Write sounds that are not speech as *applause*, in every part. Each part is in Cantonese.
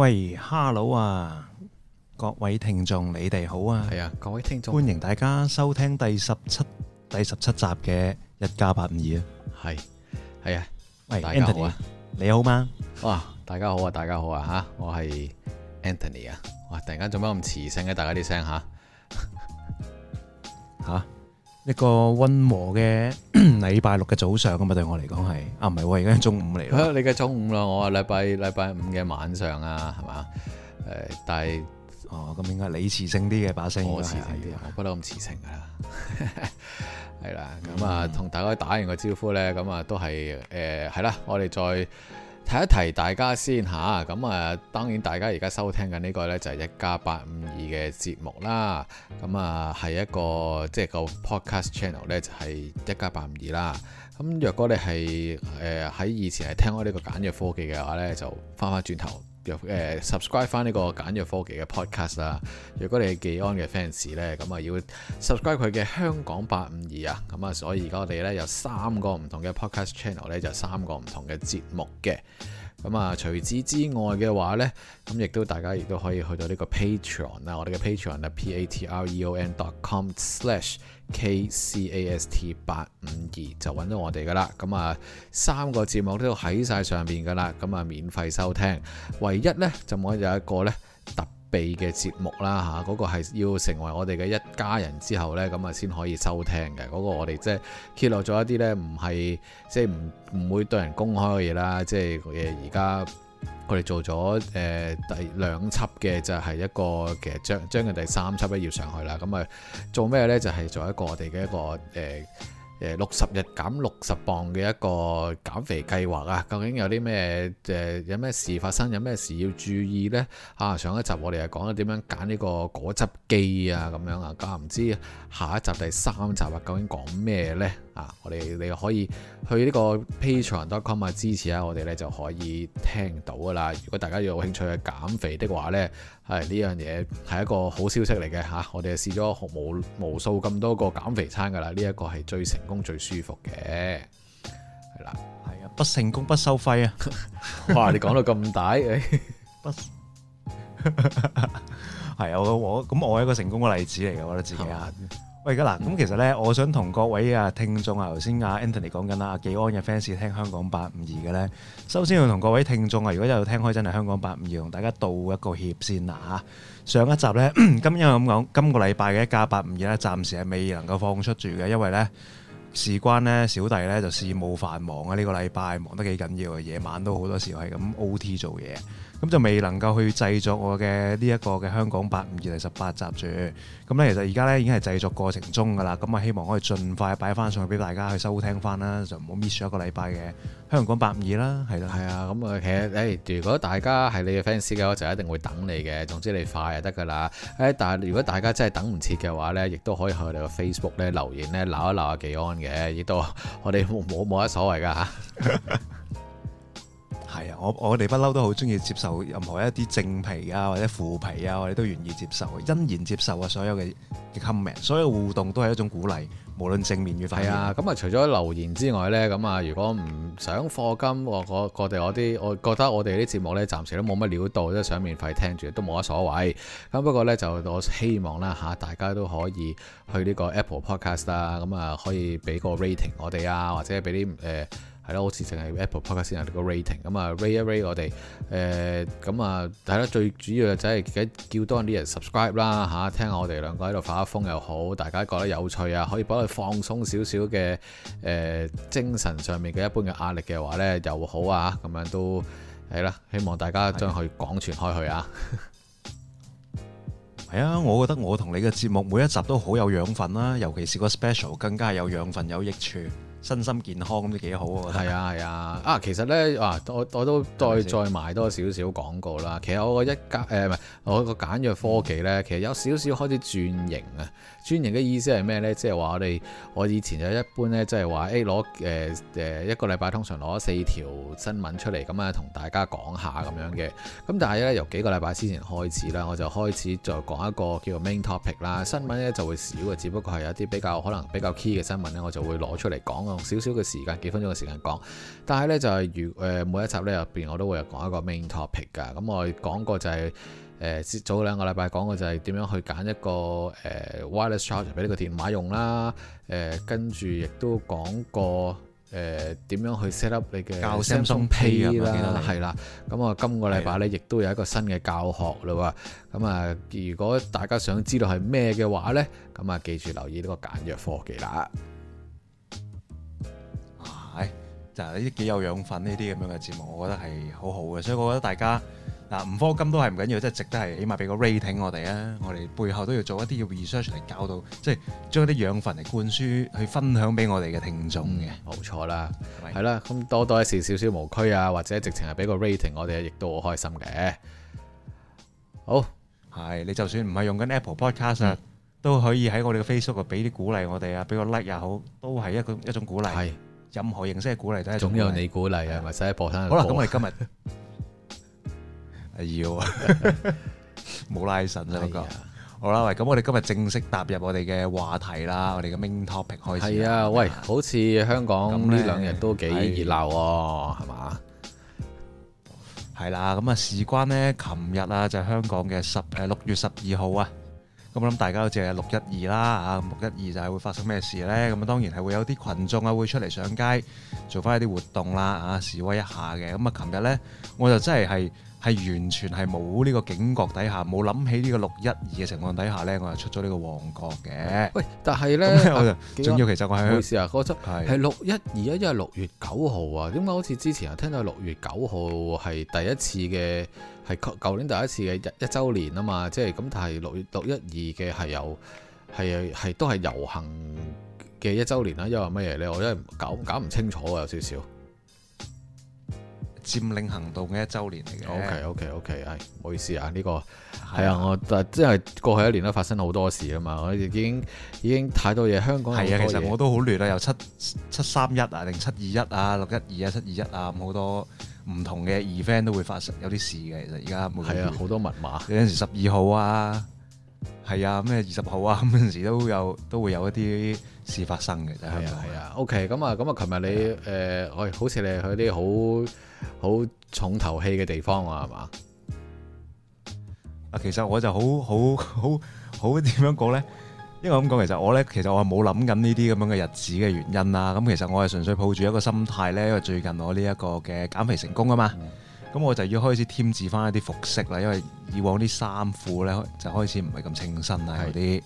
喂，哈嘍啊！各位聽眾，你哋好啊！係啊，各位聽眾，歡迎大家收聽第十七第十七集嘅一家八五二啊！係係啊，喂，大家好啊！Anthony, 你好嗎？哇、哦，大家好啊！大家好啊！吓，我係 Anthony 啊！哇，突然間做咩咁磁性啊？大家啲聲吓吓。 *laughs* 一個溫和嘅禮 *coughs* 拜六嘅早上咁嘛，對我嚟講，係啊，唔係喎，而家係中午嚟。吓、啊，你嘅中午啦，我啊禮拜禮拜五嘅晚上啊，係嘛？誒、呃，但係哦咁應該磁性啲嘅把聲，我遲啲，吧我不咁磁性噶啦。係啦，咁啊，同大家打完個招呼咧，咁啊，都係誒，係啦，我哋再。提一提大家先吓，咁啊當然大家而家收聽緊呢個呢就係一加八五二嘅節目啦，咁啊係一個即係、就是、個 podcast channel 呢就係一加八五二啦。咁、啊、若果你係誒喺以前係聽開呢個簡約科技嘅話呢，就返返轉頭。若 subscribe 翻呢個簡約科技嘅 podcast 啦，如果你係技安嘅 fans 呢，咁啊要 subscribe 佢嘅香講八五二啊，咁啊，所以而家我哋呢有三個唔同嘅 podcast channel 呢，就三個唔同嘅節目嘅。咁啊，除此之外嘅話呢，咁亦都大家亦都可以去到呢個 Patreon 啊，我哋嘅 Patreon 啊，p a t r e o n dot com slash k c a s t 八五二就揾到我哋噶啦。咁啊，三個節目都喺晒上邊噶啦，咁啊免費收聽，唯一呢，就冇有一個呢。特秘嘅節目啦嚇，嗰、啊，這個係要成為我哋嘅一家人之後呢，咁啊先可以收聽嘅。嗰、這個我哋即係揭露咗一啲呢，唔係即係唔唔會對人公開嘅嘢啦。即係誒，而家佢哋做咗誒第兩輯嘅，就係一個其實將將近第三輯一要上去啦。咁啊做咩呢？就係、是、做一個我哋嘅一個誒。呃誒六十日減六十磅嘅一個減肥計劃啊，究竟有啲咩誒有咩事發生，有咩事要注意呢？啊，上一集我哋係講咗點樣揀呢個果汁機啊，咁樣啊，咁啊唔知下一集第三集啊，究竟講咩呢？啊！我哋你可以去呢個 patreon.com 啊支持下我哋咧，就可以聽到噶啦。如果大家有興趣去減肥的話咧，係呢樣嘢係一個好消息嚟嘅吓。我哋試咗無無數咁多個減肥餐噶啦，呢、這、一個係最成功最舒服嘅。係啦，係啊，不成功不收費啊！ *laughs* 哇，你講到咁大， *laughs* 不係啊？ *laughs* 我咁我，我係一個成功嘅例子嚟嘅，我覺得自己啊。喂，嗱，咁其實呢，我想同各位啊聽眾啊，頭先阿 Anthony 講緊啦，阿記安嘅 fans 聽香港八五二嘅呢，首先要同各位聽眾啊，如果有聽開真係香港八五二，同大家道一個歉先啦嚇。上一集呢，今日咁講，今個禮拜嘅一加八五二呢，暫時係未能夠放出住嘅，因為呢，事關呢，小弟呢，就事務繁忙啊，呢、這個禮拜忙，忙得幾緊要啊，夜晚都好多時係咁 OT 做嘢。咁就未能夠去製作我嘅呢一個嘅香港八五二第十八集住，咁咧其實而家咧已經係製作過程中噶啦，咁啊希望可以盡快擺翻上去俾大家去收聽翻啦，就唔好 miss 咗一個禮拜嘅香港八五二啦，係啦係啊，咁、嗯、啊其實誒，如果大家係你嘅 fans 嘅我就一定會等你嘅，總之你快就得噶啦，誒，但係如果大家真係等唔切嘅話咧，亦都可以去我哋嘅 Facebook 咧留言咧鬧一鬧阿幾安嘅，亦都我哋冇冇乜所謂噶嚇。 *laughs* 係啊，我我哋不嬲都好中意接受任何一啲正皮啊，或者腐皮啊，或者都願意接受，欣然接受啊，所有嘅 comment，所有互動都係一種鼓勵，無論正面與否。係啊，咁啊，除咗留言之外呢，咁啊，如果唔想課金，我哋我啲，我覺得我哋啲節目呢，暫時都冇乜料到，即係想免費聽住都冇乜所謂。咁不過呢，就我希望啦嚇，大家都可以去呢個 Apple Podcast 啊、嗯，咁啊可以俾個 rating 我哋啊，或者俾啲誒。呃係咯，好似淨係 Apple Podcast 先個 rating 咁啊，rate rate 我哋，誒咁啊，係咯，最主要就係叫多啲人 subscribe 啦嚇，聽我哋兩個喺度發一瘋又好，大家覺得有趣啊，可以幫佢放鬆少少嘅誒精神上面嘅一般嘅壓力嘅話呢，又好啊，咁樣都係啦，希望大家將佢廣傳開去啊的。係啊， *laughs* 我覺得我同你嘅節目每一集都好有養分啦，啊，尤其是個 special 更加係有養分有益處。身心健康咁都幾好喎！係啊係啊啊！其實咧，啊，我我都再是是，再買多少少廣告啦。其實我個一家誒，唔係我個簡約科技咧，其實有少少開始轉型啊。轉型嘅意思係咩咧？即係話我哋我以前就一般咧，即係話誒攞，誒誒一個禮拜通常攞四條新聞出嚟咁啊，同大家講下咁樣嘅。咁但係咧，由幾個禮拜之前開始啦，我就開始再講一個叫做 main topic 啦。新聞咧就會少嘅，只不過係有啲比較可能比較 key 嘅新聞咧，我就會攞出嚟講。用少少嘅時間，幾分鐘嘅時間講，但係呢，就係、是、如誒、呃、每一集呢入邊，我都會有講一個 main topic 噶。咁、嗯、我講過就係、是、誒、呃、早兩個禮拜講過就係點樣去揀一個誒、呃、wireless charger 俾呢個電話用啦。誒、呃、跟住亦都講過誒點、呃、樣去 set up 你嘅 Samsung Pay 啦，係教啦。咁啊，啊我今個禮拜呢，亦的都有一個新嘅教學嘞喎。咁啊，如果大家想知道係咩嘅話呢，咁啊記住留意呢個簡約科技啦。呢啲幾有養分呢啲咁樣嘅節目，我覺得係好好嘅，所以我覺得大家嗱，唔、啊、科金都係唔緊要，即係值得係起碼俾個 rating 我哋啊，我哋背後都要做一啲嘅 research 嚟教到，即係將啲養分嚟灌輸去分享俾我哋嘅聽眾嘅。冇錯啦，係啦，咁吧多多一少少少無拘啊，或者直情係俾個 rating 我哋，亦都好開心嘅。好，係你就算唔係用緊 Apple Podcast 都是可以喺我哋嘅 Facebook 啊，俾啲鼓勵我哋啊，俾個 like 又好，都係一個一種鼓勵。係。任何形式嘅鼓勵都係，總有你鼓勵啊，咪使博山。好啦，咁我哋今日係要冇拉神啊，嗰個、哎、呀好啦，喂，咁我哋今日正式踏入我哋嘅話題啦，我哋嘅 main topic 開始。係啊、哎，喂，啊、喂好似香港呢兩日都幾熱鬧喎，係嘛？係啦，咁啊，事關呢，琴日啊，就係、香港嘅十誒六月十二號啊。咁我諗大家都知啊，六一二啦，啊，六一二就係會發生咩事咧？咁啊，當然係會有啲群眾啊，會出嚟上街做翻一啲活動啦，啊，示威一下嘅。咁啊，琴日咧，我就真係係係完全係冇呢個警覺底下，冇諗起呢個六一二嘅情況底下咧，我就出咗呢個旺角嘅。喂，但係咧，仲要其實我係，去試下歌啊，嗰係六一二，一因是為六月九號啊，點解好似之前又聽到六月九號係第一次嘅？係舊年第一次嘅一週年啊嘛，即係咁，但係六月六一二嘅係有係係都係遊行嘅一週年啦，因為乜嘢咧？我真係搞搞唔清楚啊，有少少佔領行動嘅一週年嚟嘅。O K O K O K，係唔好意思啊，呢、呢個係啊，啊，我即係過去一年都發生好多事啊嘛，我已經已經太多嘢，香港係啊，其實我都好亂啊，有七七三一啊，零七二一啊，六一二啊，七二一啊咁好多。唔同嘅 event 都會發生有啲事嘅，其實而家係啊，好多密碼有陣時十二號啊，係、嗯、啊，咩二十號啊，咁陣時都有都會有一啲事發生嘅。係啊，係啊吧。OK，咁啊，咁啊，琴日你誒，喂、呃，好似你去啲好好重頭戲嘅地方啊，係嘛？啊，其實我就好好好好點樣講咧？因為咁講，其實我咧，其實我係冇諗緊呢啲咁樣嘅日子嘅原因啦。咁其實我係純粹抱住一個心態咧，因為最近我呢一個嘅減肥成功啊嘛，咁、嗯、我就要開始添置翻一啲服飾啦。因為以往啲衫褲咧就開始唔係咁清新啦嗰啲，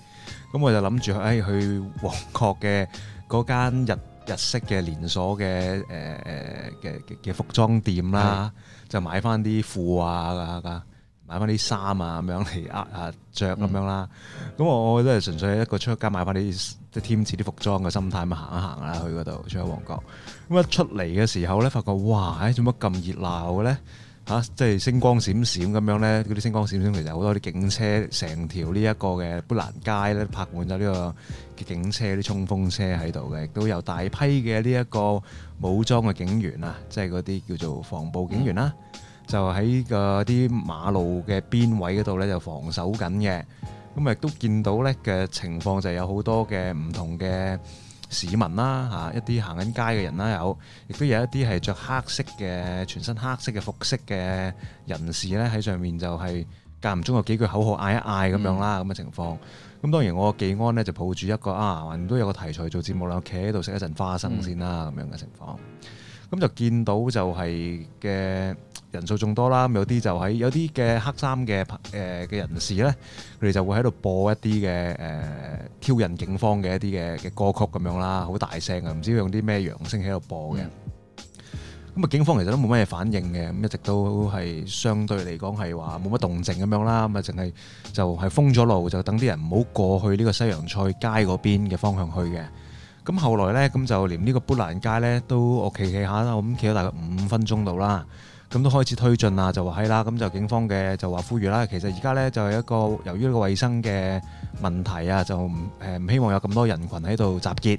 咁的我就諗住誒、去、哎、去旺角嘅嗰間日日式嘅連鎖嘅誒誒嘅嘅服裝店啦，的就買翻啲褲啊啊！買翻啲衫啊，咁樣嚟壓啊着咁樣啦。咁我我都係純粹一個出街買翻啲即係添置啲服裝嘅心態咁行一行啦去嗰度，出去旺角。咁一出嚟嘅時候咧，發覺哇，誒做乜咁熱鬧嘅咧？吓，即係星光閃閃咁樣咧，嗰啲星光閃閃其實好多啲警車，成條呢一個嘅砵蘭街咧，拍滿咗呢個嘅警車、啲衝鋒車喺度嘅，亦都有大批嘅呢一個武裝嘅警員啊，即係嗰啲叫做防暴警員啦。就喺個啲馬路嘅邊位嗰度呢，就防守緊嘅。咁亦都見到呢嘅情況，就有好多嘅唔同嘅市民啦，嚇一啲行緊街嘅人啦，有亦都有一啲係着黑色嘅全身黑色嘅服飾嘅人士呢。喺上面就係間唔中有幾句口號嗌一嗌咁樣啦，咁嘅情況。咁、嗯、當然我記安呢，就抱住一個啊，都有一個題材做節目啦，我企喺度食一陣花生先啦，咁、嗯、樣嘅情況。咁就見到就係嘅人數眾多啦，咁有啲就喺有啲嘅黑衫嘅誒嘅人士咧，佢哋就會喺度播一啲嘅誒挑釁警方嘅一啲嘅嘅歌曲咁樣啦，好大聲呀，唔知用啲咩揚聲器喺度播嘅。咁啊，警方其實都冇乜嘢反應嘅，咁一直都係相對嚟講係話冇乜動靜咁樣啦，咁啊淨係就係封咗路，就等啲人唔好過去呢個西洋菜街嗰邊嘅方向去嘅。咁後來呢，咁就連呢個砵蘭街呢都我企企下啦，咁企咗大概五分鐘度啦，咁都開始推進啦，就話係啦，咁就警方嘅就話呼籲啦，其實而家呢，就係一個由於呢個衞生嘅問題啊，就唔、呃、希望有咁多人群喺度集結，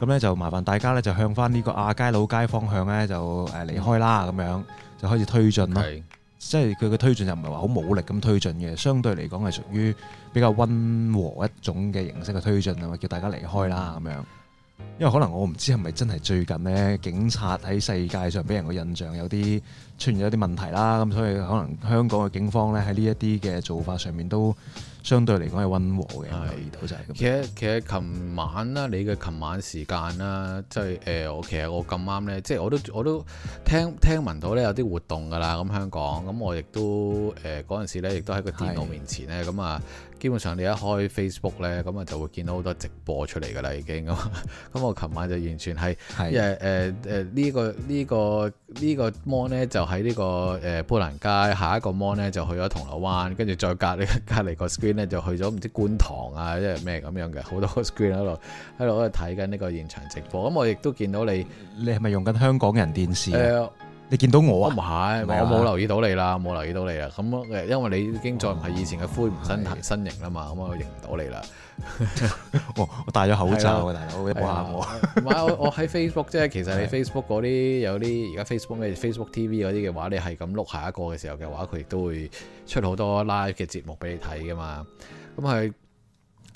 咁呢，就麻煩大家呢，就向翻呢個亞皆老街方向呢，就誒離開啦，咁樣就開始推進咯，Okay. 即係佢嘅推進就唔係話好武力咁推進嘅，相對嚟講係屬於比較温和一種嘅形式嘅推進啊，叫大家離開啦咁樣。因為可能我唔知係咪真係最近呢，警察喺世界上俾人個印象有啲出現咗啲問題啦，咁所以可能香港嘅警方咧喺呢一啲嘅做法上面都相對嚟講係温和嘅，的，其實其實琴晚啦，你嘅琴晚時間啦，即係誒，我其實我咁啱咧，即係我都我都聽聽聞到咧有啲活動噶啦，咁香港，咁我亦都誒嗰陣時咧亦都喺個電腦面前咧，咁啊的。嗯基本上你一開 Facebook 咧，咁啊就會見到好多直播出嚟噶啦，已經咁。咁我琴晚就完全係誒誒誒呢個呢個呢個 mon 咧，就喺呢、這個誒、呃、砵蘭街。下一個 mon 咧就去咗銅鑼灣，跟住再隔籬隔離個 screen 咧就去咗唔知觀塘啊，即係咩咁樣嘅好多 screen 喺度喺度喺度睇緊呢個現場直播。咁我亦都見到你，你係咪用緊香港人電視、呃你見到我，我是是啊？唔係，我冇留意到你啦，冇留意到你啦。咁因為你已經再唔係以前嘅灰唔身哇型身形啦嘛，咁我認唔到了你啦、 *laughs* 哦。我戴咗口罩嘅大佬，我幫下我。唔係 *laughs* 我喺 Facebook 即係，其實你 Facebook 嗰啲有啲而家 Facebook 咩 Facebook TV 嗰啲嘅話，你係咁碌下一個嘅時候嘅話，佢亦都會出好多 live 嘅節目俾你睇噶嘛。咁係。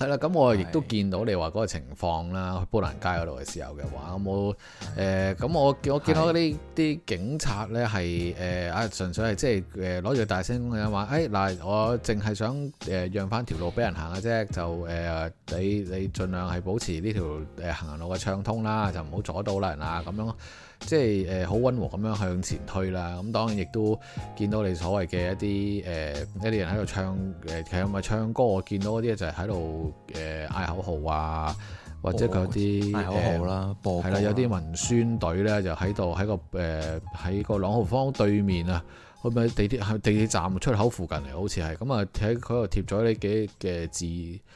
係啦，咁我亦都見到你話嗰個情況啦，的去砵蘭街嗰度嘅時候嘅話，有冇誒？咁的、呃、我見我見到呢啲警察咧係誒啊，純粹係即係誒攞住大聲公嘅人話，誒、哎、嗱、呃，我淨係想誒、呃、讓返條路俾人行嘅啫，就誒、呃、你你盡量係保持呢條誒行人路嘅暢通啦，就唔好阻到啦，嗱、呃、咁樣。即係誒好溫和咁樣向前推啦，咁當然亦都見到你所謂嘅一啲誒一啲人喺度唱誒，其實唔係唱歌，我見到嗰啲就係喺度誒嗌口號啊，或者佢有啲口號啦，係啦，有啲文宣隊咧就喺度喺個誒喺個朗豪坊對面啊，佢咪地鐵地鐵站出口附近嚟，好似係咁啊，喺嗰度貼咗啲幾嘅字，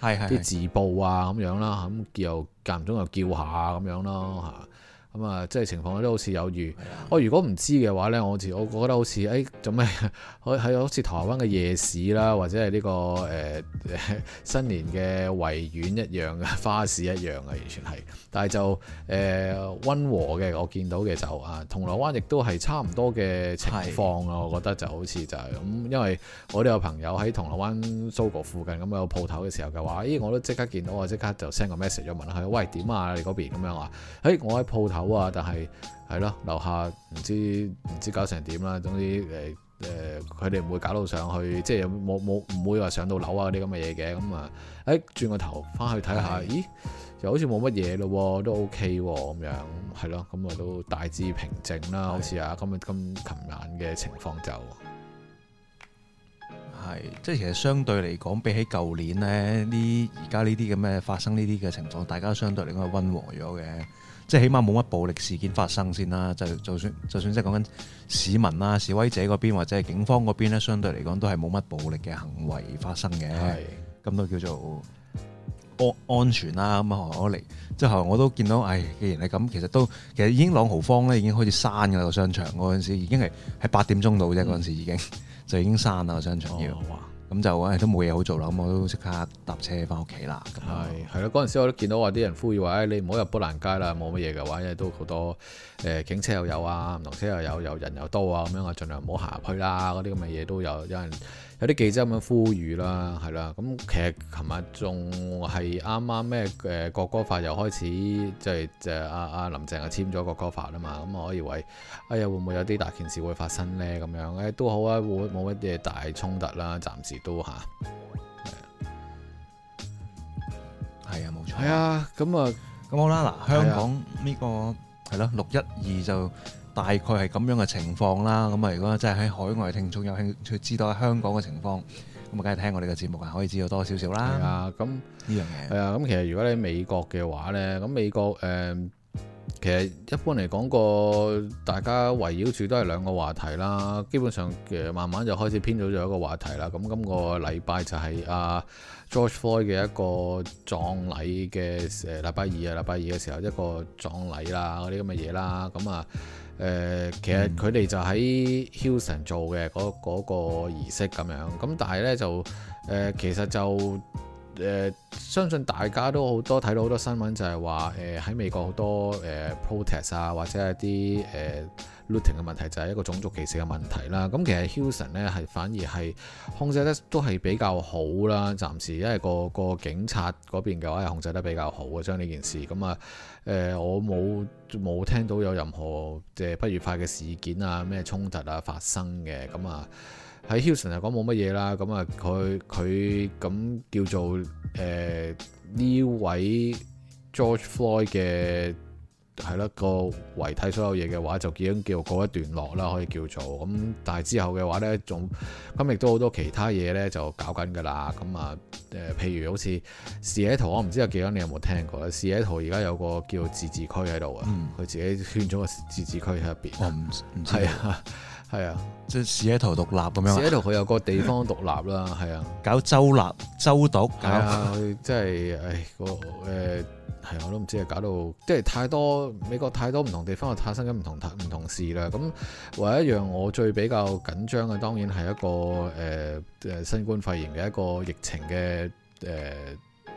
啲字報啊咁樣啦，咁又間唔中又叫下咁樣咯嚇。咁啊、嗯，即係情況都好似有餘、哦。我如果唔知嘅話咧，我自我覺得好似，誒做咩？係係 *laughs* 好似台灣嘅夜市啦，或者係呢、這個誒、呃、新年嘅維園一樣嘅花市一樣嘅，完全係。但係就誒、呃、溫和嘅，我見到嘅就啊銅鑼灣亦都係差唔多嘅情況啊，的我覺得就好似就係、是、咁、嗯。因為我都有朋友喺銅鑼灣蘇果附近咁有鋪頭嘅時候，就話咦，我都即刻見到啊，即刻就 send 個 message 咗問佢，喂，點啊？你嗰邊咁樣話誒、哎、我喺鋪頭。好啊，但係係咯，樓下唔知唔知搞成點啦。總之誒誒，佢哋唔會搞到上去，即係冇冇唔會話上到樓啊啲咁嘅嘢嘅。咁、嗯、啊、誒、哎，轉個頭翻去睇下，的咦，又好似冇乜嘢咯，都 OK 咁樣，係咯，咁啊都大致平靜啦。的好似啊，咁啊，咁琴晚嘅情況就係即係，其實相對嚟講，比起舊年呢呢而家呢啲咁嘅發生呢啲嘅情況，大家都相對嚟講係溫和咗嘅。即係起碼冇乜暴力事件發生先啦，就就算就算即係講緊市民啦、示威者嗰邊或者係警方嗰邊咧，相對嚟講都係冇乜暴力嘅行為發生嘅，咁的都叫做安、啊、安全啦。咁啊，我嚟之後我都見到，唉，既然係咁，其實都其實已經朗豪坊咧已經開始閂噶啦，個商場嗰陣時，已經係喺八點鐘度啫，嗰陣時已經就已經閂啦個商場要。哦咁就唉都冇嘢好做啦，咁我都即刻搭車翻屋企啦。係係啦，嗰陣時我都見到話啲人呼籲話，唉、哎，你唔好入砵蘭街啦，冇乜嘢嘅話，因為都好多誒、呃、警車又有啊，唔同車又有，又人又多啊，咁樣啊，儘量唔好行入去啦，嗰啲咁嘅嘢都有有人。有啲記者咁樣呼籲啦，係啦，咁其實琴日仲係啱啱咩誒國歌法又開始，即係就係阿阿林鄭啊簽咗國歌法啊嘛，咁我以為哎呀會唔會有啲大件事會發生咧？咁樣誒都好啊，冇冇乜嘢大衝突啦，暫時都吓。係啊，係啊，冇錯。係啊，咁啊，咁好啦，嗱，香港呢個係咯六一二就。大概係咁樣嘅情況啦，咁啊，如果真係喺海外聽眾有興趣，知道香港嘅情況，咁啊，梗係聽我哋嘅節目啊，可以知道多少少啦。係啊，咁呢樣嘢。係啊，咁其實如果你美國嘅話呢，咁美國誒、呃，其實一般嚟講個大家圍繞住都係兩個話題啦，基本上誒慢慢就開始編咗咗一個話題啦。咁今個禮拜就係、是、啊。呃 George Floyd 嘅一個葬禮嘅誒，禮拜二啊，禮拜二嘅時候一個葬禮啦，嗰啲咁嘅嘢啦，咁啊誒，其實佢哋就喺 Houston 做嘅嗰嗰個儀式咁樣，咁但係咧就誒、呃、其實就誒、呃、相信大家都好多睇到好多新聞就係話誒喺美國好多誒、呃、protest 啊或者係啲誒。呃 Looting 嘅問題就係一個種族歧視嘅問題啦。咁其實 Houston 咧係反而係控制得都係比較好啦。暫時因為個個警察嗰邊嘅話係控制得比較好嘅，將呢件事，咁啊，誒、呃、我冇冇聽到有任何即係不愉快嘅事件啊、咩衝突啊發生嘅。咁啊喺 Houston 嚟講冇乜嘢啦。咁啊佢佢咁叫做誒呢、呃、位 George Floyd 嘅。係啦、啊，個遺體所有嘢嘅話就已經叫過一段落啦，可以叫做咁。但係之後嘅話咧，仲咁亦都好多其他嘢咧，就搞緊噶啦。咁啊，誒、呃，譬如好似西雅圖，我唔知有幾多你有冇聽過咧。西雅圖而家有個叫自治區喺度啊，佢、嗯、自己圈咗個自治區喺入邊。我唔唔知啊，係啊，啊即係西雅圖獨立咁樣。西雅圖佢有個地方獨立啦，係啊，搞州立州獨。係啊，佢即係誒個誒。呃係，我都唔知啊！搞到即係太多，美國太多唔同地方又發生緊唔同唔同事啦。咁唯一樣我最比較緊張嘅，當然係一個誒誒、呃、新冠肺炎嘅一個疫情嘅誒、呃、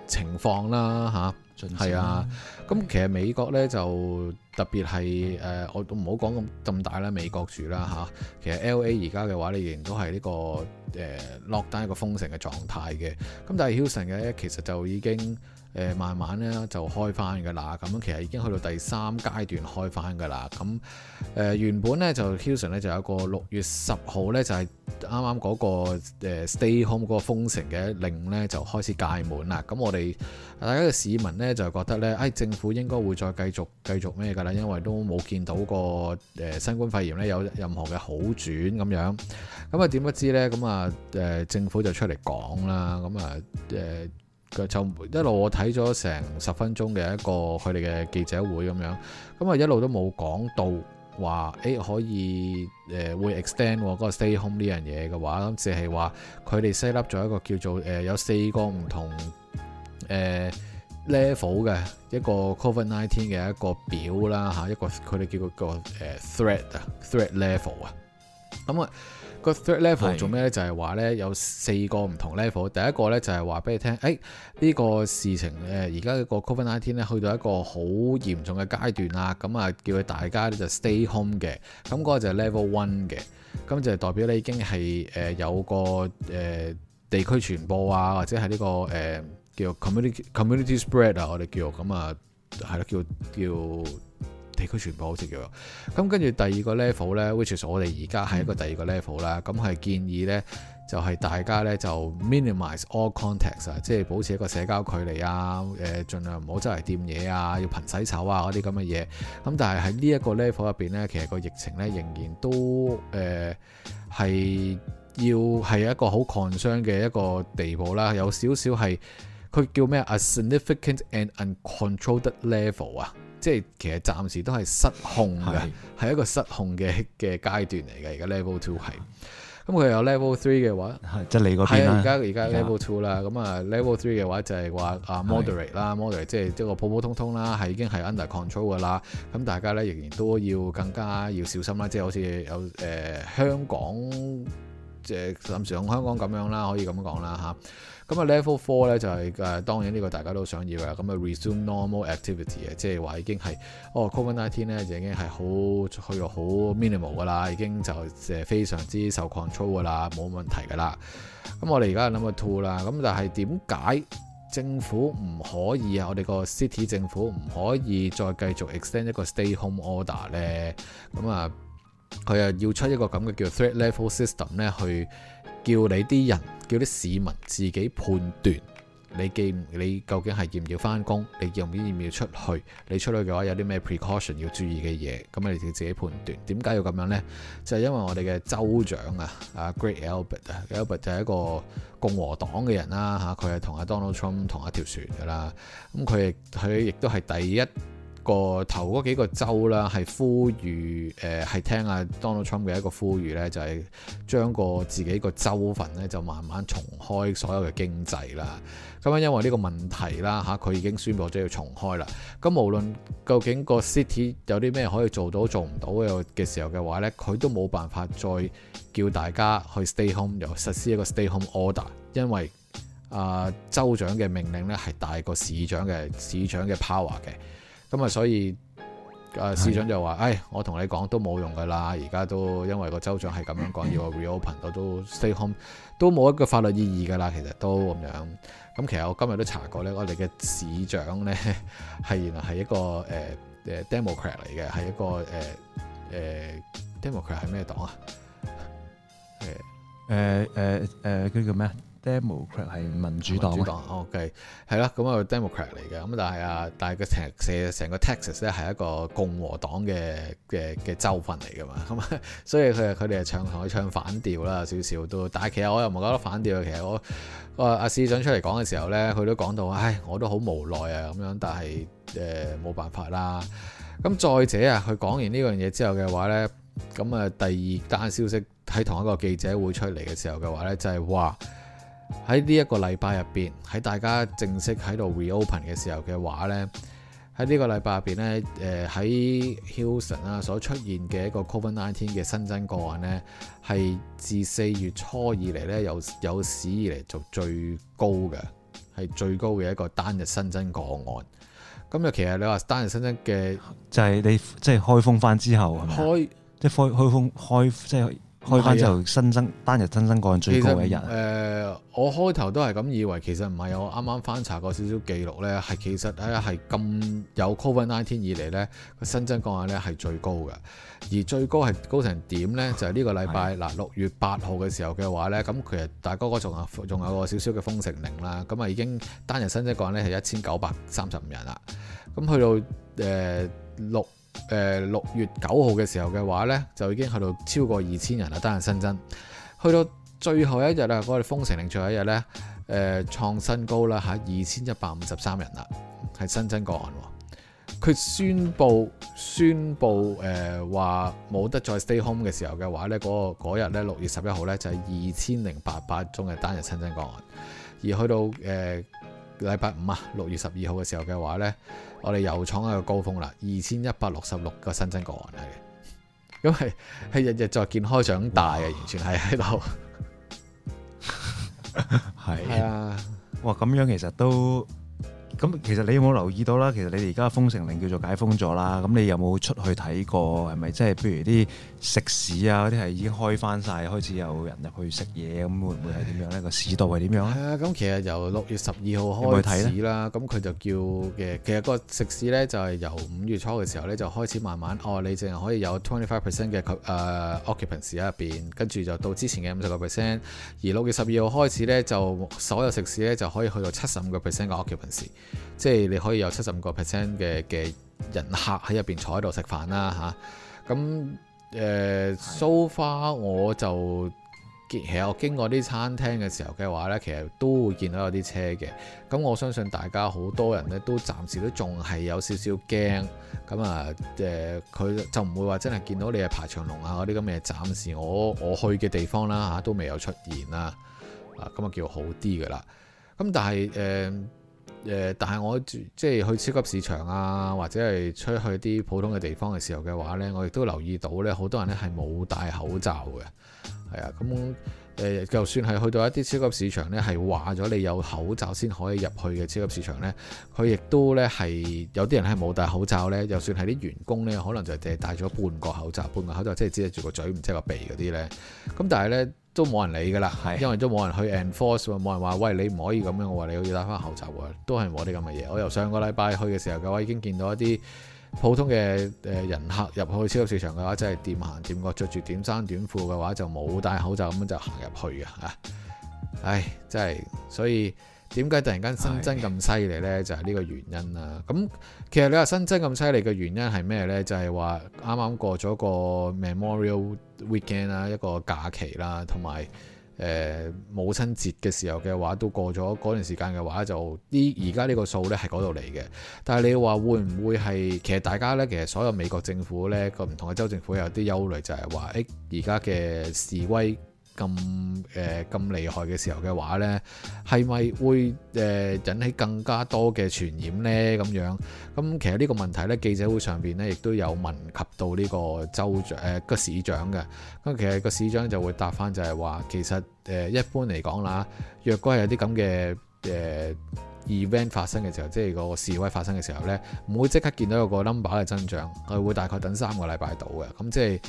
情況啦，嚇。係啊，咁正、啊、其實美國咧就特別係誒、呃，我都唔好講咁咁大啦，美國住啦嚇、啊。其實 L A 而家嘅話，你仍然都係呢、這個誒 Lockdown 一個封城嘅狀態嘅。咁但係 Houston 嘅咧，其實就已經。誒慢慢咧就開翻嘅啦，咁其實已經去到第三階段開翻嘅啦。咁誒、呃、原本咧就 Houston 咧就有一個六月十號咧就係啱啱嗰個、呃、Stay Home 嗰個封城嘅令咧就開始屆滿啦。咁我哋大家嘅市民咧就覺得咧，誒、哎、政府應該會再繼續繼續咩㗎啦，因為都冇見到個誒、呃、新冠肺炎咧有任何嘅好轉咁樣。咁啊點不知咧，咁啊誒政府就出嚟講啦，咁啊誒。呃就一路我睇咗成十分鐘嘅一個佢哋嘅記者會咁樣，咁啊一路都冇講到話，誒可以誒、呃、會 extend 嗰、哦那個 stay home 呢樣嘢嘅話，只係話佢哋 set up 咗一個叫做誒、呃、有四個唔同誒、呃、level 嘅一個 covid nineteen 嘅一個表啦嚇、啊，一個佢哋叫個誒、呃、threat 啊，threat level 啊，咁、嗯、啊。個 third level 是的 做咩咧？就係話咧有四個唔同 level。第一個咧就係話俾你聽，誒、哎、呢、這個事情誒而家嘅個 covid nineteen 咧去到一個好嚴重嘅階段啦。咁、嗯、啊，叫佢大家咧就是、stay home 嘅。咁、嗯、嗰、那個就係 level one 嘅。咁、嗯、就係代表你已經係誒、呃、有個誒、呃、地區傳播啊，或者係呢、這個誒、呃、叫 community community spread 啊，我哋叫咁、嗯、啊，係咯，叫叫。地區全部好似叫咁，跟住第二個 level 咧，which is 我哋而家係一個第二個 level 啦。咁係建議咧，就係、是、大家咧就 minimise all contacts 啊，即係保持一個社交距離啊，誒、呃，儘量唔好周圍掂嘢啊，要頻洗手啊嗰啲咁嘅嘢。咁但係喺呢一個 level 入邊咧，其實個疫情咧仍然都誒係、呃、要係一個好 concern 嘅一個地步啦，有少少係佢叫咩啊？A significant and uncontrolled level 啊！即係其實暫時都係失控嘅，係是一個失控嘅嘅階段嚟嘅。而家 level two 係，咁佢有 level three 嘅話，即係是是你嗰邊啊？係而家而家 level two 啦，咁啊 level three 嘅話就係話啊 moderate 啦，moderate 即係即係個普普通通啦，係已經係 under control 噶啦。咁大家咧仍然都要更加要小心啦，即係好似有誒、呃、香港即係甚至上香港咁樣啦，可以咁講啦吓。啊咁啊，level four 咧就係誒，當然呢個大家都想要嘅。咁啊，resume normal activity 嘅，即係話已經係哦，COVID nineteen 咧就已經係好去到好 minimal 嘅啦，已經就誒非常之受 control 嘅啦，冇問題嘅啦。咁我哋而家諗嘅 two 啦，咁但係點解政府唔可以啊？我哋個 city 政府唔可以再繼續 extend 一個 stay home order 咧？咁啊，佢啊要出一個咁嘅叫 threat level system 咧去。叫你啲人，叫啲市民自己判斷，你記你究竟係要唔要返工，你要唔要要唔要出去，你出去嘅話有啲咩 precaution 要注意嘅嘢，咁啊你自己判斷。點解要咁樣呢？就係因為我哋嘅州長啊，啊 Greg Abbott 啊，Abbott 就係一個共和黨嘅人啦，嚇佢係同阿 Donald Trump 同一條船噶啦，咁佢亦佢亦都係第一。個頭嗰幾個州啦，係呼籲誒係聽啊 Donald Trump 嘅一個呼籲呢，就係將個自己個州份呢，就慢慢重開所有嘅經濟啦。咁、嗯、樣因為呢個問題啦吓，佢、啊、已經宣佈咗要重開啦。咁、嗯、無論究竟個 city 有啲咩可以做到做唔到嘅嘅時候嘅話呢，佢都冇辦法再叫大家去 stay home，又實施一個 stay home order，因為啊、呃、州長嘅命令呢，係大過市長嘅市長嘅 power 嘅。咁啊、嗯，所以，誒市長就話，誒我同你講都冇用噶啦，而家都因為個州長係咁樣講，要我 reopen 我都 stay home，都冇一個法律意義噶啦。其實都咁樣。咁、嗯、其實我今日都查過咧，我哋嘅市長咧係 *laughs* 原來係一個誒誒 Democrat 嚟嘅，係、呃呃、一個誒誒、呃呃、Democrat 係咩黨啊？誒誒誒佢叫咩啊？呃呃呃 Democrat 係民主黨，民主黨，OK 係咯。咁啊，Democrat 嚟嘅咁，但係啊，但係個成成個 Texas 咧係一個共和黨嘅嘅嘅州份嚟噶嘛。咁、嗯、所以佢佢哋係唱同佢唱反調啦，少少都。但係其實我又唔覺得反調。其實我阿、啊、市長出嚟講嘅時候咧，佢都講到唉，我都好無奈啊咁樣。但係誒冇辦法啦。咁再者啊，佢講完呢樣嘢之後嘅話咧，咁啊，第二單消息喺同一個記者會出嚟嘅時候嘅話咧，就係、是、話。哇喺呢一個禮拜入邊，喺大家正式喺度 reopen 嘅時候嘅話呢，喺呢個禮拜入邊呢，誒、呃、喺 Houston 啦、啊、所出現嘅一個 Covid nineteen 嘅新增個案呢，係自四月初以嚟呢，有有史以嚟做最高嘅，係最高嘅一個單日新增個案。咁、嗯、就其實你話單日新增嘅，就係你即係開封翻之後，開即係、就是、開開封開即係。就是開翻之後，新增、哎、呀單日新增個案最高嘅一日。誒、呃，我開頭都係咁以為，其實唔係。我啱啱翻查過少少記錄咧，係其實係係咁有 Covid Nineteen 以嚟咧，個新增個案咧係最高嘅。而最高係高成點咧？就係、是、呢個禮拜嗱，六的、呃、月八號嘅時候嘅話咧，咁其實大哥嗰仲有仲有個少少嘅封城令啦，咁啊已經單日新增個案咧係一千九百三十五人啦。咁去到誒六。呃 6, 誒，六月九號嘅時候嘅話呢，就已經去到超過二千人啦，單日新增。去到最後一日啊，嗰個封城令最後一日呢，誒，創新高啦吓，二千一百五十三人啦，係新增個案。佢宣布宣布誒話冇得再 stay home 嘅時候嘅話呢，嗰個嗰日呢，六月十一號呢，就係二千零八八宗嘅單日新增個案。而去到誒禮拜五啊，六月十二號嘅時候嘅話呢。我哋又闖一個高峰啦，二千一百六十六個新增個案嚟嘅。因為係日日哇在健康長大啊，完全係喺度，係啊，哇，咁樣其實都～咁其實你有冇留意到啦？其實你哋而家封城令叫做解封咗啦。咁你有冇出去睇過？係咪即係譬如啲食肆啊嗰啲係已經開翻晒，開始有人入去食嘢咁？會唔會係點樣呢？個市道係點樣咧？咁、 *noise* 啊、其實由六月十二號開始啦，咁佢就叫嘅。其實個食肆呢，就係、是、由五月初嘅時候呢，就開始慢慢哦，你淨係可以有 twenty five percent 嘅誒、呃、occupancy 喺入邊，跟住就到之前嘅五十個 percent，而六月十二號開始呢，就所有食肆呢，就可以去到七十五個 percent 嘅 occupancy。即係你可以有七十五個 percent 嘅嘅人客喺入邊坐喺度食飯啦嚇。咁、啊、誒、呃、so far 我就見其實經過啲餐廳嘅時候嘅話呢，其實都會見到有啲車嘅。咁我相信大家好多人呢，都暫時都仲係有少少驚咁啊。誒，佢、呃、就唔會話真係見到你係排長龍啊嗰啲咁嘅。暫時我我去嘅地方啦嚇、啊、都未有出現啦啊，咁啊叫好啲噶啦。咁但係誒。呃誒、呃，但係我即係去超級市場啊，或者係出去啲普通嘅地方嘅時候嘅話呢，我亦都留意到呢，好多人呢係冇戴口罩嘅，係啊，咁誒，就算係去到一啲超級市場呢，係話咗你有口罩先可以入去嘅超級市場呢，佢亦都呢係有啲人係冇戴口罩呢。就算係啲員工呢，可能就係戴咗半個口罩，半個口罩即係遮住個嘴，唔遮個鼻嗰啲呢。咁但係呢。都冇人理噶啦，的因為都冇人去 enforce 喎，冇人話，喂你唔可以咁樣，我話你要戴翻口罩喎，都係我啲咁嘅嘢。我由上個禮拜去嘅時候嘅話，已經見到一啲普通嘅誒人客入去超級市場嘅話，真係掂行掂過，着住短衫短褲嘅話就冇戴口罩咁樣就行入去嘅嚇，唉，真係所以。點解突然間新增咁犀利呢？就係、是、呢個原因啦。咁、嗯、其實你話新增咁犀利嘅原因係咩呢？就係話啱啱過咗個 Memorial Weekend 啦，一個假期啦，同埋誒母親節嘅時候嘅話都過咗嗰段時間嘅話，就啲而家呢個數呢喺嗰度嚟嘅。但係你話會唔會係其實大家呢，其實所有美國政府呢個唔同嘅州政府有啲憂慮，就係話誒而家嘅示威。咁誒咁厲害嘅時候嘅話呢，係咪會誒、呃、引起更加多嘅傳染呢？咁樣咁其實呢個問題呢，記者會上邊呢亦都有問及到呢個州長誒個市長嘅，咁其實個市長就會答返就係話其實誒、呃、一般嚟講啦，若果係有啲咁嘅誒 event 發生嘅時候，即係個示威發生嘅時候呢，唔會即刻見到有個 number 嘅增長，佢會大概等三個禮拜到嘅咁即係。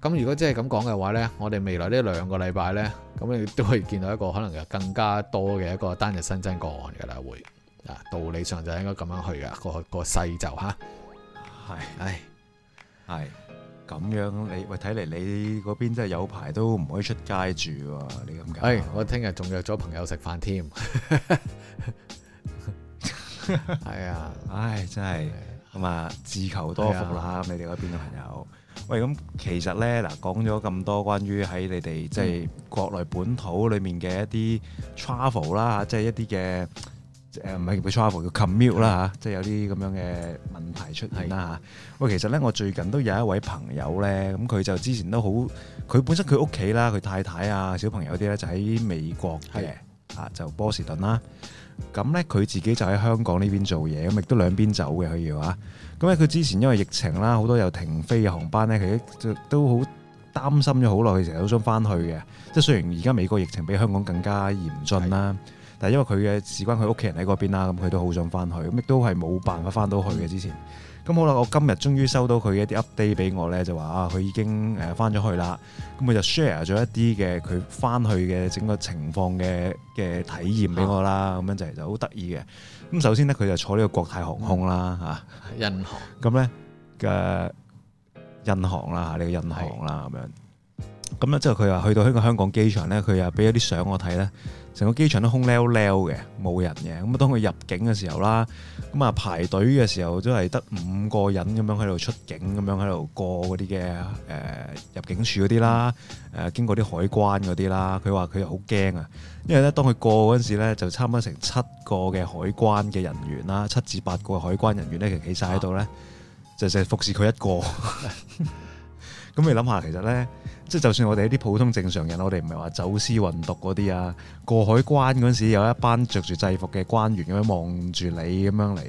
咁如果真係咁講嘅話呢，我哋未來呢兩個禮拜呢，咁你都可以見到一個可能又更加多嘅一個單日新增個案嘅啦，會啊，道理上就應該咁樣去噶，個個勢就吓。係、啊，是唉，係，咁樣你喂，睇嚟，你嗰邊真係有排都唔可以出街住喎，你咁解？我聽日仲約咗朋友食飯添，係啊 *laughs* 唉，唉，真係，咁啊唉唉，自求多福啦，咁、啊、你哋嗰邊嘅朋友。喂，咁其實咧，嗱講咗咁多關於喺你哋即係國內本土裏面嘅一啲、嗯、travel 是的 啦，即係一啲嘅誒唔係叫 travel 叫 commute 啦，嚇，即係有啲咁樣嘅問題出現啦，嚇。喂，其實咧，我最近都有一位朋友咧，咁佢就之前都好，佢本身佢屋企啦，佢太太啊、小朋友啲咧就喺美國嘅，啊是的 就波士頓啦。咁咧佢自己就喺香港呢邊做嘢，咁亦都兩邊走嘅佢要。話。咁佢之前因為疫情啦，好多又停飛嘅航班呢，佢都都好擔心咗好耐，佢成日都想翻去嘅。即係雖然而家美國疫情比香港更加嚴峻啦，是的 但係因為佢嘅事關佢屋企人喺嗰邊啦，咁佢都好想翻去，咁亦都係冇辦法翻到去嘅。之前咁好啦，我今日終於收到佢嘅一啲 update 俾我呢，就話啊，佢已經誒翻咗去啦。咁佢就 share 咗一啲嘅佢翻去嘅整個情況嘅嘅體驗俾我啦，咁樣就就好得意嘅。咁首先咧，佢就坐呢個國泰航空啦，嚇、嗯，咁咧嘅印航啦，嚇，呢個印航啦，咁是樣，咁咧之後佢話去到香港香港機場咧，佢 *laughs* 又俾咗啲相我睇咧。成個機場都空溜溜嘅，冇人嘅。咁啊，當佢入境嘅時候啦，咁啊排隊嘅時候都係得五個人咁樣喺度出境，咁樣喺度過嗰啲嘅誒入境處嗰啲啦，誒、呃、經過啲海關嗰啲啦。佢話佢好驚啊，因為咧當佢過嗰陣時咧，就差唔多成七個嘅海關嘅人員啦，七至八個海關人員咧，其實企晒喺度咧，啊、就淨係服侍佢一個。咁 *laughs* *laughs* 你諗下，其實咧～即就算我哋一啲普通正常人，我哋唔係話走私運毒嗰啲啊，過海關嗰陣時有一班着住制服嘅官員咁樣望住你咁樣嚟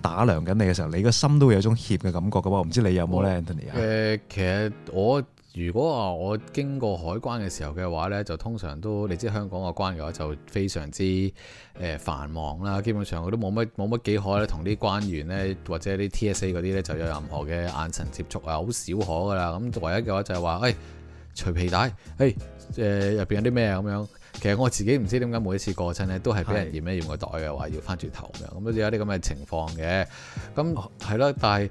打量緊你嘅時候，你個心都會有種怯嘅感覺噶喎。唔知你有冇咧、嗯、Anthony？誒、呃，其實我如果話我經過海關嘅時候嘅話呢，就通常都你知香港個關嘅話就非常之誒繁忙啦。基本上我都冇乜冇乜幾可咧，同啲官員咧或者啲 TSA 嗰啲咧就有任何嘅眼神接觸啊，好少可噶啦。咁唯一嘅話就係話誒，哎除皮帶，誒、hey, 呃，誒入邊有啲咩咁樣？其實我自己唔知點解每一次過親咧，都係俾人驗一驗個袋嘅，話的要翻轉頭咁樣。咁都有啲咁嘅情況嘅。咁係啦，但係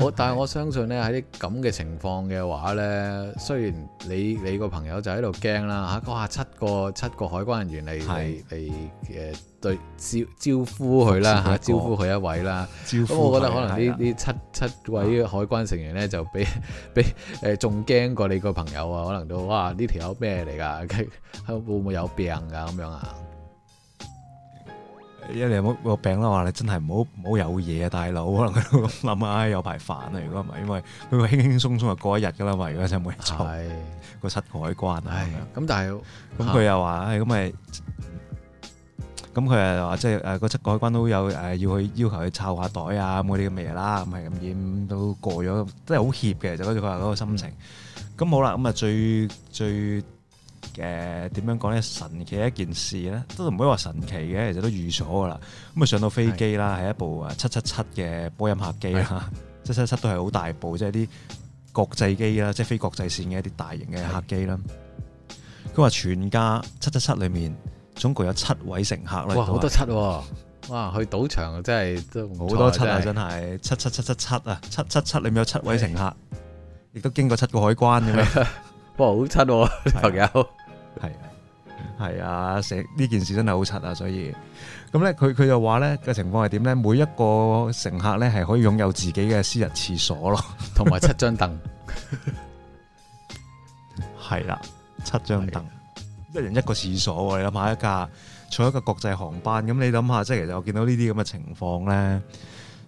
我但係我相信咧，喺啲咁嘅情況嘅話咧，雖然你你個朋友就喺度驚啦嚇，話，七個七個海關人員嚟嚟嚟誒。的對，招招呼佢啦，嚇招呼佢一位啦。咁我覺得可能呢呢七七位海關成員咧就比比誒仲驚過你個朋友啊，可能都哇呢條友咩嚟㗎？佢會唔會有病㗎？咁樣啊？因為你有冇個病啦，話你真係唔好唔好有嘢啊，大佬可能佢都諗啊，有排煩啊。如果唔係因為佢會輕輕鬆鬆就過一日㗎啦嘛，如果真係冇錯。係個七海關啊，咁但係咁佢又話，咁咪。咁佢啊話即係誒個七海軍都有誒要去要求去抄下袋啊，咁嗰啲咁嘅嘢啦，咁係咁樣，樣都過咗，都係好怯嘅。就嗰陣佢話嗰個心情。咁、嗯、好啦，咁啊最最誒點、呃、樣講咧？神奇一件事咧，都唔可以話神奇嘅，其實都預咗噶啦。咁啊上到飛機啦，係的一部誒七七七嘅波音客機啦，七七七都係好大部，即係啲國際機啦，即係飛國際線嘅一啲大型嘅客機啦。佢話全家七七七裏面，總共有七位乘客咯，哇好多七，哇去賭場真係都好多七啊，真係七七七七七啊，七七七，裏面有七位乘客，亦都經過七個海關嘅咩？哇，好七，朋友係係啊，呢件事真係好七啊，所以咁咧，佢佢就話咧嘅情況係點咧？每一個乘客咧係可以擁有自己嘅私人廁所咯，同埋七張凳，係啦，七張凳。一人一個廁所，你諗下，一架坐一個國際航班，咁你諗下，即係其實我見到呢啲咁嘅情況咧，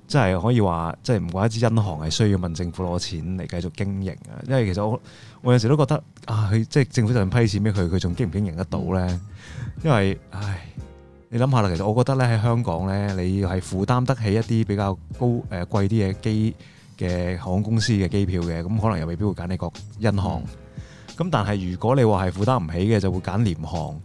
即係可以話，即係唔怪之，因航係需要問政府攞錢嚟繼續經營啊！因為其實我我有時都覺得啊，佢即係政府就批錢俾佢，佢仲經唔經營得到咧？因為唉，你諗下啦，其實我覺得咧，喺香港咧，你係負擔得起一啲比較高誒、呃、貴啲嘅機嘅航空公司嘅機票嘅，咁可能又未必會揀呢個因航。嗯咁但係如果你話係負擔唔起嘅，就會揀廉航。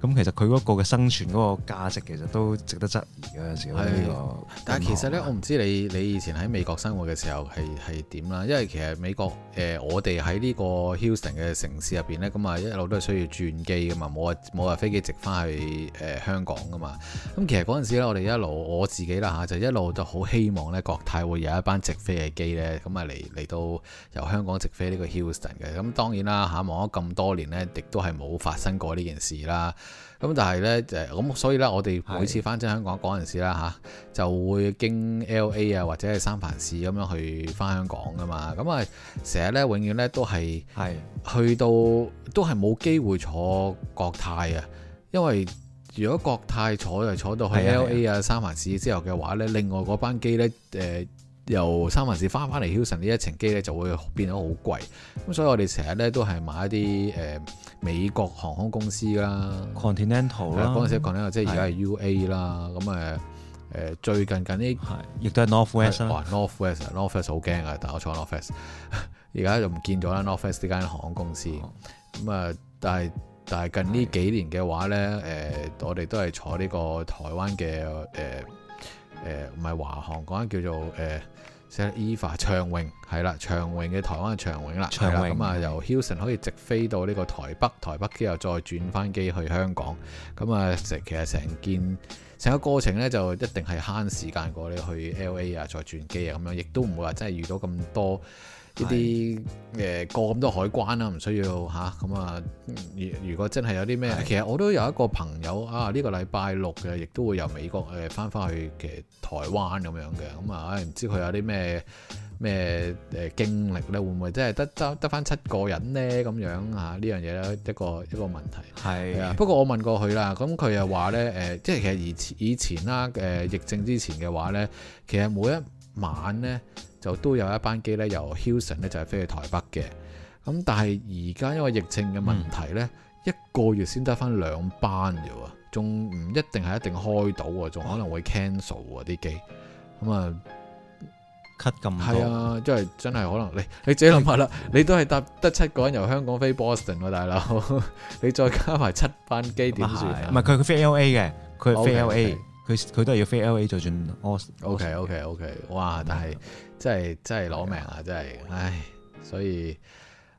咁其實佢嗰個嘅生存嗰個價值其實都值得質疑嘅。時嗰個，但係其實呢，我唔知你你以前喺美國生活嘅時候係係點啦。因為其實美國誒、呃，我哋喺呢個 Houston 嘅城市入邊呢，咁啊一路都係需要轉機㗎嘛，冇話冇話飛機直返去誒、呃、香港㗎嘛。咁其實嗰陣時咧，我哋一路我自己啦嚇、啊，就一路就好希望呢國泰會有一班直飛嘅機呢，咁啊嚟嚟到由香港直飛呢個 Houston 嘅。咁當然啦嚇，望咗咁多年呢，亦都係冇發生過呢件事啦。咁但係咧，誒咁所以咧，我哋每次翻返香港嗰陣是時啦嚇，就會經 L A 啊或者係三藩市咁樣去翻香港噶嘛。咁啊，成日咧，永遠咧都係係去到都係冇機會坐國泰啊，因為如果國泰坐就坐到去 L A 的啊三藩市之後嘅話咧，另外嗰班機咧誒、呃、由三藩市翻返嚟 Houston 呢一程機咧就會變得好貴。咁所以我哋成日咧都係買一啲誒。呃美國航空公司啦，Continental 啦，嗰陣時 Continental，即係而家係 UA 啦，咁誒誒最近最近呢，係亦都係、呃、Northwest North 啊，Northwest，Northwest 好驚噶，但我坐 Northwest，而家就唔見咗啦 Northwest 呢間航空公司，咁啊、嗯嗯、但係但係近呢幾年嘅話咧，誒是的、呃、我哋都係坐呢個台灣嘅誒誒唔係華航嗰間叫做誒。呃 Eva 長榮係啦，長榮嘅台灣嘅長榮啦，係啦榮，咁啊、嗯、由 Houston 可以直飛到呢個台北，台北之後再轉翻機去香港，咁啊成其實成件成個過程咧就一定係慳時間過你去 L A 啊，再轉機啊咁樣，亦都唔會話真係遇到咁多。呢啲誒過咁多海關啦、啊，唔需要嚇咁啊！如如果真係有啲咩，的其實我都有一個朋友啊，呢、呢個禮拜六嘅，亦都會由美國誒翻翻去嘅台灣咁樣嘅，咁啊唔知佢有啲咩咩誒經歷咧，會唔會真係得得翻七個人呢？咁樣嚇、啊啊、呢樣嘢咧？一個一個問題係啊。的的不過我問過佢啦，咁佢又話咧誒，即、呃、係其實以以前啦誒、呃、疫症之前嘅話咧，其實每一晚咧。就都有一班機咧，由 Houston 咧就係飛去台北嘅。咁但係而家因為疫情嘅問題咧，一個月先得翻兩班啫喎，仲唔一定係一定開到啊，仲可能會 cancel 啊啲機。咁啊，cut 咁多。係啊，真係真係可能你你自己諗下啦，你都係搭得七個人由香港飛 Boston 喎，大佬。你再加埋七班機點算？唔係佢佢飛 LA 嘅，佢飛 LA，佢佢都係要飛 LA 再轉 O。OK OK OK，哇！但係。真係的真係攞命啊！真係的，唉，所以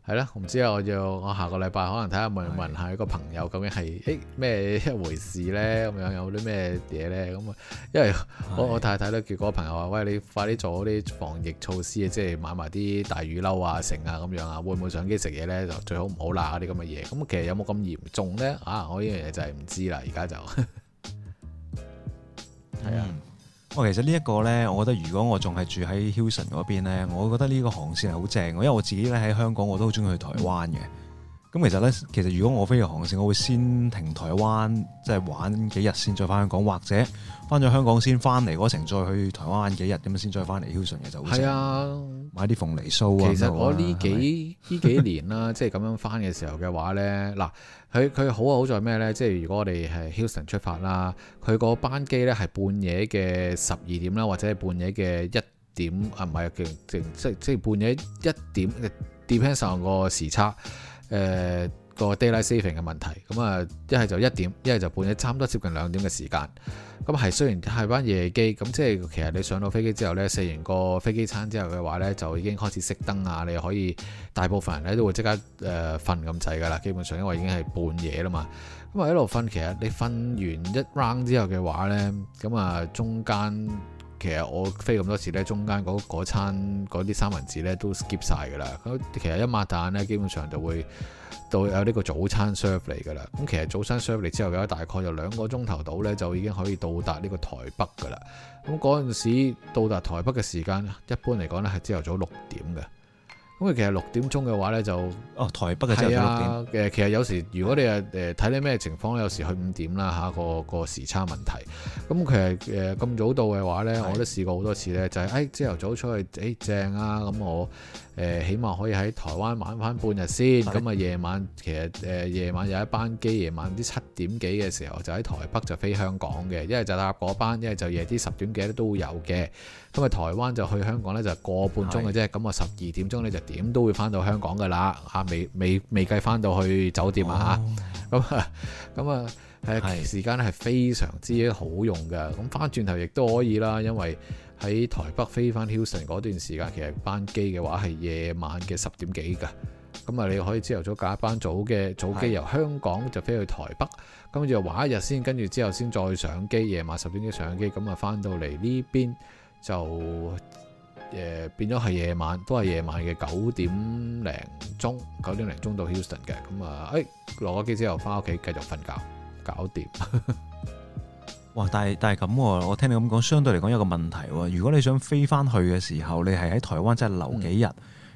係啦，我唔知啊，我要我下個禮拜可能睇下的問問下一個朋友，究竟係誒咩一回事呢？咁樣有啲咩嘢呢？咁啊，因為我我太太咧結果，朋友話：，喂，你快啲做好啲防疫措施啊！即係買埋啲大雨褸啊，成啊咁樣啊，會唔會上機食嘢呢？就最好唔好嗱嗰啲咁嘅嘢。咁其實有冇咁嚴重咧？啊，我呢樣嘢就係唔知啦，而家就係啊。呵呵我其實呢一個呢，我覺得如果我仲係住喺 Houston 嗰邊呢，我覺得呢個航線係好正，因為我自己咧喺香港我都好中意去台灣嘅。咁其實呢，其實如果我飛個航線，我會先停台灣，即係玩幾日先再翻香港，或者翻咗香港先翻嚟嗰程，再去台灣玩幾日咁樣，先再翻嚟 Houston 嘅就好。係啊，買啲鳳梨酥啊。其實我呢幾呢吧幾年啦，即係咁樣翻嘅時候嘅話呢。嗱。佢佢好啊，好在咩呢？即係如果我哋係 Houston 出發啦，佢個班機呢係半夜嘅十二點啦，或者係半夜嘅一點啊，唔係勁即即係半夜一點，depends on 個時差誒。個 daylight saving 嘅問題咁啊，一係就一點，一係就半夜，差唔多接近兩點嘅時間。咁係雖然係班夜機咁，即係其實你上到飛機之後呢，食完個飛機餐之後嘅話呢，就已經開始熄燈啊。你可以大部分人呢都會即刻誒瞓咁滯噶啦。基本上因為已經係半夜啦嘛，咁啊一路瞓。其實你瞓完一 round 之後嘅話呢，咁啊中間其實我飛咁多次呢，中間嗰餐嗰啲三文治呢都 skip 晒噶啦。咁其實一擘大蛋呢，基本上就會。到有呢個早餐 serve 嚟㗎啦，咁其實早餐 serve 嚟之後咧，有大概就兩個鐘頭到呢，就已經可以到達呢個台北㗎啦。咁嗰陣時到達台北嘅時間，一般嚟講呢係朝頭早六點嘅。咁啊，其實六點鐘嘅話呢，就，哦台北嘅朝頭早六點。其實有時如果你誒睇你咩情況，有時去五點啦嚇，個個時差問題。咁其實誒咁、呃、早到嘅話呢，我都試過好多次呢，就係誒朝頭早出去誒、哎、正啊，咁我。誒，起碼可以喺台灣玩翻半日先，咁啊夜晚其實誒夜、呃、晚有一班機，夜晚啲七點幾嘅時候就喺台北就飛香港嘅，一係、嗯、就搭嗰班，一係就夜啲十點幾都會有嘅。咁啊、嗯、台灣就去香港呢，就個半鐘嘅啫，咁啊十二點鐘呢，就點都會翻到香港噶啦嚇，未未未計翻到去酒店、哦、啊嚇。咁啊咁啊誒時間咧係非常之好用嘅，咁翻轉頭亦都可以啦，因為。喺台北飛翻 Houston 嗰段時間，其實班機嘅話係夜晚嘅十點幾㗎。咁啊，你可以朝頭早揀一班早嘅早機，的由香港就飛去台北。跟住玩一日先，跟住之後先再上機，夜晚十點幾上機。咁啊，翻到嚟呢邊就誒、呃、變咗係夜晚，都係夜晚嘅九點零鐘，九點零鐘到 Houston 嘅。咁啊，誒落咗機之後翻屋企繼續瞓覺，搞掂。 *laughs* 哇！但係但係咁，我聽你咁講，相對嚟講有個問題喎。如果你想飛翻去嘅時候，你係喺台灣真係留幾日，咁、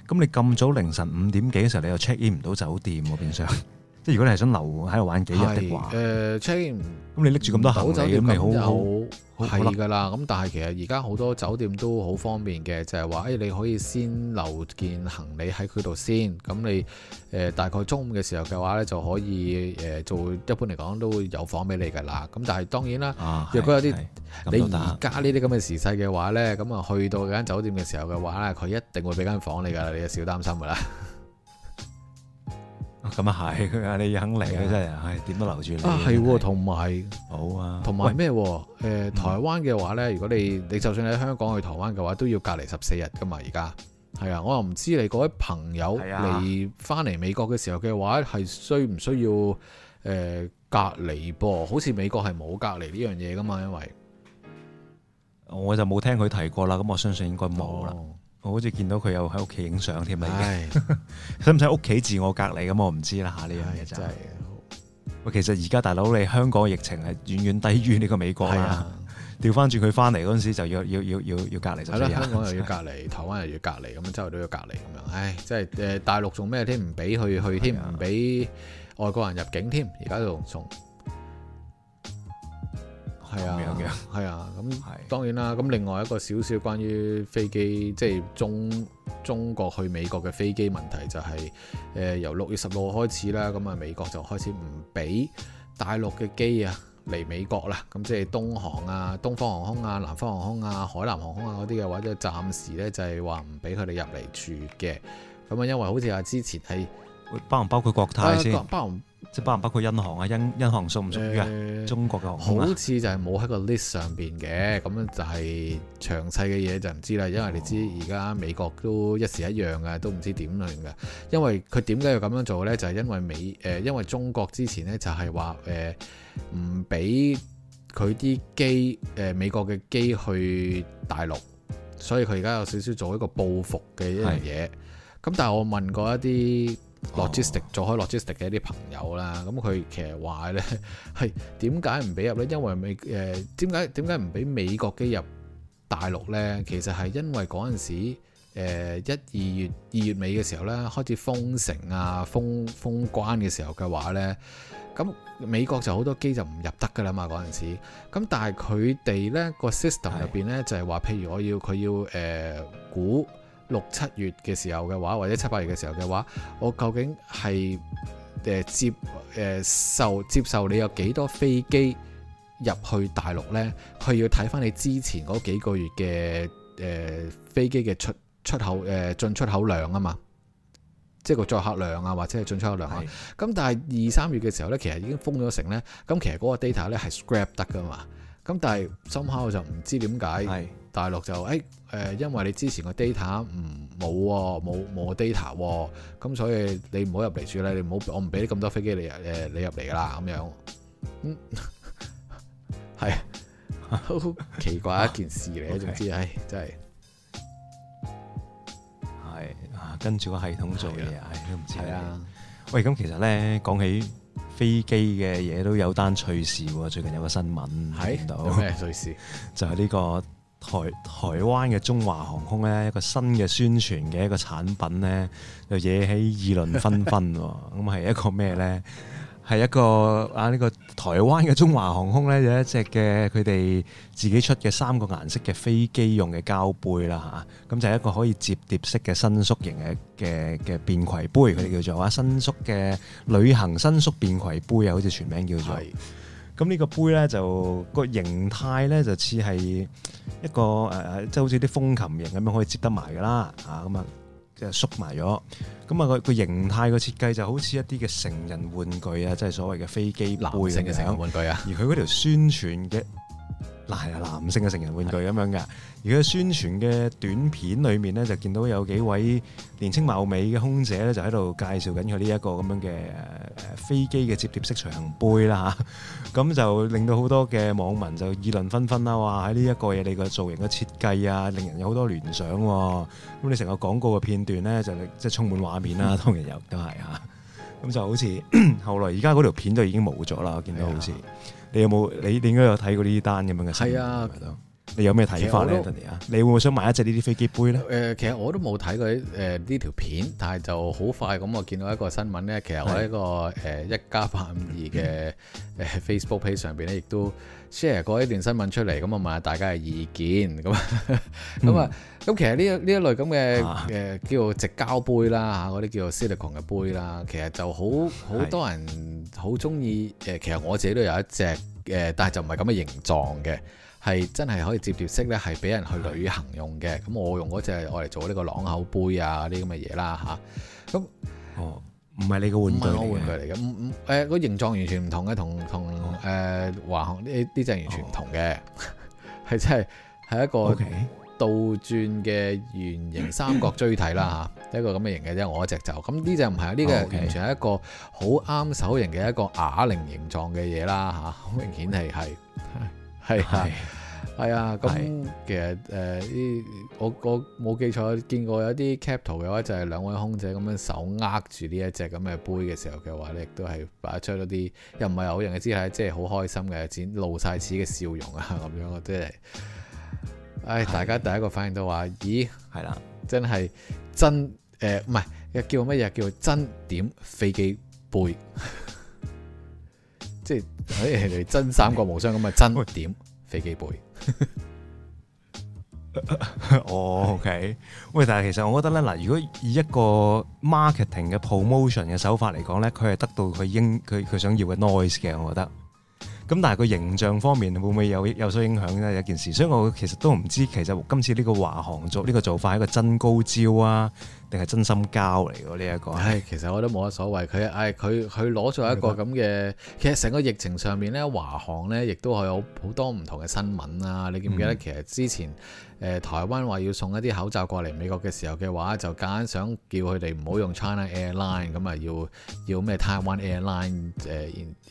嗯、你咁早凌晨五點幾嘅時候，你又 check in 唔到酒店喎，變相。 *laughs* 即如果你係想留喺度玩幾日的話，誒咁、呃、你拎住咁多行李咪好好係噶啦。咁但係其實而家好多酒店都好方便嘅，就係話誒你可以先留件行李喺佢度先。咁你誒、呃、大概中午嘅時候嘅話咧，就可以誒、呃、做一般嚟講都會有房俾你噶啦。咁但係當然啦，啊、若果的有啲的你而家呢啲咁嘅時勢嘅話咧，咁啊的去到間酒店嘅時候嘅話咧，佢一定會俾間房你噶啦，你就少擔心噶啦。咁啊係，佢啊你肯嚟，佢、啊、真係，唉點都留住你。啊係，同埋、啊、好啊，同埋咩？誒喂、呃、台灣嘅話咧，如果你、嗯、你就算喺香港去台灣嘅話，都要隔離十四日噶嘛，而家係啊。我又唔知你嗰位朋友嚟翻嚟美國嘅時候嘅話，係需唔需要誒、呃、隔離噃？好似美國係冇隔離呢樣嘢噶嘛，因為我就冇聽佢提過啦，咁我相信應該冇啦。哦我好似見到佢又喺屋企影相添啊，已經使唔使屋企自我隔離咁？我唔知啦嚇呢樣嘢就。喂，其實而家大佬你香港疫情係遠遠低於呢個美國啦。調翻轉佢翻嚟嗰陣時就要要要要要隔離。係香港又要隔離，台灣又要隔離，咁周圍都要隔離咁樣。唉，即係誒大陸做咩添？唔俾佢去添，唔俾的外國人入境添。而家仲從。係啊，係、嗯、啊，咁、嗯、當然啦。咁、嗯、另外一個少少關於飛機，即係是、啊、中中國去美國嘅飛機問題就係、是，誒、呃、由六月十六號開始啦，咁啊美國就開始唔俾大陸嘅機啊嚟美國啦。咁、嗯、即係東航啊、東方航空啊、南方航空啊、海南航空啊嗰啲嘅話，都暫時呢就係話唔俾佢哋入嚟住嘅。咁啊，因為好似啊之前係包包括國泰先。啊即包唔包括銀行啊？銀銀行屬唔屬於、啊嗯、中國嘅好似就係冇喺個 list 上邊嘅，咁樣就係詳細嘅嘢就唔知啦。因為你知而家美國都一時一樣嘅，都唔知點樣嘅。因為佢點解要咁樣做呢？就係、是、因為美誒、呃，因為中國之前呢，就係話誒唔俾佢啲機誒、呃、美國嘅機去大陸，所以佢而家有少少做一個報復嘅一樣嘢。咁是但係我問過一啲。logistics、哦、做開 logistics 嘅一啲朋友啦，咁佢其實話呢，係點解唔俾入呢？因為美誒點解點解唔俾美國機入大陸呢？其實係因為嗰陣時一二月二月尾嘅時候呢、呃，開始封城啊封封關嘅時候嘅話呢，咁美國就好多機就唔入得噶啦嘛嗰陣時。咁但係佢哋呢個 system 入邊呢，系面就係話，的譬如我要佢要誒估。呃估六七月嘅時候嘅話，或者七八月嘅時候嘅話，我究竟係誒、呃、接誒、呃、受接受你有幾多飛機入去大陸呢？係要睇翻你之前嗰幾個月嘅誒、呃、飛機嘅出出口誒、呃、進出口量啊嘛，即係個載客量啊，或者係進出口量啊。咁是但係二三月嘅時候呢，其實已經封咗城呢。咁其實嗰個 data 呢係 scrap 得 e 噶嘛。咁但係深刻我就唔知點解大陸就誒。是哎誒，因為你之前個 data 唔冇喎，冇冇 data 喎，咁所以你唔好入嚟住啦，你唔好，我唔俾咁多飛機你誒，你入嚟啦，咁樣，嗯，係 *laughs* 好奇怪一件事嚟， *laughs* 總之係 Okay.、哎、真係，係、啊、跟住個系統做嘢，唉都唔知係啊。的喂，咁其實咧講起飛機嘅嘢都有單趣事，最近有個新聞見到，有咩趣事？ *laughs* 就係呢、這個。台台灣嘅中華航空呢，一個新嘅宣傳嘅一個產品呢，就惹起議論紛紛喎。咁係 *laughs* 一個咩呢？係一個啊呢、呢個台灣嘅中華航空呢，有一隻嘅佢哋自己出嘅三個顏色嘅飛機用嘅膠杯啦嚇。咁、啊、就係一個可以摺疊式嘅伸縮型嘅嘅嘅便攜杯，佢哋叫做啊伸縮嘅旅行伸縮便攜杯啊，好似全名叫做。咁呢個杯咧就個形態咧就似係一個誒誒，即係好似啲風琴形咁樣可以接得埋噶啦，啊咁啊縮埋咗，咁啊個個形態個設計就好似一啲嘅成人玩具啊，即係所謂嘅飛機杯，男性嘅成人玩具咁樣，而佢嗰條宣傳嘅。嗱，係男性嘅成人玩具咁樣嘅，而佢宣傳嘅短片裏面呢，就見到有幾位年青貌美嘅空姐呢，就喺度介紹緊佢呢一個咁樣嘅飛機嘅摺疊式長杯啦嚇，咁的 *laughs* 就令到好多嘅網民就議論紛紛啦，話喺呢一個嘢，你個造型嘅設計啊，令人有好多聯想，啊。咁你成個廣告嘅片段呢，就即、是、係充滿畫面啦、啊，當然有都係嚇。咁 *laughs* *laughs* 就好似 *coughs* 後來而家嗰條片就已經冇咗啦，我見到好似。你有冇？你應該有睇過呢啲單咁樣嘅事。 *noise* *noise* 你有咩睇法咧？你會唔會想買一隻呢啲飛機杯咧？誒、呃，其實我都冇睇過誒呢條片，但係就好快咁我見到一個新聞咧。其實我喺一個誒一家八五二嘅誒 Facebook page 上邊咧，亦都 share 過一段新聞出嚟，咁我問下大家嘅意見。咁咁啊，咁、嗯 *laughs* 嗯、其實呢一呢一類咁嘅誒叫做直膠杯啦，嚇嗰啲叫做 silicone 嘅杯啦，其實就好好是多人好中意。誒、呃，其實我自己都有一隻誒、呃，但係就唔係咁嘅形狀嘅。係真係可以摺疊式咧，係俾人去旅行用嘅。咁我用嗰隻我嚟做呢個朗口杯啊，啲咁嘅嘢啦吓？咁，哦，唔係你個玩具我玩具嚟嘅，唔唔、嗯，誒、嗯、個、欸、形狀完全唔同嘅，同同誒華、呃、航呢呢隻完全唔同嘅，係真係係一個倒轉嘅圓形三角錐體啦吓，okay? 一個咁嘅形嘅啫。我一隻就咁呢隻唔係啊，呢個完全係一個好啱手型嘅一個啞鈴形狀嘅嘢啦吓，好明顯係係。 *laughs* 系系係啊！咁其實誒，啲、呃欸、我我冇記錯，見過有啲 cap 圖嘅話，就係、是、兩位空姐咁樣手握住呢一隻咁嘅杯嘅時候嘅話咧，亦都係擺出咗啲又唔係偶然嘅姿態，即係好開心嘅，展露晒齒嘅笑容啊咁樣咯，即係。唉、哎，大家第一個反應都話，啊、咦，係啦，真係真誒，唔係叫乜嘢？又叫真點飛機杯。 *laughs* 即係誒，真三國無雙咁啊！真點喂飛機杯？ *laughs* 哦，OK。 *laughs* 喂，但係其實我覺得咧，嗱，如果以一個 marketing 嘅 promotion 嘅手法嚟講咧，佢係得到佢應佢佢想要嘅 noise 嘅，我覺得。咁但係個形象方面會唔會有有所影響呢？有件事，所以我其實都唔知，其實今次呢個華航做呢、呢個做法係一個真高招啊！定係真心交嚟㗎呢一個？唉，其實我都冇乜所謂。佢唉，佢佢攞咗一個咁嘅，其實成個疫情上面呢，華航呢亦都係有好多唔同嘅新聞啊。你記唔記得？嗯、其實之前、呃、台灣話要送一啲口罩過嚟美國嘅時候嘅話，就夾硬想叫佢哋唔好用 China Airline，咁啊要要咩 Taiwan Airline 誒、呃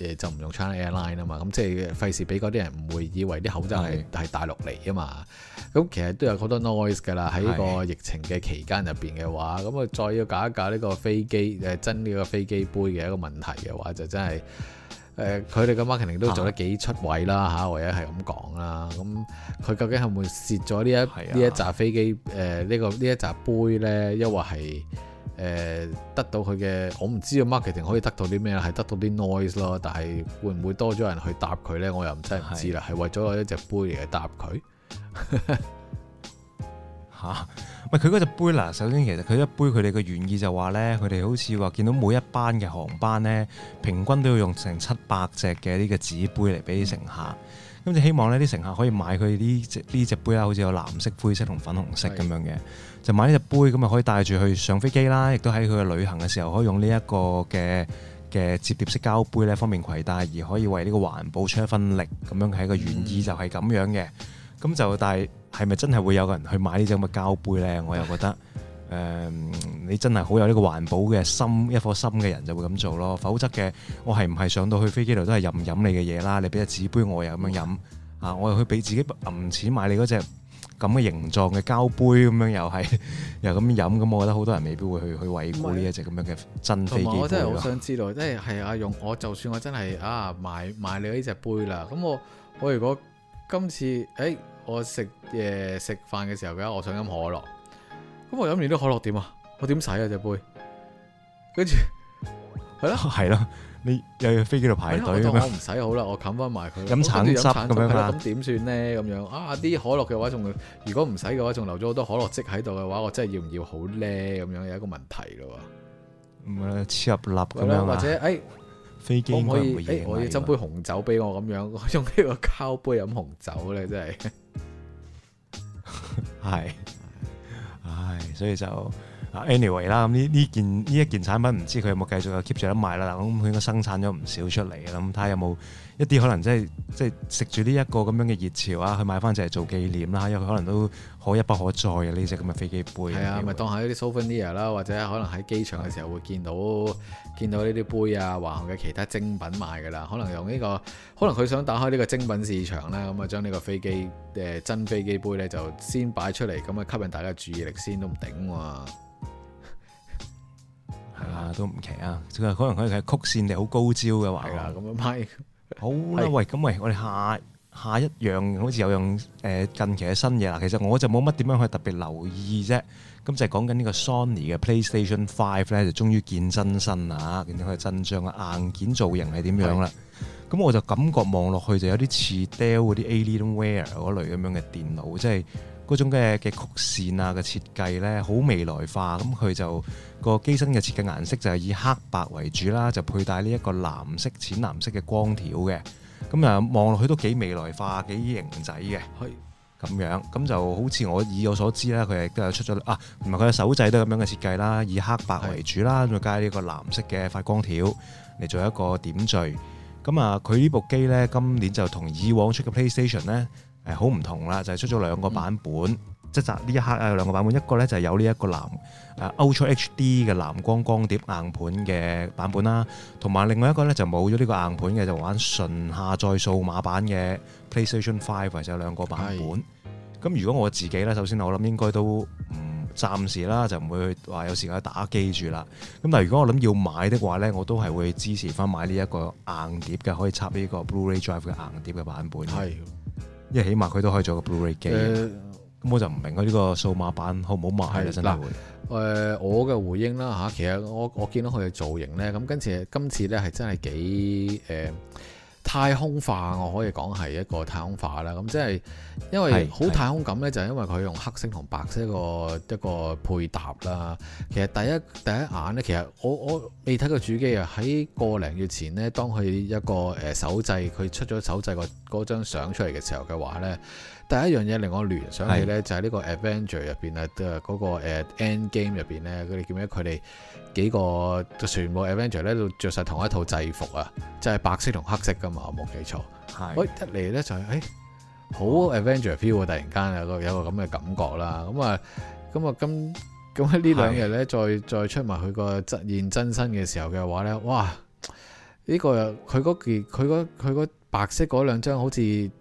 呃、就唔用 China Airline 啊嘛。咁即係費事俾嗰啲人唔會以為啲口罩係係大陸嚟啊嘛。咁其實都有好多 noise 噶啦。喺個疫情嘅期間入邊嘅話，啊，咁啊，再要搞一搞呢個飛機誒，真呢個飛機杯嘅一個問題嘅話，就真係誒，佢、呃、哋嘅 marketing 都做得幾出位啦吓，或者係咁講啦。咁、嗯、佢究竟係唔會蝕咗呢一呢、啊、一扎飛機誒，呃這個、呢個呢一扎杯咧，抑或係誒得到佢嘅，我唔知個 marketing 可以得到啲咩，係得到啲 noise 咯，但係會唔會多咗人去答佢咧？我又唔真係唔知啦。係、啊、為咗有一隻杯嚟去答佢吓。 *laughs* 佢嗰隻杯啦，首先其實佢一杯佢哋嘅原意就話呢，佢哋好似話見到每一班嘅航班呢，平均都要用成七百隻嘅呢個紙杯嚟俾啲乘客，咁就、嗯嗯、希望呢啲乘客可以買佢呢隻呢隻杯啦，好似有藍色、灰色同粉紅色咁樣嘅，是就買呢隻杯咁咪可以帶住去上飛機啦，亦都喺佢嘅旅行嘅時候可以用呢一個嘅嘅摺疊式膠杯呢，方便攜帶而可以為呢個環保出一分力，咁樣係一個原意就係咁樣嘅，咁、嗯、就但係咪真係會有個人去買呢隻咁嘅膠杯咧？我又覺得，誒、 *laughs* 呃，你真係好有呢個環保嘅心，一顆心嘅人就會咁做咯。否則嘅，我係唔係上到去飛機度都係飲飲你嘅嘢啦？你俾隻紙杯，我又咁樣飲 *laughs* 啊！我又去俾自己揞錢買你嗰隻咁嘅形狀嘅膠杯咁樣又係 *laughs* 又咁飲咁，我覺得好多人未必會去 *laughs* 去維護呢一隻咁樣嘅真飛機杯。同埋我真係好想知道，即係係阿勇，我就算我真係啊買買你呢隻杯啦，咁我我如果今次誒？誒我食嘢食飯嘅時候，佢話我想飲可樂，咁我飲完啲可樂點啊？我點洗啊隻杯？跟住係啦，係啦橙，你又喺飛機度排隊咁樣。我唔使好啦，我冚翻埋佢。飲橙汁咁樣啦。咁點算咧？咁樣啊？啲可樂嘅話仲，如果唔使嘅話，仲留咗好多可樂漬喺度嘅話，我真係要唔要好咧？咁樣有一個問題咯。唔啊，黐入粒咁樣。或者，誒，飛機可唔可以？我要斟杯紅酒俾我咁樣，我用呢個膠杯飲紅酒咧，真係。 *laughs* 係， *laughs* 唉，所以就，anyway 啦，咁呢呢件呢一件產品唔知佢有冇繼續又 keep 住得賣啦，嗱，咁佢應該生產咗唔少出嚟啦，咁睇下有冇。一啲可能真係即係食住呢一個咁樣嘅熱潮啊，去買翻隻嚟做紀念啦，因為佢可能都可一不可再啊呢隻咁嘅飛機杯。係啊，咪當係啲 Souvenir 啦，或者可能喺機場嘅時候會見到見到呢啲杯啊，華航嘅其他精品賣㗎啦。可能用呢個，可能佢想打開呢個精品市場啦，咁啊將呢個飛機誒真飛機杯咧就先擺出嚟，咁啊吸引大家注意力先都唔頂喎。係啊，都唔奇啊，就係可能佢係曲線嚟，好高招嘅話咁樣批。好啦，是喂，咁喂，我哋下下一樣好似有樣誒、呃、近期嘅新嘢啦。其實我就冇乜點樣去特別留意啫。咁就係講緊呢個 Sony 嘅 PlayStation 5咧，就終於見真身啊，見到佢真相啊，硬件造型係點樣啦。咁是我就感覺望落去就有啲似 Dell 嗰啲 Alienware 嗰類咁樣嘅電腦，即係，嗰種嘅曲線啊嘅設計呢，好未來化，咁佢就個機身嘅設計顏色就係以黑白為主啦，就佩戴呢一個藍色、淺藍色嘅光條嘅，咁啊望落去都幾未來化、幾型仔嘅，咁是樣，咁就好似我以我所知啦，佢亦都有出咗啊，同埋佢嘅手掣都咁樣嘅設計啦，以黑白為主啦，再加呢個藍色嘅發光條嚟做一個點綴，咁啊佢呢部機呢，今年就同以往出嘅 PlayStation 呢。誒好唔同啦，就係、是、出咗兩個版本，嗯、即係呢一刻有兩個版本，一個咧就係有呢一個藍誒 Ultra HD 嘅藍光光碟硬盤嘅版本啦，同埋另外一個咧就冇咗呢個硬盤嘅，就玩純下載數碼版嘅 PlayStation Five，就兩個版本。咁是的 如果我自己咧，首先我諗應該都唔暫時啦，就唔會去話有時間去打機住啦。咁但係如果我諗要買的話咧，我都係會支持翻買呢一個硬碟嘅，可以插呢個 Blu-ray drive 嘅硬碟嘅版本。因為起碼佢都可以做個 Blu-ray 機，咁、呃、我就唔明佢呢、呢個數碼版好唔好賣啦！是真係，嗱、呃，我嘅回應啦嚇，其實我我見到佢嘅造型咧，咁今次今次咧係真係幾誒，呃太空化我可以講係一個太空化啦，咁即係因為好太空感呢，就係因為佢用黑色同白色一個一個配搭啦。其實第一第一眼呢，其實我我未睇過主機啊，喺個零月前呢，當佢一個誒手掣佢出咗手掣個嗰張相出嚟嘅時候嘅話呢。第一樣嘢令我聯想起咧，是的 就係呢個面《Avenger》入邊啊，都係嗰個《End Game》入邊咧，佢哋叫咩？佢哋幾個全部《Avenger》咧都着晒同一套制服啊，就係、是、白色同黑色噶嘛，我冇記錯。喂是的、就是，一嚟咧就係誒好《Avenger》feel 喎、啊，突然間有個有個咁嘅感覺啦。咁、嗯、啊，咁啊，今咁喺呢兩日咧，再再出埋佢個真現真身嘅時候嘅話咧，哇！呢、這個佢嗰件佢嗰佢白色嗰兩張好似～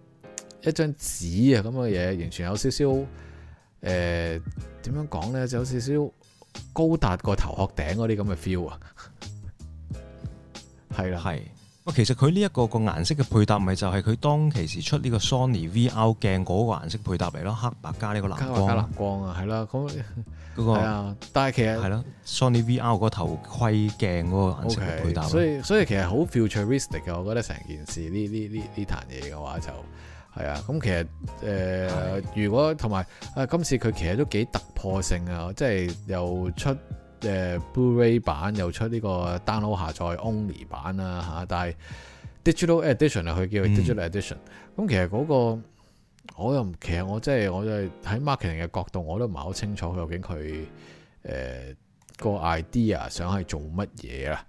一張紙啊，咁嘅嘢，完全有少少誒，呃，點樣講咧，就有少少高達個頭殼頂嗰啲咁嘅 feel 啊。係 *laughs* 啦，係。哇，其實佢呢一個個顏色嘅配搭，咪就係佢當其時出呢個 Sony VR 鏡嗰個顏色配搭嚟咯，黑白加呢個藍光加藍光啊，係啦。咁嗰個啊，但係其實係咯，Sony VR 個頭盔鏡嗰個顏色配搭，okay，所以所以，所以其實好 futuristic 啊。我覺得成件事呢呢呢呢壇嘢嘅話就。係啊，咁、嗯、其實誒、呃，如果同埋啊，今次佢其實都幾突破性啊，即係又出誒、呃、Blu-ray 版，又出呢個 download 下載 only 版啊嚇，但係 digital edition 啊、嗯，佢叫 digital edition，咁其實嗰、嗰個，我又其實我真、就、係、是、我就喺 marketing 嘅角度，我都唔係好清楚佢究竟佢誒、呃嗰個 idea 想係做乜嘢啦，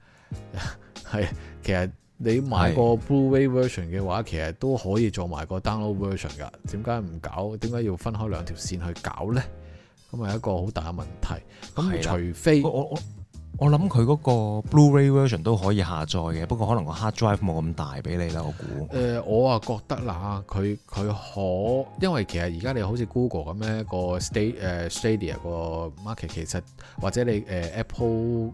係 *laughs* 其實。你買個 Blu-ray e version 嘅話，其實都可以做埋個 download version 噶。點解唔搞？點解要分開兩條線去搞呢？咁係一個好大嘅問題。咁除非我我我諗佢嗰個 Blu-ray e version 都可以下載嘅，不過可能個 hard drive 冇咁大俾你、呃、啦。我估。誒，我啊覺得嗱，佢佢可因為其實而家你好似 Google 咁樣，個 Stadia 個 market 其實或者你、呃、Apple。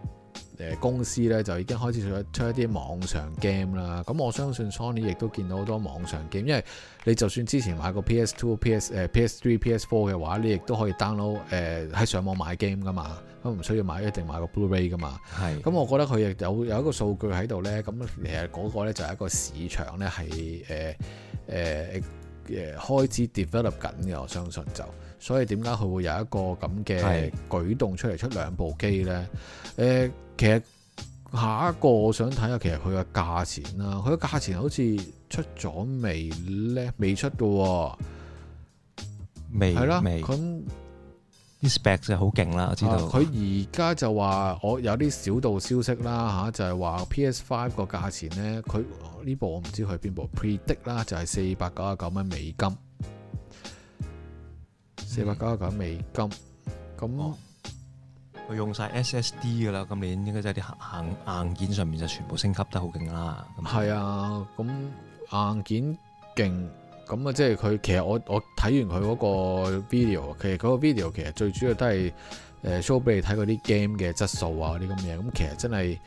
誒公司咧就已經開始做出一啲網上 game 啦，咁我相信 Sony 亦都見到好多網上 game，因為你就算之前買個 PS Two、PS 誒 PS Three、PS Four 嘅話，你亦都可以 download 誒、呃、喺上網買 game 噶嘛，咁唔需要買一定買個 Blu-ray 噶嘛。係是，咁我覺得佢亦有有一個數據喺度咧，咁其實嗰個咧就係一個市場咧係誒誒誒開始 develop 緊嘅，我相信就。所以點解佢會有一個咁嘅舉動出嚟出兩部機呢？誒，其實下一個我想睇下，其實佢嘅價錢啦，佢嘅價錢好似出咗未呢？未出㗎喎，未係啦。咁 Spec 就好勁啦，我知道。佢而家就話，我有啲小道消息啦嚇，就係話 PS Five 個價錢呢，佢呢部我唔知佢邊部 Predict 啦，就係四百九十九蚊美金。四百九十九美金，咁佢、哦、用晒 SSD 㗎喇，今年應該就係啲硬硬件上面就全部升級得好勁啦。係啊，咁硬件勁，咁啊即係佢其實我我睇完佢嗰個 video，其實嗰個 video 其實最主要都係誒 show 俾你睇嗰啲 game 嘅質素啊，嗰啲咁嘢。咁其實真係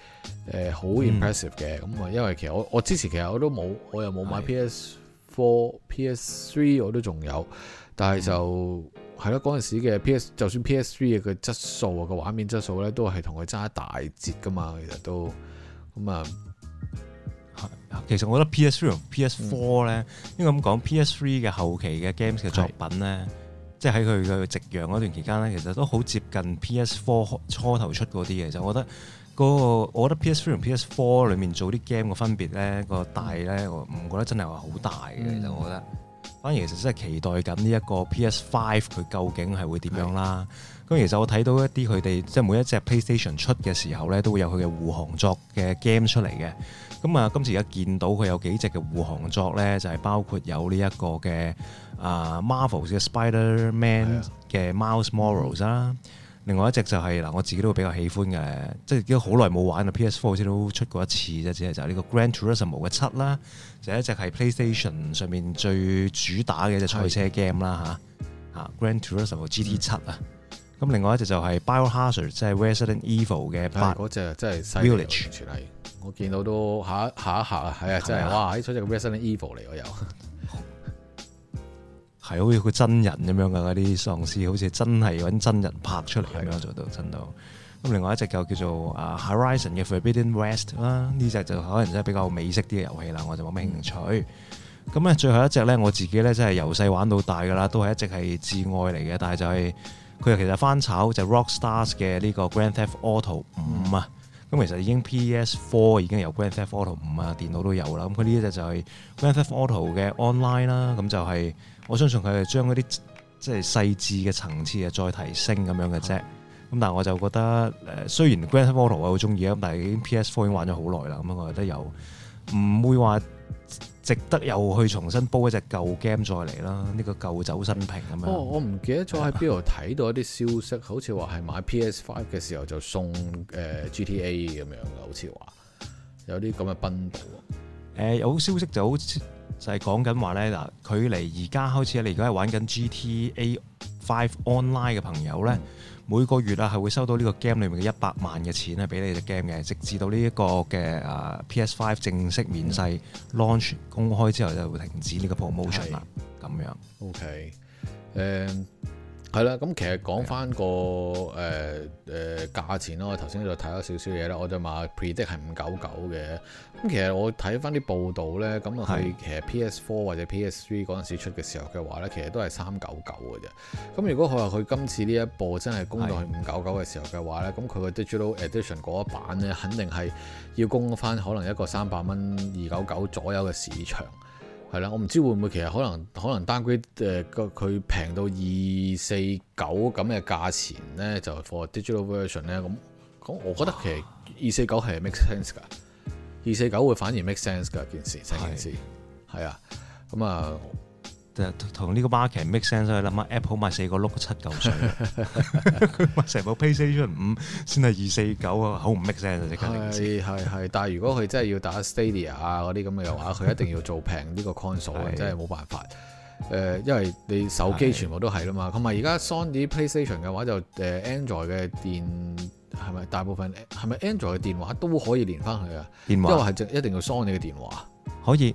誒好 impressive 嘅，咁、呃、啊、嗯、因為其實我我之前其實我都冇，我又冇買 PS Four，PS 的 Three 我都仲有。但係就係咯，嗰陣、嗯、時嘅 PS 就算 PS3 嘅質素啊個畫面質素咧，都係同佢差一大截噶嘛。其實都咁啊，其實我覺得 PS3 同 PS4 咧，應該咁講，PS3 嘅後期嘅 games 嘅作品咧，即係喺佢嘅夕陽嗰段期間咧，其實都好接近 PS4 初頭出嗰啲嘅。就我覺得個，我覺得 PS3 同 PS4 裏面做啲 game 嘅分別咧，個大咧，我唔覺得真係話好大嘅。其實、嗯、我覺得。反而其實真係期待緊呢一個 PS Five 佢究竟係會點樣啦。咁的其實我睇到一啲佢哋即係每一隻 PlayStation 出嘅時候咧，都會有佢嘅護航作嘅 game 出嚟嘅。咁、嗯、啊，今次而家見到佢有幾隻嘅護航作咧，就係、是、包括有呢一個嘅啊 Marvel's 嘅 Spider-Man 嘅 Miles Morales 啦。的另外一隻就係、是、嗱，我自己都會比較喜歡嘅，即係已經好耐冇玩啦。PS4 先都出過一次啫，只係就係呢個 Gran Turismo 嘅七啦，就一隻係 PlayStation 上面最主打嘅一隻賽車 game 啦吓嚇。Gran Turismo GT 七啊，咁、嗯、另外一隻就係 Biohazard，即係 Resident Evil 嘅八嗰隻，隻真係細 Village 完全係我見到都下，下一下一下啊，係啊，真係的哇！呢隻係 Resident Evil 嚟我有。 *laughs* 係好似個真人咁樣噶嗰啲喪屍，好似真係搵真人拍出嚟咁樣做到對真到。咁另外一隻就叫做啊 Horizon 嘅 Forbidden West 啦，呢隻就可能真係比較美式啲嘅遊戲啦，我就冇咩興趣。咁咧、嗯、最後一隻咧，我自己咧真係由細玩到大噶啦，都係一直係摯愛嚟嘅。但係就係、是、佢其實翻炒就 Rockstars 嘅呢個 Grand Theft Auto 五啊、嗯，咁其實已經 PS Four 已經有 Grand Theft Auto 五啊電腦都有啦。咁佢呢一隻就係 Grand Theft Auto 嘅 Online 啦，咁就係、是。我相信佢係將嗰啲即係細致嘅層次啊，再提升咁樣嘅啫。咁、嗯、但係我就覺得誒，雖然 Grand Theft Auto *music* 我好中意啊，但係已經 PS Four 已經玩咗好耐啦。咁、嗯、我覺得又唔會話值得又去重新煲一隻舊 game 再嚟，啦。呢個舊酒新瓶咁樣。哦、我唔記得咗喺邊度睇到一啲消息， *laughs* 好似話係買 PS Five 嘅時候就送誒、呃、GTA 咁樣，好似話有啲咁嘅奔道。誒、呃，有消息就好似。就係講緊話咧，嗱，距離而家開始在你而家係玩緊 GTA Five Online 嘅朋友咧，嗯、每個月啊係會收到呢個 game 裏面嘅一百萬嘅錢啊，俾你隻 game 嘅，直至到呢一個嘅啊 PS Five 正式面世 launch 公開之後，就會停止呢個 promotion 啦，咁是樣。OK，誒。係啦，咁其實講翻個誒誒價錢咯，我頭先再睇咗少少嘢啦。我就話 Predict 係五九九嘅，咁其實我睇翻啲報道咧，咁啊係其實 PS Four 或者 PS Three 嗰陣時出嘅時候嘅話咧，其實都係三九九嘅啫。咁如果佢話佢今次呢一部真係供到去五九九嘅時候嘅話咧，咁佢嘅 Digital Edition 嗰一版咧，肯定係要供翻可能一個三百蚊二九九左右嘅市場。係啦，我唔知會唔會其實可能可能 downgrade 誒個佢平到二四九咁嘅價錢咧，就 for digital version 咧，咁咁我覺得其實二四九係 make sense 㗎，二四九會反而 make sense 㗎件事，成件事係啊，咁啊。同呢個 market make sense，我哋諗下 Apple 賣四個碌七嚿水，賣成部 PlayStation 五先係二四九啊，好唔 make sense？係係係，但係如果佢真係要打 Stadia 啊嗰啲咁嘅話，佢一定要做平呢個 console，真係冇辦法。誒，因為你手機全部都係啦嘛，同埋而家 Sony PlayStation 嘅話就誒 Android 嘅電係咪大部分係咪 Android 嘅電話都可以連翻佢啊？電話，因為係就一定要 Sony 嘅電話，可以。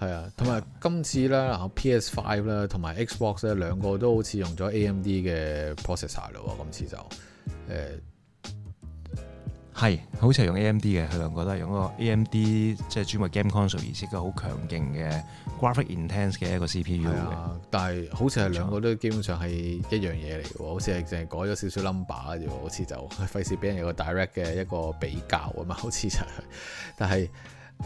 係啊，同埋今次咧，PS Five 咧，同埋 Xbox 咧，兩個都好似用咗 AMD 嘅 processor、er、咯。今次就誒係、欸、好似係用 AMD 嘅，佢兩個都係用個 AMD 即係專門 game console，而式嘅，好強勁嘅 graphic intense 嘅一個 CPU、啊、但係好似係兩個都基本上係一樣嘢嚟嘅，好似係淨係改咗少少 number 啫。好似就費事俾人有個 direct 嘅一個比較咁嘛。好似就係，但係。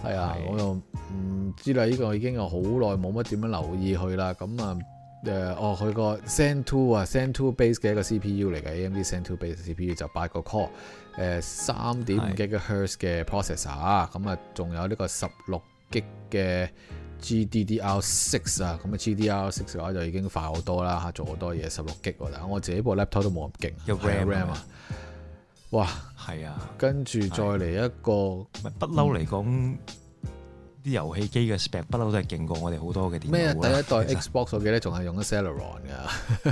係啊，我又唔知啦，呢、這個已經有好耐冇乜點樣留意佢啦。咁啊，誒、呃，哦，佢個 Zen 2啊，Zen 2 based 嘅一個 CPU 嚟嘅，AMD Zen 2 based CPU 就八個 core，誒，三點五 GHz 嘅 processor 啊，咁啊，仲有呢個十六 G 嘅 GDDR6 啊，咁啊 GDDR6 嘅話就已經快好多啦，嚇，做好多嘢十六 G，但係我自己部 laptop 都冇咁勁。有拍，Ram 啊，哇！係啊，跟住再嚟一個，唔係、啊、不嬲嚟講啲遊戲機嘅 spec，不嬲都係勁過我哋好多嘅電腦咩。第一代 Xbox 手機咧，仲係用咗 Celeron 噶，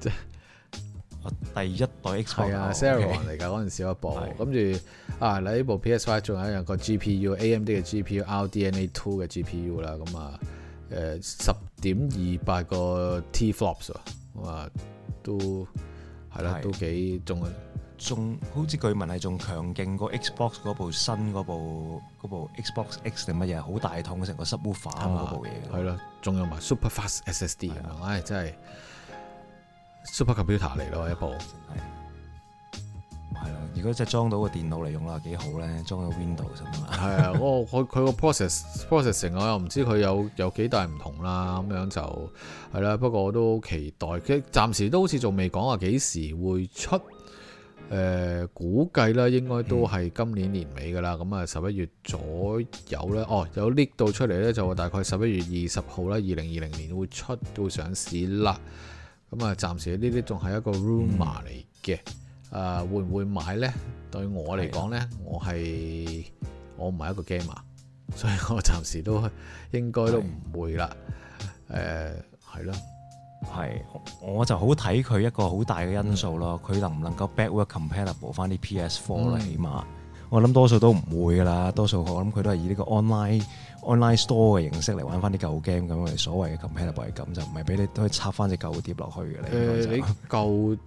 即係第一代 x b 係啊 Celeron 嚟噶，嗰陣、oh, okay. 時有一部，跟住 *laughs* 啊，嗱呢部 PS5 仲有一個 GPU，AMD 嘅 GPU，RDNA two 嘅 GPU 啦、嗯，咁啊，誒十點二八個 TFlops 啊、嗯，都係啦、啊，都幾重仲好似據聞係仲強勁過 Xbox 嗰部新嗰部嗰部 Xbox X 定乜嘢，好大桶成個 subwoofer 嗰、啊、部嘢嘅，係啦，仲有埋 super fast SSD，唉了，了真係 super computer 嚟咯一部，係咯，如果真係裝到個電腦嚟用啊，幾好咧，裝個 Windows 啊嘛了，係啊， *laughs* 我我佢個 process processing 我又唔知佢有有幾大唔同啦，咁樣就係啦，不過我都好期待，佢暫時都好似仲未講話幾時會出。誒、呃、估計啦，應該都係今年年尾噶啦，咁啊十一月左右咧，哦有 lift 到出嚟咧，就大概十一月二十號啦，二零二零年會出到上市啦。咁啊，暫時呢啲仲係一個 rumor 嚟嘅，啊、嗯呃、會唔會買呢？對我嚟講呢，的我係我唔係一個 gamer，所以我暫時都應該都唔會啦。誒係啦。呃係，我就好睇佢一個好大嘅因素咯。佢能唔能夠 backward compatible 翻啲 PS Four 咧？起碼、嗯、我諗多數都唔會啦。多數我諗佢都係以呢個 online online store 嘅形式嚟玩翻啲舊 game 咁嘅所謂嘅 compatible 係咁，就唔係俾你都可以插翻隻舊碟落去嘅。誒、欸，就你舊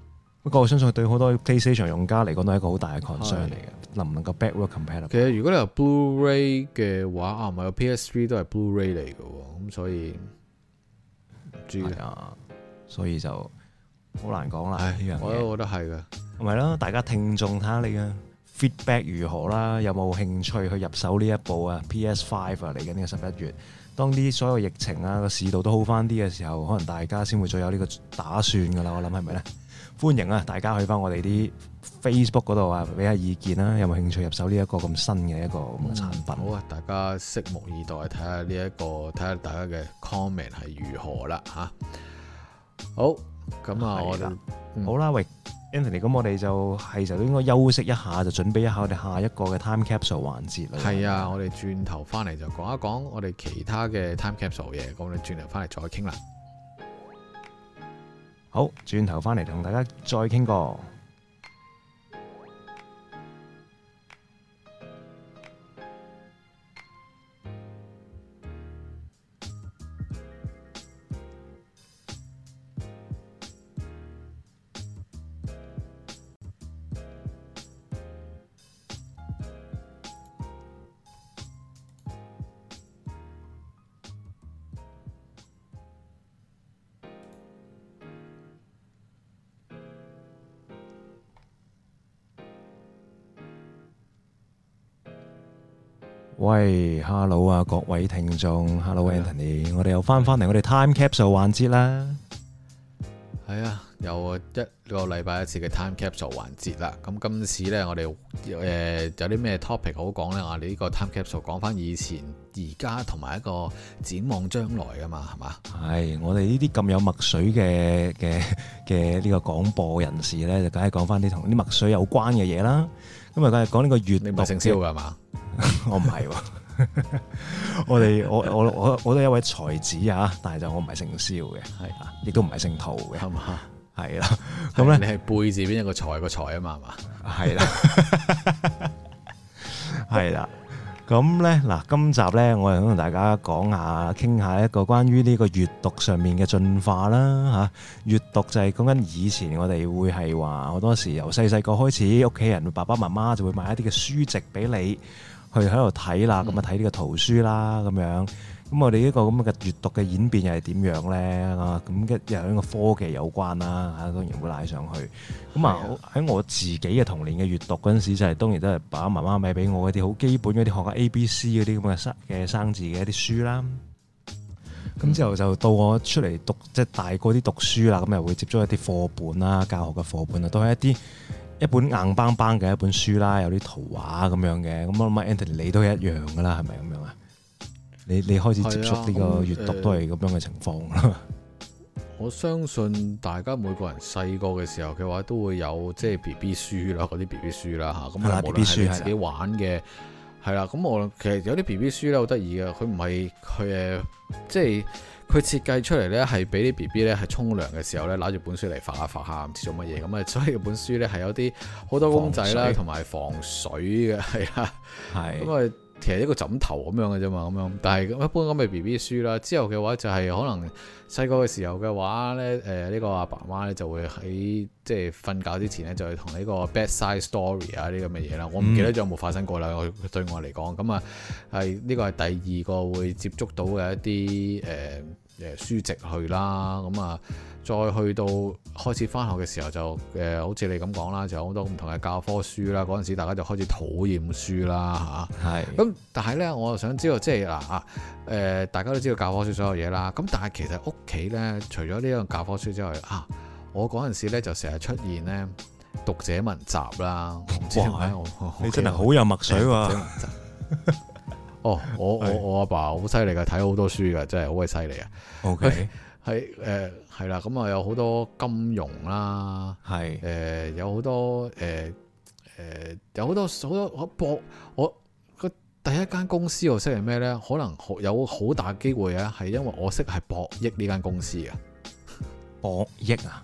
不過我相信對好多 PlayStation 用家嚟講都係一個好大嘅 concern 嚟嘅是，能唔能夠 backward compatible？其實如果你話 Blu-ray 嘅話啊，唔係有 PS Three 都係 Blu-ray 嚟嘅喎，咁所以唔知啊。所以就好難講啦，呢樣嘢我都覺得係嘅，唔係咯？大家聽眾睇下你嘅 feedback 如何啦，有冇興趣去入手呢一部啊？PS Five 啊，嚟緊呢個十一月，當啲所有疫情啊，個市道都好翻啲嘅時候，可能大家先會再有呢個打算噶啦。我諗，係咪咧？歡迎啊，大家去翻我哋啲 Facebook 嗰度啊，俾下意見啦，有冇興趣入手呢一個咁新嘅一個產品，嗯？好啊，大家拭目以待，睇下呢一個，睇下大家嘅 comment 係如何啦，吓、啊。好，咁啊，我的、嗯、好啦，喂，Anthony，咁我哋就係就應該休息一下，就準備一下我哋下一個嘅 Time Capsule 環節啦。係啊，我哋轉頭翻嚟就講一講我哋其他嘅 Time Capsule 嘢，咁我哋轉頭翻嚟再傾啦。好，轉頭翻嚟同大家再傾過。喂，h e l l o 啊，Hello，各位聽眾，Hello Anthony，我哋又翻翻嚟我哋 Time Capsule 環節啦。係啊，又啊有一個禮拜一次嘅 Time Capsule 環節啦。咁今次咧，我哋誒有啲咩，呃、topic 好講咧？我哋呢個 Time Capsule 講翻以前、而家同埋一個展望將來啊嘛，係嘛？係，我哋呢啲咁有墨水嘅嘅嘅呢個廣播人士咧，就梗係講翻啲同啲墨水有關嘅嘢啦。咁啊，梗係講呢個閱讀先係嘛？ *laughs* 我唔係是， *laughs* 我哋我我我我都係一位才子啊！但係就我唔係姓肖嘅，係啊，亦都唔係姓陶嘅，係嘛？係啦的，咁咧你係背字邊一個才個才啊嘛？係啦 *laughs* *laughs* *laughs* ，係啦，咁咧嗱，今集咧我係想同大家講下，傾下一個關於呢個閱讀上面嘅進化啦吓、啊。閱讀就係、是、講緊以前我哋會係話，好多時由細細個開始，屋企人爸爸媽媽就會買一啲嘅書籍俾你。去喺度睇啦，咁啊睇呢個圖書啦，咁樣咁我哋呢個咁嘅閲讀嘅演變又係點樣咧？咁嘅又係呢個科技有關啦，嚇當然會拉上去。咁啊喺我自己嘅童年嘅閲讀嗰陣時，就係當然都係爸爸媽媽買俾我嗰啲好基本嗰啲學下 A B C 嗰啲咁嘅生嘅生字嘅一啲書啦。咁之後就到我出嚟讀即係、就是、大個啲讀書啦，咁又會接觸一啲課本啦、教學嘅課本啊，都係一啲。一本硬邦邦嘅一本書啦，有啲圖畫咁樣嘅，咁我諗阿 Anthony 你都一樣噶啦，係咪咁樣啊？你你開始接觸呢個閲讀都係咁樣嘅情況啦。我相信大家每個人細個嘅時候嘅話，都會有即係 B B 書啦，嗰啲 B B 書啦嚇，咁 BB 書無論係自己玩嘅。係啦，咁我其實有啲 B B 書咧好得意嘅，佢唔係佢誒，即係佢設計出嚟咧係俾啲 B B 咧係沖涼嘅時候咧拿住本書嚟發下發下唔知做乜嘢，咁啊所以本書咧係有啲好多公仔啦，同埋防水嘅係啊，係咁啊。其實一個枕頭咁樣嘅啫嘛，咁樣。但係一般咁嘅 BB 書啦。之後嘅話就係可能細個嘅時候嘅話咧，誒、呃、呢、這個阿爸媽咧就會喺即係瞓覺之前咧，就會同呢個 bedside story 啊呢咁嘅嘢啦。我唔記得仲有冇發生過啦、嗯。對我嚟講，咁啊係呢個係第二個會接觸到嘅一啲誒。呃誒書籍去啦，咁啊，再去到開始返學嘅時候就誒，好似你咁講啦，就有好多唔同嘅教科書啦。嗰陣時大家就開始討厭書啦嚇。係的。咁但係呢，我又想知道，即係嗱啊誒，大家都知道教科書所有嘢啦。咁但係其實屋企呢，除咗呢樣教科書之外啊，我嗰陣時咧就成日出現呢讀者文集啦。哇！我你真係好有墨水喎、啊。 *laughs* 哦、oh，我我我阿爸好犀利噶，睇好多書噶，真係好鬼犀利啊。OK，係誒係啦，咁、呃、啊有好多金融啦，係誒的、呃、有好多誒誒、呃呃、有好多好多我博我個第一間公司我識係咩咧？可能有好大機會啊，係因為我識係博益呢間公司嘅博益啊。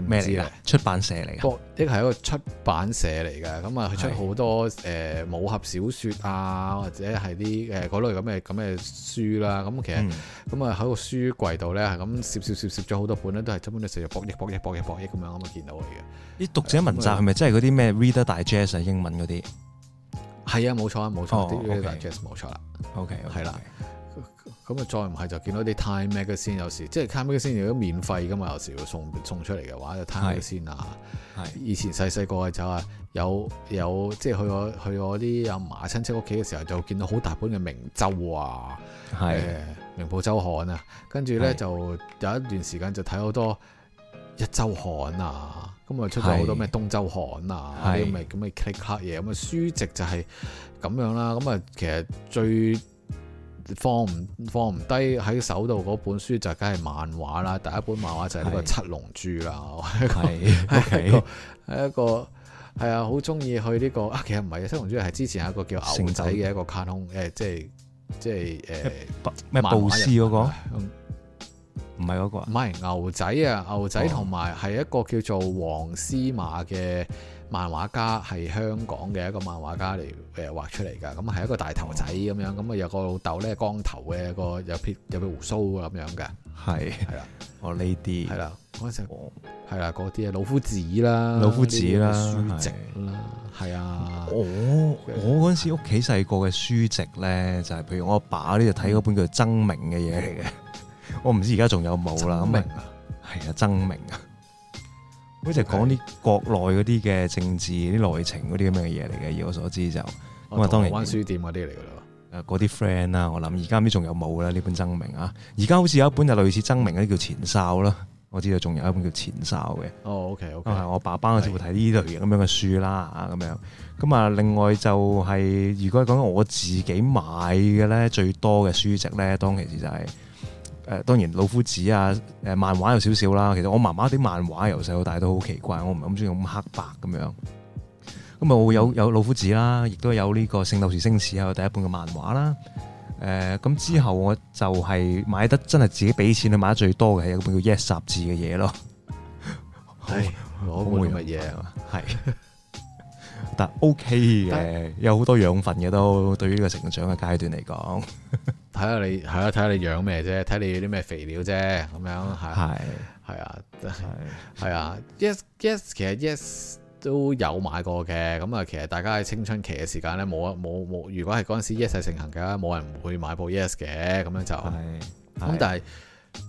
咩嚟出版社嚟？博，呢個係一個出版社嚟嘅。咁啊，佢出好多誒武俠小說啊，或者係啲誒嗰類咁嘅咁嘅書啦，啊。咁其實咁啊喺個書櫃度咧，係咁攝攝攝攝咗好多本咧，都係基本上成日博益博益博益博益咁樣，我見到嘅。啲讀者文集係咪真係嗰啲咩 Reader Digest 啊？英文嗰啲？係啊，冇錯啊，冇錯，Reader Digest 冇錯啦。OK，係啦。咁啊，再唔係就見到啲 Time Magazine 有時，即係 Time Magazine 如果免費噶嘛，有時會送送出嚟嘅話，就 Time Magazine 啊。係以前細細個嘅就啊，有有即係去我去我啲阿嫲親戚屋企嘅時候，就見到好大本嘅明周啊，誒明報週刊啊。跟住咧就有一段時間就睇好多壹週刊啊，咁啊是出咗好多咩東週刊啊啲咁嘅 click c 嘢，咁啊是是書籍就係咁樣啦。咁啊其實最放唔放唔低喺手度嗰本書就梗係漫畫啦，第一本漫畫就係呢個七龍珠啦，係係是 *laughs* 一個係啊，好中意去呢個啊，其實唔係啊，七龍珠係之前係一個叫牛仔嘅一個卡通，誒真、欸、即係即係誒咩布斯嗰、那個，唔係嗰個，唔係牛仔啊，牛仔同埋係一個叫做黃絲馬嘅。漫畫家係香港嘅一個漫畫家嚟誒畫出嚟噶，咁係一個大頭仔咁、嗯、樣，咁啊有個老豆咧光頭嘅個有撇有撇鬍鬚咁樣嘅。係係啦，哦呢啲係啦，嗰陣時係啦，嗰啲啊老夫子啦，老夫子啦，書籍啦，係啊，哦，我嗰陣時屋企細個嘅書籍咧就係、是、譬如我阿爸呢，就睇嗰本叫做《爭鳴》嘅嘢嚟嘅，我唔知而家仲有冇啦，爭鳴啊，係啊，爭鳴啊。好似係講啲國內嗰啲嘅政治啲內情嗰啲咁樣嘅嘢嚟嘅，以我所知就，咁啊、嗯、當然時，關書店嗰啲嚟噶啦，嗰啲 friend 啦，我諗而家唔知仲有冇咧呢本名《爭鳴》啊，而家好似有一本就類似名《爭鳴》嗰啲叫《前哨》啦，我知道仲有一本叫《前哨》嘅。哦，OK 係、okay. 我爸爸好似會睇呢類型咁樣嘅書啦，咁樣是。咁啊，另外就係、是、如果講緊我自己買嘅咧，最多嘅書籍咧，當其時就係、是。誒，當然《老夫子》啊，誒，漫畫有少少啦。其實我媽媽啲漫畫由細到大都好奇怪，我唔係咁中意咁黑白咁樣。咁啊，我有有《老夫子》啦，亦都有呢個《聖鬥士星矢》啊，第一本嘅漫畫啦。誒、呃，咁之後我就係買得真係自己俾錢去買得最多嘅係一本叫《Yes》雜誌嘅嘢咯。係攞回乜嘢係？ *laughs* 但 OK 嘅，有好多養分嘅都，對於呢個成長嘅階段嚟講。睇下你係咯，睇下你養咩啫，睇你啲咩肥料啫，咁樣係係係啊，係啊，yes yes，啊，其實 yes 都有買過嘅，咁啊，其實大家喺青春期嘅時間咧，冇冇冇，如果係嗰陣時 yes 係盛行嘅，冇人唔會買部 yes 嘅，咁樣就係咁，啊，但係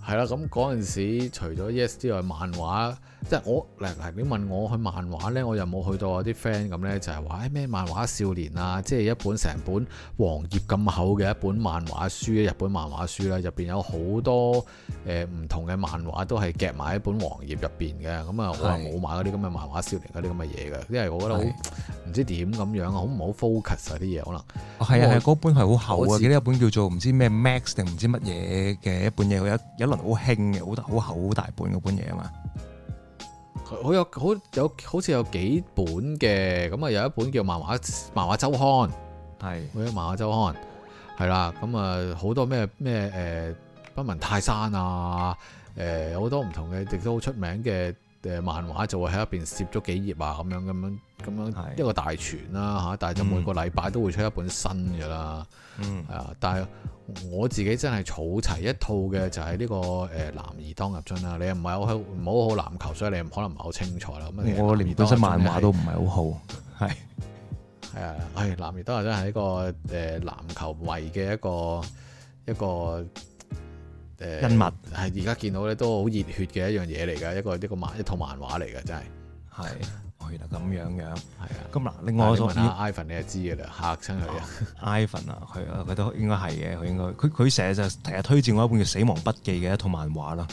係啦，咁嗰陣時除咗 yes 之外，漫畫。即係我嗱嗱，你問我去漫畫咧，我又冇去到啲 friend 咁咧，就係話誒咩漫畫少年啊，即係一本成本黃頁咁厚嘅一本漫畫書，日本漫畫書啦，入邊有好多誒唔、呃、同嘅漫畫都係夾埋一本黃頁入邊嘅。咁啊，我冇買嗰啲咁嘅漫畫少年嗰啲咁嘅嘢嘅，因為我覺得好唔的知點咁樣啊，好唔好 focus 啊啲嘢？可能係啊，係嗰、哦、我本係好厚啊，記得一本叫做唔知咩 Max 定唔知乜嘢嘅一本嘢，有一一輪好興嘅，好得好厚好大本嗰本嘢啊嘛。好有好有好似有幾本嘅咁啊，有一本叫漫畫漫畫週刊，係佢嘅漫畫周刊，係啦的，咁啊好多咩咩誒不文泰山啊，誒、呃、好多唔同嘅，亦都好出名嘅誒漫畫就會喺入邊攝咗幾頁啊，咁樣咁樣咁樣一個大全啦嚇，但係就每個禮拜都會出一本新嘅啦，嗯係啊，但係。我自己真係儲齊一套嘅、這個，就係呢個誒男兒當入樽啦。你又唔係好唔好好籃球，所以你可能唔係好清楚啦。我連而家漫畫是都唔係好好，係係啊！誒男兒當入樽係一個誒籃、呃、球為嘅一個一個誒人物，係而家見到咧都好熱血嘅一樣嘢嚟㗎，一個呢、呃、物個，一個，一個一漫一套漫畫嚟㗎，真係係。咁樣樣，係啊的。咁嗱，另外問我問下 Ivan 你就知嘅啦，嚇親佢啊！Ivan 啊，佢佢 *laughs* 都應該係嘅，佢應該佢佢成日就成日推薦我一本叫《死亡筆記》嘅一套漫畫啦。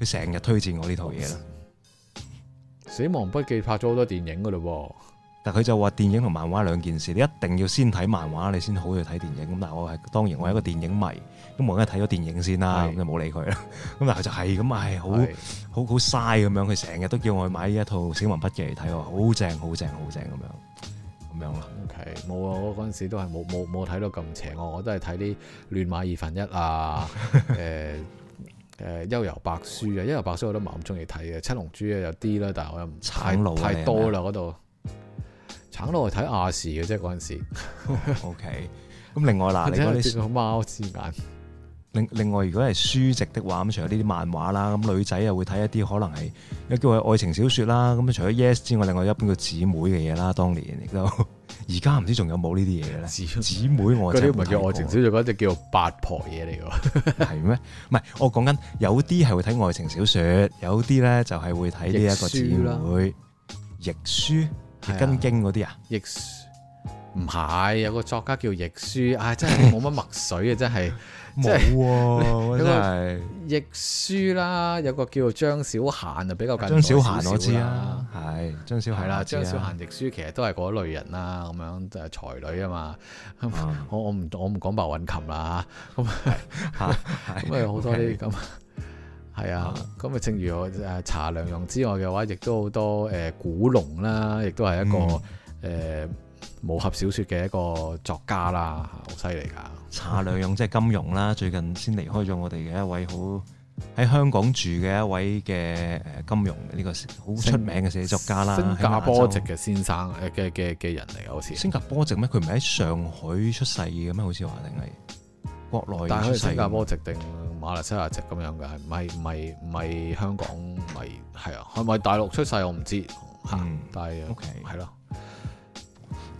佢成日推薦我呢套嘢啦。死亡筆記拍咗好多電影嘅咯噃，但佢就話電影同漫畫兩件事，你一定要先睇漫畫，你先好去睇電影。咁但係我係當然，我係一個電影迷。咁我而家睇咗電影先啦，咁是 就冇理佢啦。咁但係就係咁啊，係好好好嘥咁樣。佢成日都叫我去買依一套《小雲筆記》嚟睇，話好正、好正、好正咁樣咁樣啦。O K，冇啊！我嗰陣時都係冇冇冇睇到咁邪惡，我我都係睇啲亂馬二分一啊，誒誒幽遊白書啊，幽遊白書我都唔係咁中意睇嘅。七龍珠咧有啲啦，但係我又唔、啊。橙路太太多啦嗰度，橙路係睇亞視嘅，啫。係嗰時。O K，咁另外嗱， *laughs* 你講說啲 *laughs* 貓之眼。另另外，如果係書籍的話，咁除咗呢啲漫畫啦，咁女仔又會睇一啲可能係又叫係愛情小說啦。咁除咗 Yes 之外，另外一本叫姊妹嘅嘢啦。當年亦都而家唔知仲有冇呢啲嘢咧。姊女妹我，我嗰啲唔叫愛情小說，嗰隻叫做八婆嘢嚟嘅。係 *laughs* 咩？唔係，我講緊有啲係會睇愛情小說，有啲咧就係會睇呢一個姊妹。亦舒、舒、易筋經嗰啲啊？亦舒唔係有個作家叫亦舒，唉、哎，真係冇乜墨水啊，真係。 *laughs* .冇，真係亦舒啦，有個叫做張小嫻啊，比較近。張小嫻我知啊，係張小嫻啦，張小嫻亦舒其實都係嗰類人啦，咁樣誒才女啊嘛，我我唔我唔講白韻琴啦咁嚇咁啊好多啲咁，係啊，咁啊正如我誒查良鏞之外嘅話，亦都好多誒古龍啦，亦都係一個誒。武俠小說嘅一個作家啦，好犀利㗎。查良鏞即係金庸啦，最近先離開咗我哋嘅一位好喺香港住嘅一位嘅誒金庸呢、呢個好出名嘅寫作家啦。新加坡籍嘅先生嘅嘅嘅人嚟，好似。是是新加坡籍咩？佢唔係喺上海出世嘅咩？好似話定係國內。但係新加坡籍定馬來西亞籍咁樣嘅係唔係？唔係唔係香港？唔係，係啊？係咪大陸出世？我唔知吓。嗯、但係 OK 係咯、啊。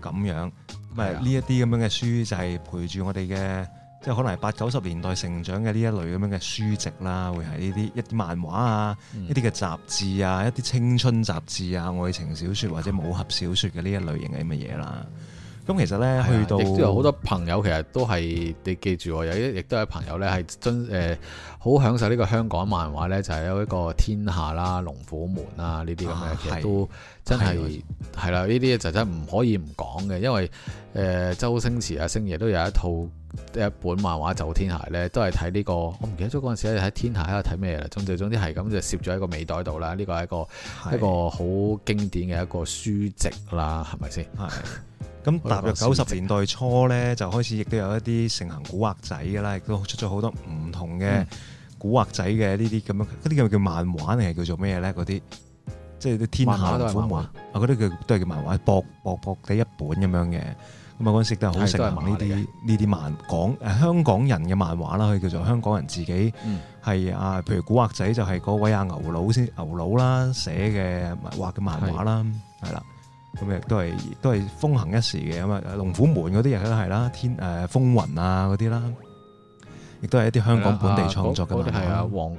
咁樣，咁呢一啲咁樣嘅書就係陪住我哋嘅，即係可能係八九十年代成長嘅呢一類咁樣嘅書籍啦，會係呢啲一啲漫畫啊，嗯，啊，一啲嘅雜誌啊，一啲青春雜誌啊，愛情小說或者武俠小說嘅呢一類型嘅咁嘅嘢啦。嗯嗯咁其實咧，啊、去到亦都有好多朋友，其實都係你記住我有，亦都有朋友咧，係真誒好享受呢個香港漫畫咧，就係、是、有一個天下啦、龍虎門啊呢啲咁嘅，其實都、啊、真係係啦，呢啲的就真係唔可以唔講嘅，因為誒、呃、周星馳啊、星爺都有一套一本漫畫《走天下》咧，都係睇呢個，我唔記得咗嗰陣時喺天下喺度睇咩啦，總之總之係咁就攝咗喺個尾袋度啦，呢個係一個的一個好經典嘅一個書籍啦，係咪先？係的。 *laughs* 咁踏入九十年代初咧，就開始亦都有一啲盛行古惑仔嘅啦，亦都出咗好多唔同嘅古惑仔嘅呢啲咁樣，嗰啲叫叫漫畫定係叫做咩咧？嗰啲即係啲天下古文，我覺都係、啊、叫漫畫，薄薄薄地一本咁樣嘅，咁啊嗰陣時都係好盛行呢啲呢啲漫港誒香港人嘅漫畫啦，佢叫做香港人自己，係、嗯、啊，譬如古惑仔就係嗰位阿牛佬先牛佬啦寫嘅畫嘅漫畫啦，係啦、嗯。是咁亦都係都係風行一時嘅咁啊！龍虎門嗰啲亦都係啦，天誒、啊、風雲啊嗰啲啦，亦都係一啲香港本地創作嘅嘛，係啊！王誒、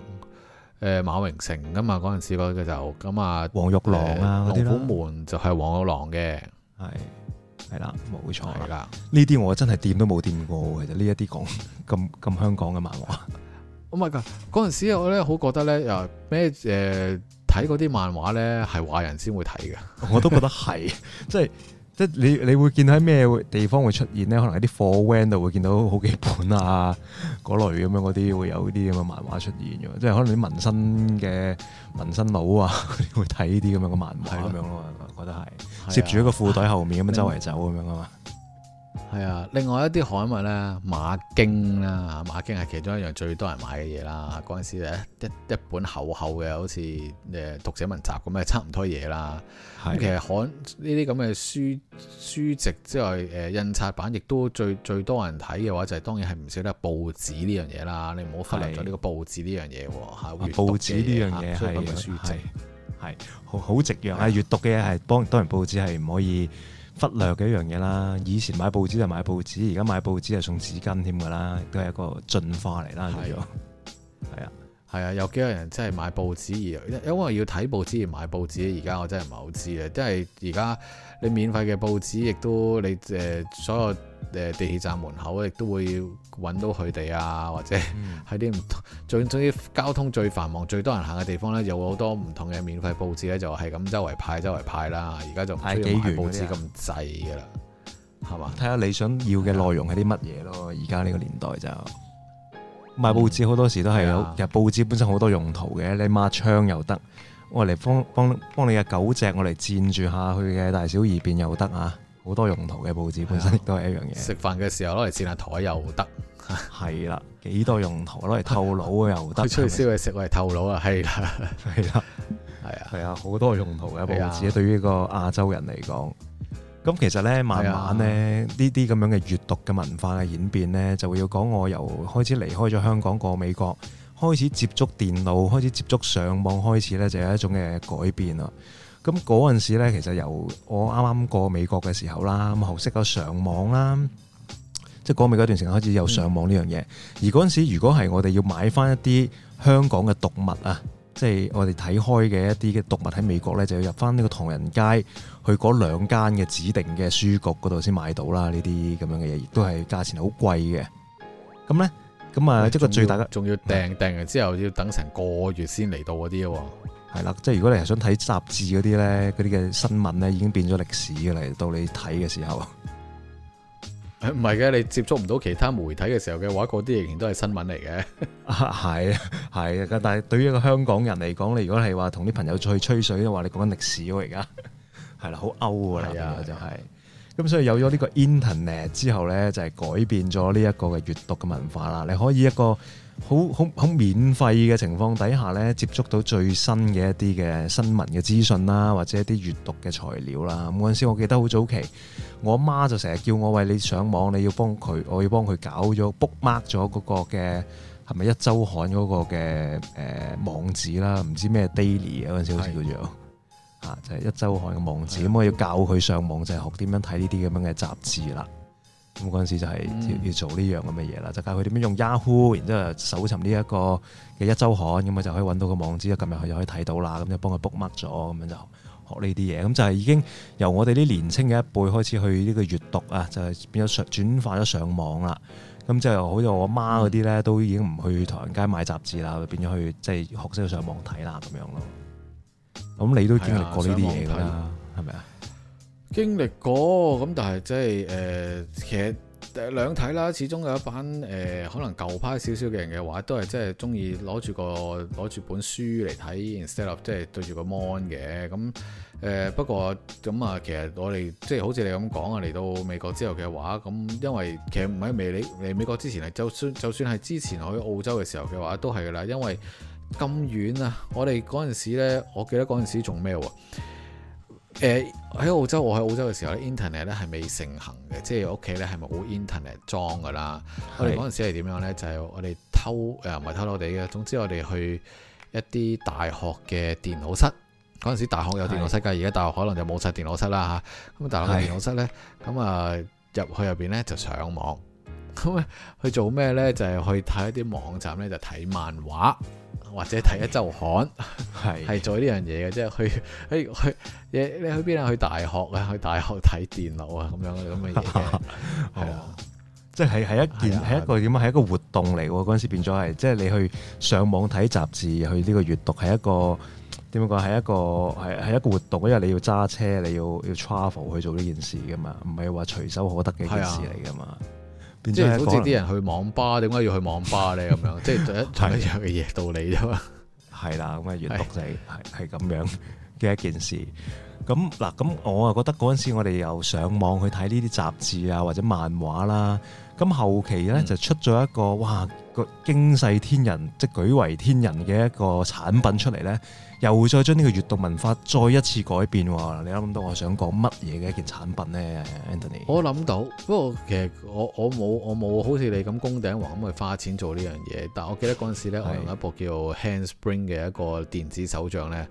呃、馬榮成噶嘛嗰陣時嗰個就咁啊，黃玉郎啊，龍虎門就係黃玉郎嘅，係係啦，冇錯㗎。呢啲我真係掂都冇掂過，其實呢一啲講咁咁香港嘅漫畫。Oh my god！嗰陣時我咧好覺得咧啊咩誒～睇嗰啲漫畫咧，係壞人先會睇嘅， *laughs* 我都覺得係，即係即係你你會見喺咩地方會出現咧？可能喺啲貨 van 度會見到好幾本啊，嗰類咁樣嗰啲會有啲咁嘅漫畫出現嘅，即係可能啲紋身嘅紋身佬啊會睇呢啲咁樣嘅漫畫咁樣咯，的我覺得係攝住一個褲袋後面咁樣周圍走咁樣啊嘛。係啊，另外一啲刊物咧，馬經啦，啊馬經係其中一樣最多人買嘅嘢啦。嗰陣時咧，一一本厚厚嘅，好似誒讀者文集咁嘅，差唔多嘢啦。咁是的 其實刊呢啲咁嘅書書籍之外，誒、呃、印刷版亦都最最多人睇嘅話，就係當然係唔少得報紙呢樣嘢啦。你唔好忽略咗呢個報紙呢樣嘢吓。報紙呢樣嘢係係係好好直弱啊！閱讀嘅係幫多人報紙係唔可以有有。忽略嘅一樣嘢啦，以前買報紙就買報紙，而家買報紙就送紙巾添㗎啦，都係一個進化嚟啦，叫做係啊，係啊，啊，啊，有幾多人真係買報紙而，因為要睇報紙而買報紙？而家我真係唔係好知嘅，即係而家。你免費嘅報紙，亦都你誒所有誒地鐵站門口，亦都會揾到佢哋啊，或者喺啲唔同，最最交通最繁忙、最多人行嘅地方咧，有好多唔同嘅免費報紙咧，就係咁周圍派、周圍派啦。而家就唔係買報紙咁滯㗎喇，係嘛？睇下吧你想要嘅內容係啲乜嘢咯。而家呢個年代就賣報紙好多時都係有，其實、嗯、報紙本身好多用途嘅，你抹窗又得。我嚟幫幫幫你嘅狗隻，我嚟佔住下去嘅大小二便又得啊！好多用途嘅報紙本身亦都係一樣嘢。食、啊、飯嘅時候攞嚟摯下枱又得，係啦 *laughs* 啊，幾多用途攞嚟透爐又得。佢出嚟燒嘢食，攞嚟透爐啊，係啦，係啦，係啊，係啊，好多用途嘅報紙啊！對於呢個亞洲人嚟講，咁其實咧，慢慢咧，呢啲咁樣嘅閱讀嘅文化嘅演變咧，就會要講我由開始離開咗香港過美國。開始接觸電腦，開始接觸上網，開始呢就有一種嘅改變啦。咁嗰陣時咧，其實由我啱啱過美國嘅時候啦，咁學識咗上網啦，即係過美國一段時間開始有上網呢樣嘢。嗯、而嗰陣時，如果係我哋要買翻一啲香港嘅讀物啊，即、就、係、是、我哋睇開嘅一啲嘅讀物喺美國呢，就要入翻呢個唐人街去嗰兩間嘅指定嘅書局嗰度先買到啦。呢啲咁樣嘅嘢，亦都係價錢好貴嘅。咁咧。咁啊，一個最大嘅仲要訂訂之後要等成個月先嚟到嗰啲喎，係啦，即係如果你係想睇雜誌嗰啲呢，嗰啲嘅新聞呢已經變咗歷史㗎喇，到你睇嘅時候，唔係嘅，你接觸唔到其他媒體嘅時候嘅話，嗰啲仍然都係新聞嚟嘅，係啊係但係對於一個香港人嚟講，你如果係話同啲朋友出去吹水嘅話，你講緊歷史咯，而家係啦，好歐噶啦，你就係。咁、嗯、所以有咗呢個 internet 之後呢，就係、是、改變咗呢一個嘅閱讀嘅文化啦。你可以一個好好好免費嘅情況底下呢，接觸到最新嘅一啲嘅新聞嘅資訊啦，或者一啲閱讀嘅材料啦。嗰陣時我記得好早期，我媽就成日叫我喂，你上網，你要幫佢，我要幫佢搞咗 bookmark 咗嗰個嘅係咪壹週刊嗰個嘅誒、呃、網址啦？唔知咩 daily 嗰陣時好似叫做。就係一周刊嘅網址，咁我、嗯、要教佢上網就係學點樣睇呢啲咁樣嘅雜誌啦。咁嗰陣時就係要做呢樣咁嘅嘢啦，就教佢點樣用 Yahoo，然之後搜尋呢一個嘅一周刊，咁啊就可以揾到個網址啦，咁入去就可以睇到啦，咁就幫佢 book mark 咗，咁樣就學呢啲嘢。咁就係已經由我哋啲年輕嘅一輩開始去呢個閲讀啊，就係、是、變咗上轉化咗上網啦。咁就好似我媽嗰啲咧，都已經唔去唐人街買雜誌啦，嗯、變咗去即係、就是、學識去上網睇啦，咁樣咯。咁你都經歷過呢啲嘢啦，係咪啊？係係經歷過，咁但係即係誒，其實兩睇啦，始終有一班誒、呃，可能舊派少少嘅人嘅話，都係即係中意攞住個攞住本書嚟睇，instead 即係對住個 mon 嘅。咁誒、呃，不過咁啊、嗯，其實我哋即係好似你咁講啊，嚟到美國之後嘅話，咁因為其實唔係未你嚟美國之前，係就算就算係之前去澳洲嘅時候嘅話，都係噶啦，因為。咁遠啊！我哋嗰陣時呢，我記得嗰陣時仲咩喎？喺、呃、澳洲，我喺澳洲嘅時候呢，internet 呢係未盛行嘅，即係屋企呢係冇 internet 裝噶啦。是我哋嗰陣時係點樣呢？就係、是、我哋偷誒，唔、呃、係偷偷地嘅。總之我哋去一啲大學嘅電腦室。嗰陣時大學有電腦室嘅，而家是大學可能就冇晒電腦室啦嚇。咁大學電腦室呢，咁啊入去入邊呢，就上網。咁咧去做咩咧？就係、是、去睇一啲網站咧，就睇漫畫或者睇一周刊，係係的 *laughs* 做呢樣嘢嘅，即係去去去，你去邊啊？去大學啊？去大學睇電腦啊？咁樣咁嘅嘢，係啊，即係係係一係一個點啊？係一個活動嚟。嗰陣時變咗係，即、就、係、是、你去上網睇雜誌，去呢個閱讀係一個點樣講？係一個係係一,一個活動，因為你要揸車，你要要 travel 去做呢件事噶嘛，唔係話隨手可得嘅一件事嚟噶嘛。即係好似啲人去網吧，點解要去網吧咧？咁 *laughs* 樣即係同一樣嘅嘢道理啫嘛。係啦， *laughs* 咁嘅閲讀就係係咁樣嘅一件事。咁嗱，咁我啊覺得嗰陣時，我哋又上網去睇呢啲雜誌啊，或者漫畫啦。咁後期咧就出咗一個哇，個驚世天人，即係舉為天人嘅一個產品出嚟咧。又會再將呢個閱讀文化再一次改變喎！你有諗到我想講乜嘢嘅一件產品呢？Anthony 我諗到，不過其實我我冇我冇好似你咁工頂華咁去花錢做呢樣嘢。但我記得嗰陣時咧，是我用一部叫 Handspring 嘅一個電子手帳呢。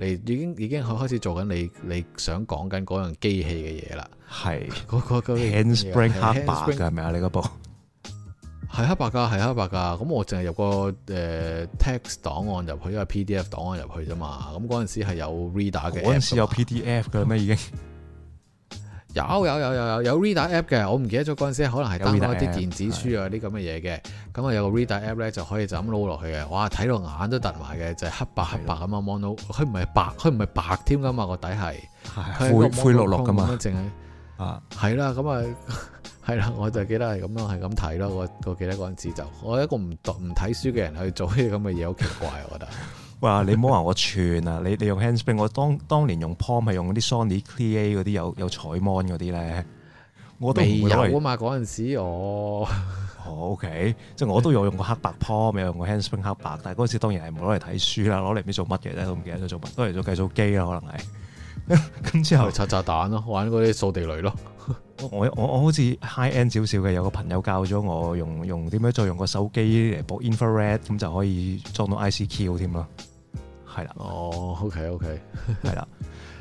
你已經已經開開始做緊你你想講緊嗰樣機器嘅嘢啦。係嗰是、那個 Handspring 黑白 b 係咪啊？你嗰部？係黑白噶，係黑白噶。咁我淨係入個誒 text 檔案入去，或者 PDF 檔案入去啫嘛。咁嗰陣時係有 reader 嘅，嗰陣時有 PDF 嘅咩已經？有有有有有有 reader app 嘅，我唔記得咗嗰陣時可能係打開啲電子書啊啲咁嘅嘢嘅。咁啊有個 reader app 咧就可以就咁撈落去嘅。哇，睇到眼都凸埋嘅，就係黑白黑白咁啊。望到，佢唔係白，佢唔係白添噶嘛。個底係灰灰綠綠噶嘛，淨係啊，係啦，咁啊。係啦，我就記得係咁樣，係咁睇咯。我我記得嗰陣時就，我一個唔讀唔睇書嘅人去做呢啲咁嘅嘢，好奇怪我覺得。 *laughs* 哇！你唔好話我串啊！ *laughs* 你你用 handspring，我當當年用 Palm 係用嗰啲 Sony Clié 嗰啲有有彩 mon 嗰啲咧。我未有啊嘛，嗰陣時我。 *laughs* o、okay, K，即係我都有用過黑白 Palm，有用過 handspring 黑白，但係嗰陣時當然係冇攞嚟睇書啦，攞嚟唔知做乜嘅咧，都唔記得咗做乜，攞嚟做計數機啦，可能係。咁 *laughs* 之後。拆 *laughs* 炸彈咯，玩嗰啲掃地雷咯。我我我好似 high end 少少嘅，有個朋友教咗我用用點樣再用個手機嚟播 infrared，咁就可以裝到 ICQ 添啦。係啦，哦，OK OK，係 *laughs* 啦，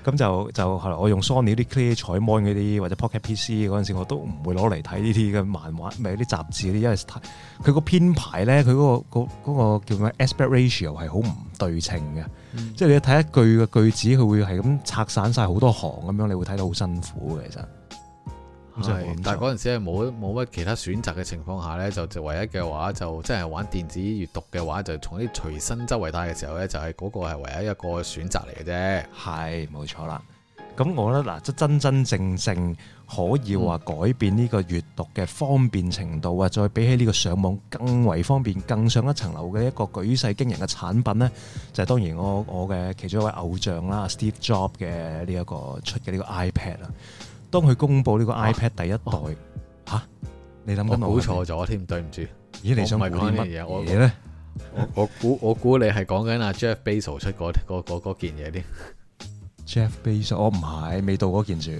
咁就就後來我用 Sony 啲 Clear 彩 mon 嗰啲或者 Pocket PC 嗰陣時，我都唔會攞嚟睇呢啲嘅漫畫，咪啲雜誌因為佢個編排咧，佢嗰、嗰個、嗰個、嗰個嗰個、叫咩 aspiration 係好唔對稱嘅，即係你睇一句嘅句子，佢會係咁拆散晒好多行咁樣，你會睇到好辛苦嘅，其實。係，但係嗰陣時係冇冇乜其他選擇嘅情況下咧，就就唯一嘅話就即係玩電子閱讀嘅話，就從啲隨身周圍帶嘅時候咧，就係、是、嗰個係唯一一個選擇嚟嘅啫。係，冇錯啦。咁我覺得，嗱，真真真正正可以話改變呢個閱讀嘅方便程度啊，嗯、再比起呢個上網更為方便、更上一層樓嘅一個舉世驚人嘅產品咧，就係、是、當然我我嘅其中一位偶像啦，Steve Jobs 嘅呢、這、一個出嘅呢個 iPad 啦。當佢公布呢個 iPad 第一代，吓、啊、你諗緊我估錯咗添，對唔住，咦？你想講啲乜嘢咧？我估我估你係講緊阿 Jeff Bezos 出嗰件嘢啲。 *laughs* Jeff Bezos，我唔係，未到嗰件住。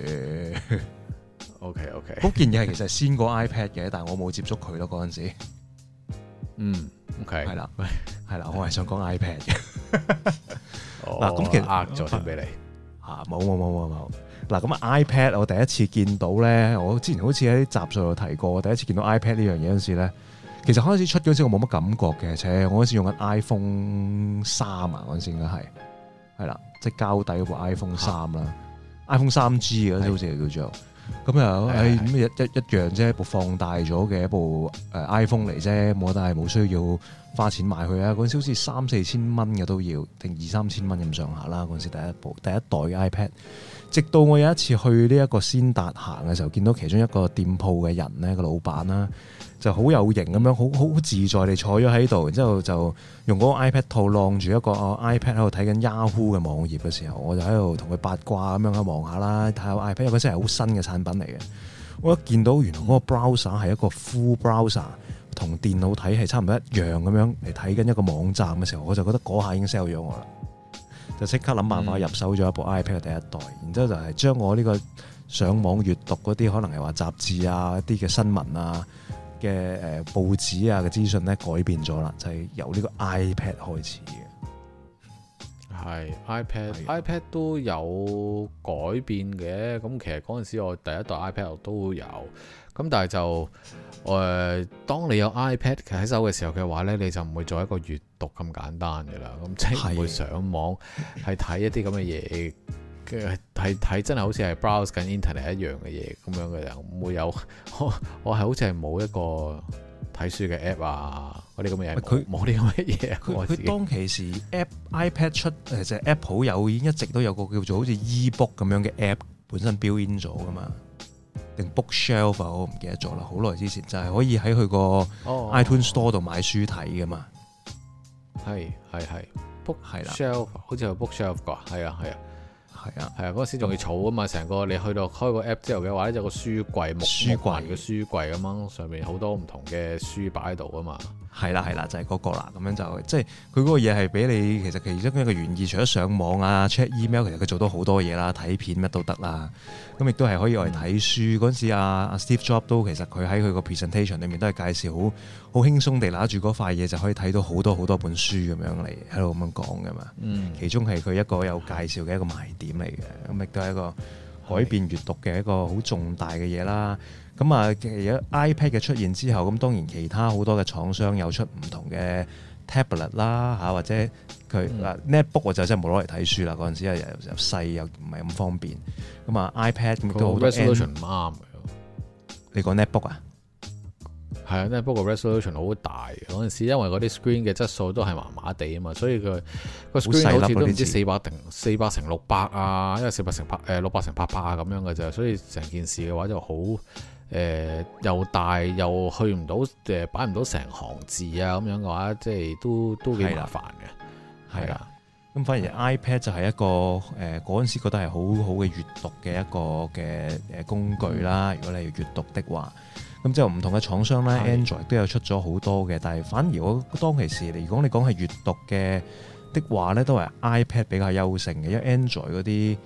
*laughs* OK OK，嗰件嘢其實先過 iPad 嘅，但係我冇接觸佢咯嗰陣時。嗯 *laughs* ，OK，係啦，喂，係啦，我係想講 iPad 嘅。嗱、 *laughs* *laughs* 哦，咁其實啊，坐定俾你吓，冇冇冇冇冇。嗱咁 iPad，我第一次見到咧，我之前好似喺啲雜誌度提過，第一次見到 iPad 呢樣嘢嗰陣時咧，其實開始出嗰陣時我冇乜感覺嘅，且我嗰陣時用緊 iPhone 三啊嗰陣時應該係係啦，即係、就是、膠底嗰部、啊、iPhone 三啦，iPhone 三 G 嗰時好似叫做，咁又咁一一一樣啫，一部放大咗嘅一部誒 iPhone 嚟啫，我覺得係冇需要花錢買佢啊，嗰陣時好似三四千蚊嘅都要，定二三千蚊咁上下啦，嗰陣時第一部第一代嘅 iPad。直到我有一次去呢一個先達行嘅時候，見到其中一個店鋪嘅人呢個老闆啦，就好有型咁樣，好好自在地坐咗喺度，然之後就用嗰個 iPad 套攬住一個、uh, iPad 喺度睇緊 Yahoo 嘅網頁嘅時候，我就喺度同佢八卦咁樣一望下啦，睇下 iPad，因為真係好新嘅產品嚟嘅。我一見到原來嗰個 browser 係一個 full browser，同電腦睇係差唔多一樣咁樣嚟睇緊一個網站嘅時候，我就覺得嗰下已經 sell 咗我啦。就即刻諗辦法入手咗一部 iPad 第一代，嗯、然之後就係將我呢個上網閱讀嗰啲可能係話雜誌啊、一啲嘅新聞啊嘅誒、呃、報紙啊嘅資訊咧改變咗啦，就係、係、由呢個 iPad 開始嘅。係 iPad，iPad 的都有改變嘅。咁其實嗰陣時我第一代 iPad 我都有，咁但係就。誒、呃，當你有 iPad 喺手嘅時候嘅話咧，你就唔會做一個閲讀咁簡單嘅啦。咁即係會上網係睇一啲咁嘅嘢，嘅係睇真係好似係 browse 緊 internet 一樣嘅嘢咁樣嘅，就唔會有我我係好似係冇一個睇書嘅 app 啊，嗰啲咁嘅嘢。佢冇啲咁嘅嘢。佢佢當其時，app、 *laughs* 啊、iPad 出其實 Apple 有已經一直都有個叫做好似 ebook 咁樣嘅 app 本身 build in 咗噶嘛。嗯定 bookshelf 我唔記得咗啦，好耐之前就係可以喺佢個 iTunes Store 度買書睇噶嘛，係係係 book 係啦 shelf，好似有 bookshelf 啩，係啊係啊係啊係啊，嗰陣時仲要儲啊嘛，成個你去到開個 app 之後嘅話咧，就個書櫃木書,書櫃嘅書櫃咁樣，上面好多唔同嘅書擺喺度啊嘛。係啦，係啦、啊啊，就係、是、嗰個啦，咁樣就即係佢嗰個嘢係俾你，其實其中一個原意，除咗上網啊、check email，其實佢做到好多嘢啦，睇片乜都得啦。咁亦都係可以攞嚟睇書。嗰陣、嗯、時、啊，阿 Steve Jobs 都其實佢喺佢個 presentation 裏面都係介紹好好輕鬆地攞住嗰塊嘢就可以睇到好多好多本書咁樣嚟喺度咁樣講噶嘛。嗯、其中係佢一個有介紹嘅一個賣點嚟嘅，咁亦都係一個改變閱讀嘅一個好重大嘅嘢啦。嗯嗯嗯咁啊，而家、嗯、iPad 嘅出現之後，咁當然其他好多嘅廠商有出唔同嘅 tablet 啦、啊、嚇，或者佢啊、嗯、notebook 我就真係冇攞嚟睇書啦，嗰陣時又，又又細又唔係咁方便。咁啊 iPad 亦都好多 resolution 唔啱。你講 notebook 啊？係啊，啊 notebook 嘅 resolution 好大。嗰陣時因為嗰啲 screen 嘅質素都係麻麻地啊嘛，所以佢個 screen、嗯啊、好似都唔知四百定四百乘六百啊，因為四百乘八誒六百乘八百啊咁樣嘅啫，所以成件事嘅話就好。誒、呃、又大又去唔到誒擺唔到成行字啊咁樣嘅話，即係都都幾麻煩嘅。係啦，咁反而 iPad 就係一個誒嗰陣時覺得係好好嘅閱讀嘅一個嘅誒工具啦。嗯、如果你如閱讀的話，咁即係唔同嘅廠商咧的，Android 都有出咗好多嘅，但係反而我當其時，如果你講係閱讀嘅的話咧，都係 iPad 比較優勝嘅，因為 Android 嗰啲。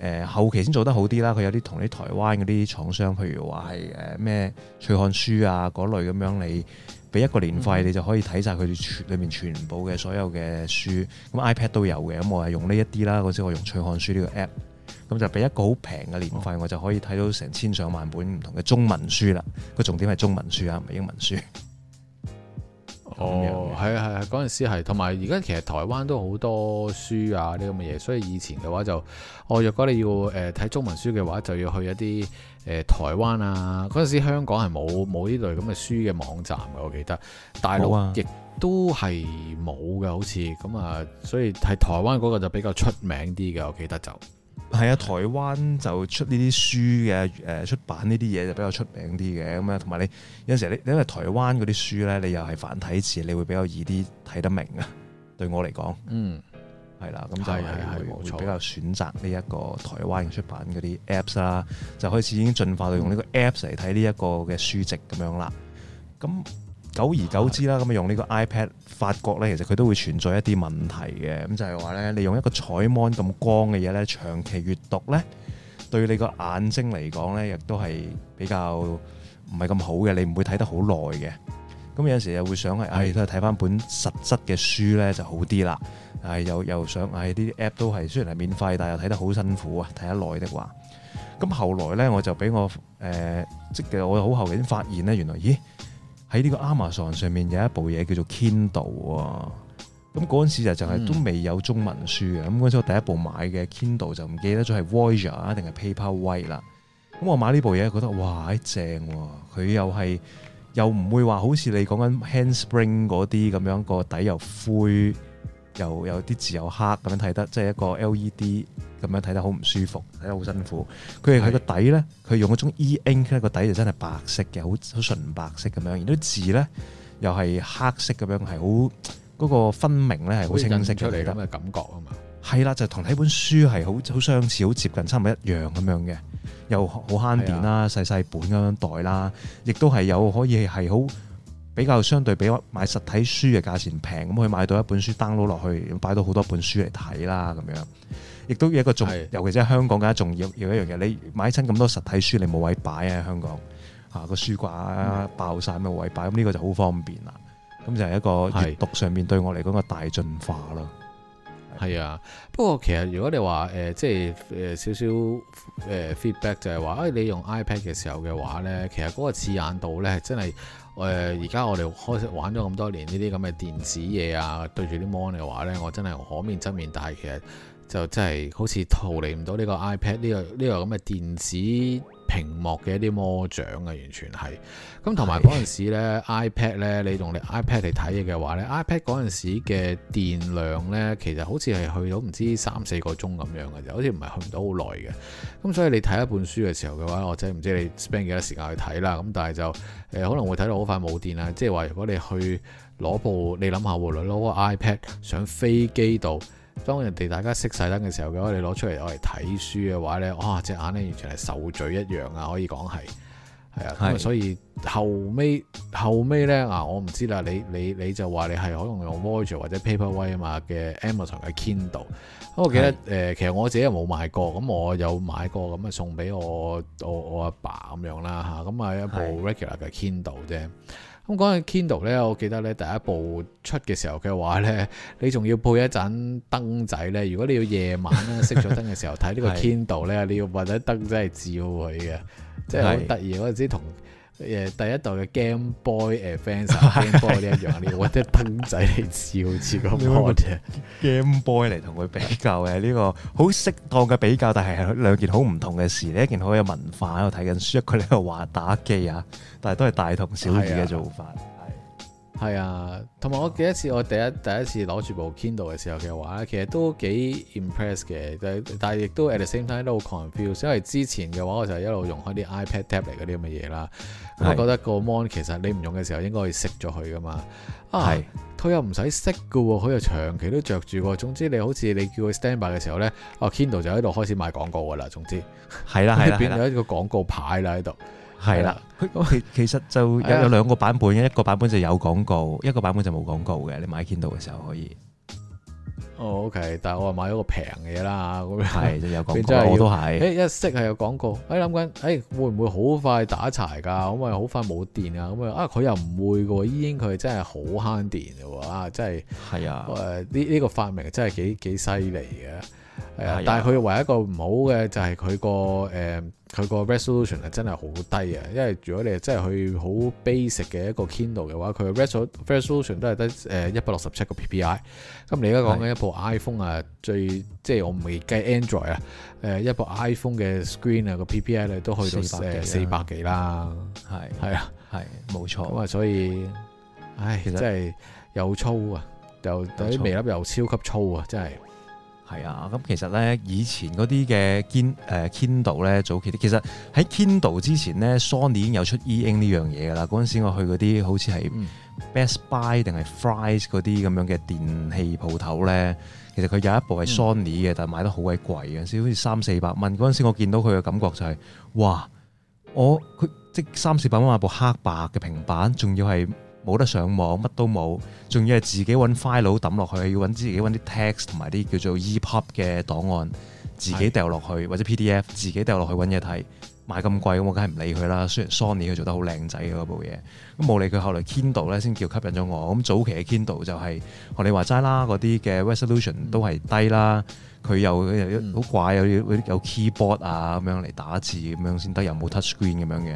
誒後期先做得好啲啦，佢有啲同啲台灣嗰啲廠商，譬如話係誒咩趣看書啊嗰類咁樣，你俾一個年費你就可以睇晒佢哋全裏面全部嘅所有嘅書，咁、嗯嗯、iPad 都有嘅，咁、嗯、我係用呢一啲啦，嗰時我用趣看書呢、這個 app，咁就俾一個好平嘅年費，我就可以睇到成千上萬本唔同嘅中文書啦，個重點係中文書啊，唔係英文書。哦，係啊，係啊，嗰陣時係，同埋而家其實台灣都好多書啊，呢咁嘅嘢，所以以前嘅話就，哦，若果你要誒睇中文書嘅話，就要去一啲誒、呃、台灣啊。嗰陣時香港係冇冇呢類咁嘅書嘅網站嘅，我記得大陸啊亦都係冇嘅，好似咁啊，所以係台灣嗰個就比較出名啲嘅，我記得就。係啊，台灣就出呢啲書嘅，誒出版呢啲嘢就比較出名啲嘅，咁樣，同埋你有陣時你因為台灣嗰啲書咧，你又係繁體字，你會比較易啲睇得明啊。對我嚟講，嗯，係啦、啊，咁就係係冇錯，比較選擇呢一個台灣嘅出版嗰啲 apps 啦、嗯，錯就開始已經進化到用呢個 apps 嚟睇呢一個嘅書籍咁樣啦。咁久而久之啦，咁啊用呢個 iPad 發覺呢，其實佢都會存在一啲問題嘅，咁就係話呢，你用一個彩芒咁光嘅嘢呢，長期閲讀呢，對你個眼睛嚟講呢，亦都係比較唔係咁好嘅，你唔會睇得好耐嘅。咁有陣時又會想係，唉的，都係睇翻本實質嘅書呢就好啲啦。唉，又又想，唉，啲 app 都係雖然係免費，但又睇得好辛苦啊，睇得耐的話。咁後來呢，我就俾我誒即係我好後面發現咧，原來咦～喺呢個 Amazon 上面有一部嘢叫做 Kindle 喎，咁嗰陣時就就係都未有中文書嘅，咁嗰陣時我第一部買嘅 Kindle 就唔記得咗係 Voyager 啊定係 Paperwhite 啦，咁我買呢部嘢覺得哇正喎，啊，佢又係又唔會話好似你講緊 Handspring 嗰啲咁樣個底又灰，又有啲字又黑咁樣睇得，即係一個 LED。咁樣睇得好唔舒服，睇得好辛苦。佢哋喺個底咧，佢用嗰種 E Ink 咧，個底就真係白色嘅，好好純白色咁樣。然啲字咧又係黑色咁樣，係好嗰個分明咧，係好清晰出嚟咁嘅感覺啊嘛。係啦，就同睇本書係好好相似，好接近，差唔多一樣咁樣嘅，又好慳電啦，的細細本咁樣袋啦，亦都係有可以係好。比較相對比買實體書嘅價錢平，咁可以買到一本書 download 落去，擺到好多本書嚟睇啦咁樣。亦都有一個仲，是的尤其喺香港更加重要，有一樣嘢，你買親咁多實體書，你冇位擺啊！香港嚇個、啊、書架爆曬，冇、嗯、位擺，咁呢個就好方便啦。咁就係一個讀上面對我嚟講嘅大進化咯。係啊的，不過其實如果你話誒即係誒少少誒、呃、feedback 就係話，誒、呃、你用 iPad 嘅時候嘅話咧，其實嗰個刺眼度咧真係。誒而家我哋開始玩咗咁多年呢啲咁嘅電子嘢啊，對住啲 mon 嘅話呢，我真係可面側面大，但係其實就真係好似逃離唔到呢個 iPad 呢、呢個呢、呢個咁嘅電子屏幕嘅一啲魔掌啊，完全係咁，同埋嗰陣時呢 iPad 呢，的 iPad，你用你 iPad 嚟睇嘢嘅話呢 iPad 嗰陣時嘅電量呢，其實好似係去到唔知三四個鐘咁樣嘅，又好似唔係去唔到好耐嘅。咁所以你睇一本書嘅時候嘅話，我真係唔知你 spend 幾多時間去睇啦。咁但係就誒、呃、可能會睇到好快冇電啊。即係話如果你去攞部，你諗下喎，攞個 iPad 上飛機度。當人哋大家熄晒燈嘅時候嘅話，你攞出嚟愛嚟睇書嘅話咧，哇隻眼咧完全係受罪一樣啊！可以講係係啊，所以後尾後尾咧啊，我唔知啦，你你你就話你係可能用 Voyager 或者 Paperwhite 啊嘛嘅 Amazon 嘅 Kindle，咁我記得誒的、呃，其實我自己又冇買過，咁我有買過，咁、嗯、啊送俾我我我阿爸咁樣啦嚇，咁啊一部 Regular 嘅 Kindle 啫。咁講緊 Kindle 咧，我記得咧第一部出嘅時候嘅話咧，你仲要配一盞燈仔咧。如果你要夜晚咧熄咗燈嘅時候睇呢 *laughs* 個 Kindle 咧的，你要揾一燈仔嚟照佢嘅，即係好得意。嗰陣時同。誒，第一代嘅 Game Boy 誒 fans，Game *music* Boy 呢一樣呢，或者僕仔嚟似好似個 model，Game Boy 嚟同佢比較嘅，呢個好適當嘅比較，但係兩件好唔同嘅事。呢一件好有文化喺度睇緊書，佢個咧又玩打機啊，但係都係大同小異嘅做法。係啊，同埋我記得一次，我第一第一次攞住部 Kindle 嘅時候嘅話，其實都幾 impress 嘅，但但係亦都 at the same time 都好 confused，因為之前嘅話我就一路用開啲 iPad tab 嚟嗰啲咁嘅嘢啦是、嗯，我覺得個 mon 其實你唔用嘅時候應該要熄咗佢噶嘛，啊佢是又唔使熄嘅喎，佢又長期都着住喎，總之你好似你叫佢 stand by 嘅時候咧，哦、啊、Kindle 就喺度開始賣廣告噶啦，總之係啦，啊啊啊啊、變咗一個廣告牌啦喺度。係啦，佢其的其實就有有兩個版本嘅，的一個版本就有廣告，一個版本就冇廣告嘅。你買 Kindle 嘅時候可以。哦、oh，OK，但係我買咗個平嘅嘢啦，咁樣係有廣告，我都係、欸。一識係有廣告，誒、欸，諗緊，誒、欸，會唔會好快打柴噶？咁唔好快冇電啊？咁啊，佢又唔會嘅，依啲佢真係好慳電嘅，啊，真係。係啊的。誒、呃，呢、這、呢、個這個發明真係幾幾犀利嘅，係啊。的但係佢唯一一個唔好嘅就係佢個誒。嗯佢個 resolution 係真係好低啊！因為如果你真係去好 basic 嘅一個 kindle 嘅話，佢嘅 resolution 都係得誒一百六十七個 PPI。咁你而家講緊一部 iPhone 啊，最即係我未計 Android 啊，誒一部 iPhone 嘅 screen 啊個 PPI 咧都去到四百幾啦。係係啊，係冇錯。咁啊，所以唉，其實真係又粗啊，又啲微粒又超級粗啊，真係。係啊，咁、嗯、其實咧，以前嗰啲嘅堅 Kindle 咧、呃，早期啲其實喺 Kindle 之前咧，Sony 已經有出 E Ink 呢樣嘢噶啦。嗰陣時我去嗰啲好似係 Best Buy 定係 Fry's 嗰啲咁樣嘅電器鋪頭咧，其實佢有一部係 Sony 嘅，嗯、但係買得好鬼貴，嗰陣時好似三四百蚊。嗰陣時我見到佢嘅感覺就係、是，哇！我佢即三四百蚊買部黑白嘅平板，仲要係。冇得上網，乜都冇，仲要係自己揾 file 抌落去，要揾自己揾啲 text 同埋啲叫做 ePub 嘅檔案，自己掉落去是的 或者 PDF，自己掉落去揾嘢睇，買咁貴，我梗係唔理佢啦。雖然 Sony 佢做得好靚仔嘅部嘢，咁冇理佢。後嚟 Kindle 咧先叫吸引咗我。咁早期嘅 Kindle 就係、是、學你話齋啦，嗰啲嘅 resolution 都係低啦，佢、嗯、又好怪，有，有 keyboard 啊咁樣嚟打字咁樣先得，又冇 touch screen 咁樣嘅。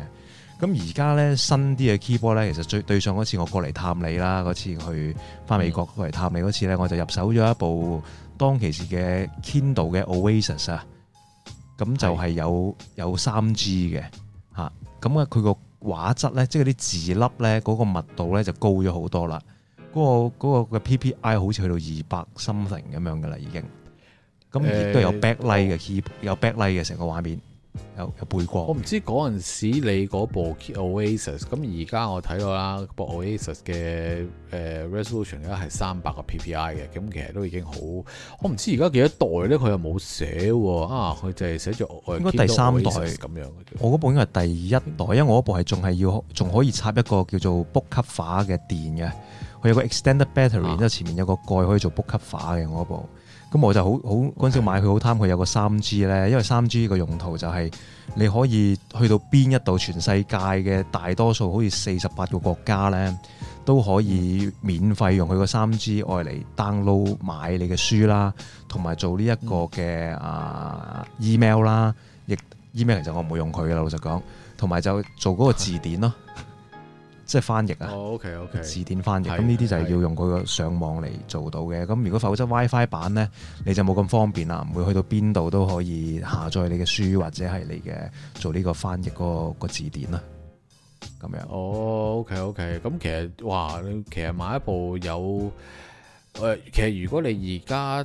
咁而家咧新啲嘅 keyboard 咧，其實最對上嗰次我過嚟探你啦，嗰次去翻美國、嗯、過嚟探你嗰次咧，我就入手咗一部當其時嘅 Kindle 嘅 Oasis 啊，咁就係有是有三 G 嘅嚇，咁啊佢個畫質咧，即係啲字粒咧，嗰、嗰個密度咧就高咗、嗰個嗰個、好多啦，嗰個嗰個嘅 PPI 好似去到二百 something 咁樣嘅啦已經，咁亦都有 backlight 嘅 keyboard、欸、有 backlight 嘅成個畫面。有有背過，我唔知嗰陣時你嗰部 Oasis，咁而家我睇咗啦，部 Oasis 嘅誒 resolution 係而家三百個 PPI 嘅，咁、呃、其實都已經好。我唔知而家幾多代咧，佢又冇寫喎、啊。啊，佢就係寫咗應該第三代咁樣。我嗰部應該係第一代，因為我嗰部係仲係要仲可以插一個叫做 bookkeeper 嘅電嘅，佢有個 extended battery，即之、啊、前面有個蓋可以做 bookkeeper 嘅我嗰部。咁我就好好嗰陣時買佢，好貪佢有個三 G 呢，因為三 G 嘅用途就係你可以去到邊一度全世界嘅大多數，好似四十八個國家呢，都可以免費用佢個三 G 用嚟 download 買你嘅書啦，同埋做呢一個嘅、嗯、啊 email 啦，亦 email 其實我唔會用佢㗎喇，老實講，同埋就做嗰個字典咯。嗯嗯即係翻譯啊！OK，OK，字典翻譯咁呢啲就係要用佢個上網嚟做到嘅。咁如果否則 WiFi 版呢，你就冇咁方便啦，唔會去到邊度都可以下載你嘅書或者係你嘅做呢個翻譯嗰個字典啦。咁樣哦，OK OK。咁其實嘩其實買一部有誒，其實如果你而家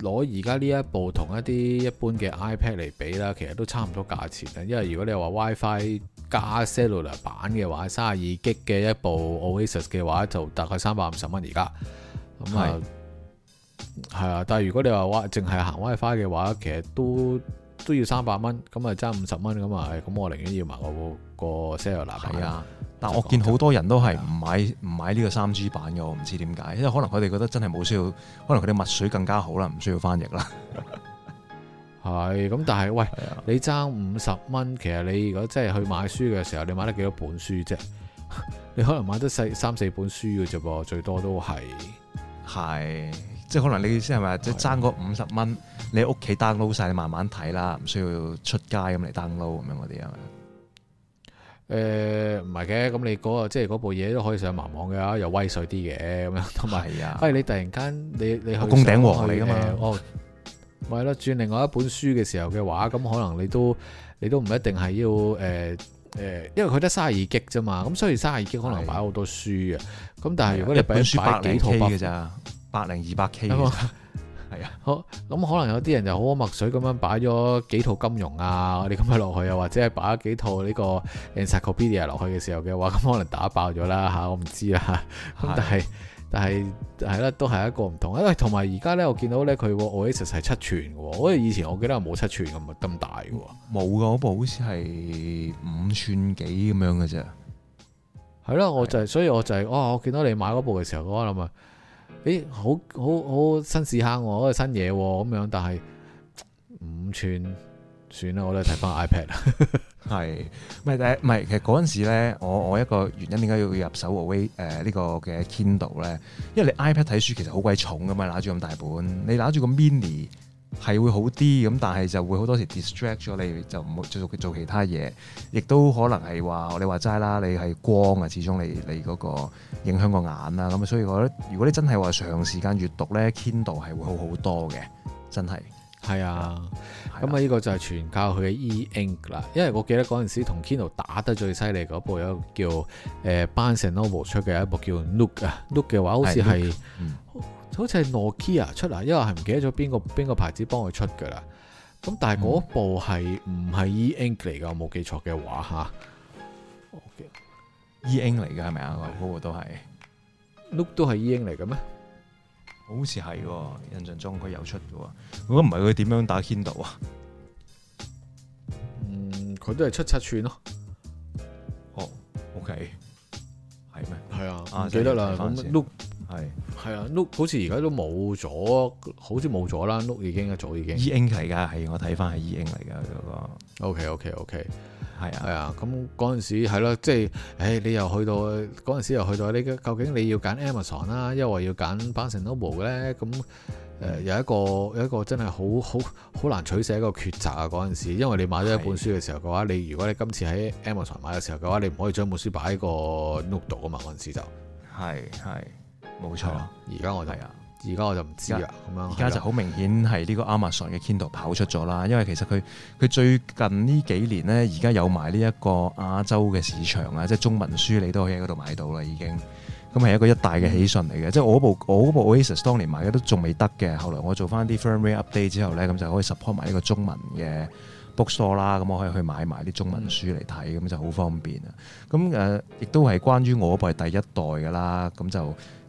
攞而家呢一部同一啲一般嘅 iPad 嚟比啦，其實都差唔多價錢嘅。因為如果你話 WiFi 加 cellular 版嘅話，三十二 G 嘅一部 Oasis 嘅話，就大概三百五十蚊而家。咁啊，係啊是。但係如果你話話淨係行 WiFi 嘅話，其實都都要三百蚊。咁啊，爭五十蚊咁啊，咁我寧願要埋我個 cellular。係啊，但我見好多人都係唔買唔的買呢個三 G 版嘅，我唔知點解，因為可能佢哋覺得真係冇需要，可能佢哋墨水更加好啦，唔需要翻譯啦。 *laughs* 係咁，但係喂，啊、你爭五十蚊，其實你如果真係去買書嘅時候，你買得幾多本書啫？ *laughs* 你可能買得三四本書嘅啫噃，最多都係。係，即係可能你意思係咪即係爭嗰五十蚊，啊、你屋企 download 晒，你慢慢睇啦，唔需要出街咁嚟 download 咁樣嗰啲啊。誒，唔係嘅，咁你嗰、嗰個即係嗰部嘢都可以上盲網嘅又威水啲嘅咁樣，同埋係啊。喂，你突然間你你係工頂王嚟㗎嘛？呃 *laughs* 咪咯，轉另外一本書嘅時候嘅話，咁可能你都你都唔一定係要誒誒、呃呃，因為佢得卅二 G 啫嘛，咁、嗯、雖然卅二 G 可能擺好多書啊，咁的但係如果你俾人擺幾套嘅咋，百零二百 K，係啊，咁麼的可能有啲人就好好墨水咁樣擺咗幾套金融啊，啲咁嘅落去啊，或者係擺幾套呢個 Encyclopedia 落去嘅時候嘅話，咁可能打爆咗啦嚇，我唔知啦嚇，咁的、嗯、但係。但係係啦，都係一個唔同。因為，同埋而家咧，我見到咧佢，Iset 係七寸嘅。我以前我記得冇七寸咁，咪咁大嘅。冇噶，嗰部好似係五寸幾咁樣嘅啫。係咯，我就係、是，所以我就係、是哦，我我見到你買嗰部嘅時候，我諗啊，誒、欸，好好好新市坑，我係新嘢咁樣，但係五寸。算啦，我都係睇翻 iPad 啊。係， *laughs* *laughs* 唔係誒？唔係其實嗰陣時咧，我我一個原因點解要入手 Away、呃這個、呢個嘅 Kindle 咧？因為你 iPad 睇書其實好鬼重噶嘛，拿住咁大本，你拿住個 Mini 係會好啲咁，但係就會好多時 distract 咗你，就唔會繼續做其他嘢。亦都可能係話你話齋啦，你係光啊，始終你你嗰個影響個眼啦。咁所以我覺得，如果你真係話長時間閱讀咧，Kindle 係會好好多嘅，真係。係啊，咁啊呢個就係全靠佢嘅 e ink 啦，啊、因為我記得嗰陣時同 Kindle 打得最犀利嗰部有個叫誒，Barnes and Noble、no、出嘅一部叫 Nook 啊，Nook 嘅話好似係，好似係 Nokia、ok、出啊，因為係唔記得咗邊個邊個牌子幫佢出噶啦，咁但係嗰部係唔係 e ink 嚟噶，冇記錯嘅話吓、okay.，e ink 嚟噶係咪啊？個都係，Nook、啊 no ok、都係 e ink 嚟嘅咩？好似係喎，印象中佢有出嘅喎。如果唔係佢點樣打 Kindle 啊？嗯，佢都係出七寸咯。哦，OK，係咩？係啊，啊，唔記得啦。咁 Look 係係啊，Look 好似而家都冇咗，好似冇咗啦。Look 已經一早已經。E Ink 嚟噶，係我睇翻係 E Ink 嚟噶嗰個。OK OK OK。係啊，係啊，咁嗰陣時係咯，即係，誒、哎，你又去到嗰陣時又去到，你究竟你要揀 Amazon 啦、啊，因為要揀 Barnes and Noble 嘅咧，咁誒、呃、有一個有一個真係好好好難取捨一個抉擇啊，嗰陣時，因為你買咗一本書嘅時候嘅話，你如果你今次喺 Amazon 買嘅時候嘅話，你唔可以將本書擺喺個 notebook 啊嘛，嗰陣時就係係冇錯，而家、啊、我睇下。而家我就唔知啊，咁樣而家就好明顯係呢個 Amazon 嘅 Kindle 跑出咗啦，因為其實佢佢最近呢幾年咧，而家有埋呢一個亞洲嘅市場啊，即係中文書你都可以喺嗰度買到啦，已經咁係一個一大嘅喜訊嚟嘅。嗯、即係我部我部 Oasis 當年買嘅都仲未得嘅，後來我做翻啲 firmware update 之後咧，咁就可以 support 埋呢個中文嘅 bookstore 啦，咁我可以去買埋啲中文書嚟睇，咁、嗯、就好方便啊。咁誒、呃，亦都係關於我嗰部係第一代噶啦，咁就。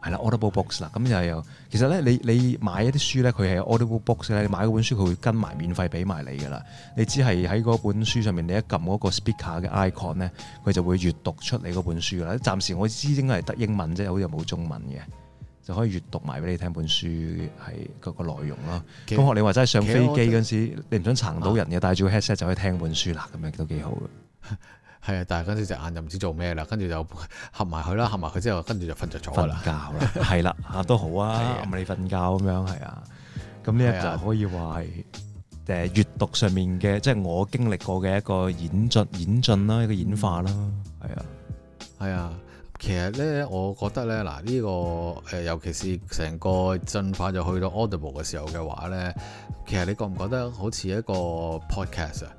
係啦，Audible Books 啦，咁就係有，Box，其實咧，你你買一啲書咧，佢係 Audible Books 咧，你買嗰本書佢會跟埋免費俾埋你㗎啦。你只係喺嗰本書上面，你一撳嗰個 speaker 嘅 icon 咧，佢就會閲讀出你嗰本書啦。暫時我知應該係得英文啫，好似冇中文嘅，就可以閲讀埋俾你聽本書係嗰個內容咯。咁學你話真係上飛機嗰陣時，K 你唔想撐到人嘅，戴住個 headset 就可以聽本書啦，咁樣都幾好嘅。 *laughs* 係啊，但係跟住隻眼就唔知做咩啦，跟住就合埋佢啦，合埋佢之後，跟住就瞓着咗瞓覺啦，係啦嚇都好啊，咪你瞓覺咁樣係啊，咁呢個就可以話係誒閱讀上面嘅，即係我經歷過嘅一個演進演進啦，一個演化啦，係啊係啊，其實咧，我覺得咧，嗱呢個誒，尤其是成個進化就去到 Audible 嘅時候嘅話咧，其實你覺唔覺得好似一個 Podcast 啊？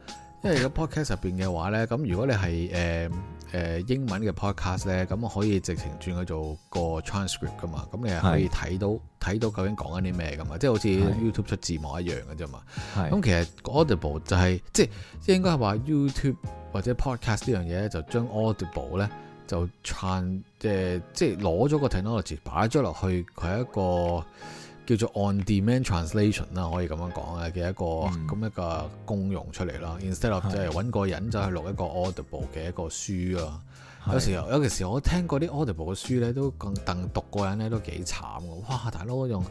因為個 podcast 入邊嘅話咧，咁如果你係誒誒英文嘅 podcast 咧，咁可以直情轉去做個 transcript 噶嘛，咁你可以睇到睇是到究竟講緊啲咩噶嘛，即係好似 YouTube 出字幕一樣嘅啫嘛。咁是其實 Audible 是就係、是、即係即係應該係話 YouTube 或者 podcast 呢樣嘢咧，就將 Audible 咧就 trans 誒、呃、即係攞咗個 technology 擺咗落去佢係一個。叫做 on-demand translation 啦，可以咁樣講嘅嘅一個咁、嗯、一個功用出嚟啦。Instead of 即係揾個人就去錄一個 Audible 嘅一個書啊，是有時有時我聽嗰啲 Audible 嘅書咧，都更鄧讀嗰人咧都幾慘嘅。哇！大佬用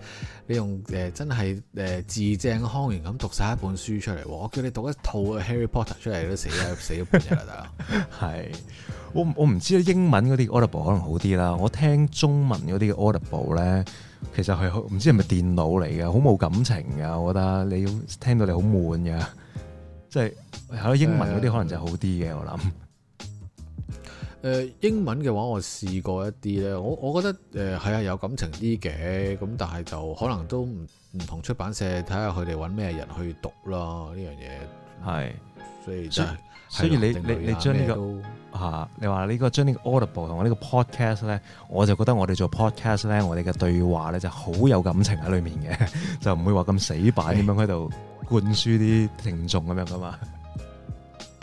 你用誒、呃、真係誒字正腔圓咁讀晒一本書出嚟，我叫你讀一套 Harry Potter 出嚟都死啊 *laughs* 死咗半日啦，大佬。係是我我唔知英文嗰啲 Audible 可能好啲啦，我聽中文嗰啲 Audible 咧。其實係好唔知係咪電腦嚟嘅，好冇感情㗎，我覺得你聽到你好悶㗎，即係係咯，英文嗰啲可能就好啲嘅，我諗。誒，英文嘅話我試過一啲咧，我我覺得誒係、呃、啊有感情啲嘅，咁但係就可能都唔唔同出版社睇下佢哋揾咩人去讀咯，呢樣嘢，係是、嗯、所以所以你你你將呢個。啊！你話、這個、呢個將呢個 Audible 同我呢個 Podcast 咧，我就覺得我哋做 Podcast 咧，我哋嘅對話咧就好有感情喺裡面嘅， *laughs* 就唔會話咁死板咁是樣喺度灌輸啲聽眾咁樣噶嘛。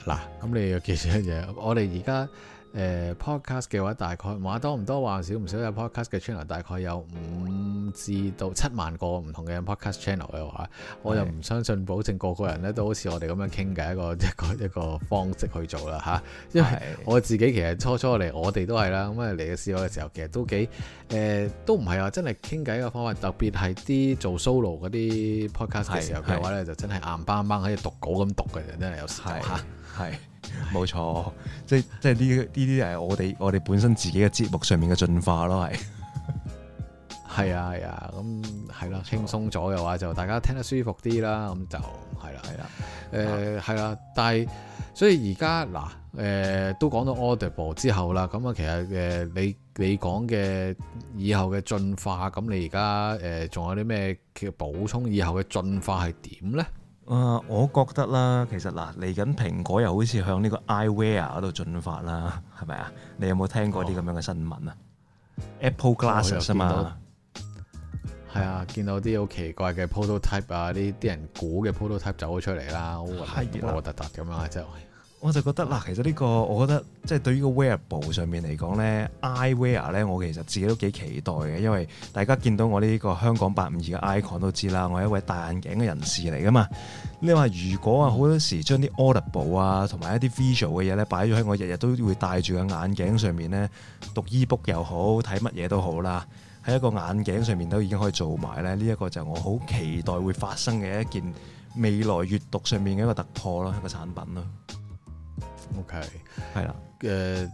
嗱、 *laughs* 啊，咁、嗯、你其實一樣， *laughs* 我哋而家。誒、呃、，podcast 嘅話大概話多唔多話少唔少，有 podcast 嘅 channel 大概有五至到七萬個唔同嘅 podcast channel 嘅話，是我又唔相信保證個個人咧都好似我哋咁樣傾偈一個一個一個方式去做啦吓、啊，因為我自己其實初初嚟，我哋都係啦，咁嚟嘅時候其實都幾誒、呃，都唔係話，真係傾偈嘅方法，特別係啲做 solo 嗰啲 podcast 嘅時候嘅話咧，就真係硬邦邦喺度讀稿咁讀嘅，真係有時間係。 *laughs* 冇錯，即係即係呢呢啲係我哋我哋本身自己嘅節目上面嘅進化咯，係係啊係啊，咁係啦，輕鬆咗嘅話就大家聽得舒服啲啦，咁就係啦係啦，誒係啦，但係所以而家嗱，誒、嗯、都講到 Audible 之後啦，咁啊其實誒你你講嘅以後嘅進化，咁你而家誒仲有啲咩叫補充？以後嘅進化係點咧？啊，我覺得啦，其實嗱，嚟緊蘋果又好似向呢個 eyewear 嗰度進發啦，係咪啊？你有冇聽過啲咁樣嘅新聞啊？Apple Glasses 啊嘛，係啊，見到啲好奇怪嘅 Prototype 啊，啲啲人估嘅 Prototype 走咗出嚟啦，好核突核突咁樣啊，即係。我就覺得啦，其實呢個我覺得即係對呢個 wearable 上面嚟講呢 eyewear 呢，我其實自己都幾期待嘅，因為大家見到我呢個香港八五二嘅 icon 都知啦，我係一位戴眼鏡嘅人士嚟㗎嘛。你話如果啊，好多時將啲 audible 啊，同埋一啲 visual 嘅嘢呢擺咗喺我日日都會戴住嘅眼鏡上面呢，讀 ebook 又好，睇乜嘢都好啦，喺一個眼鏡上面都已經可以做埋咧。呢一個就我好期待會發生嘅一件未來閱讀上面嘅一個突破咯，一個產品咯。O K，係啦。誒 Okay, 的，誒、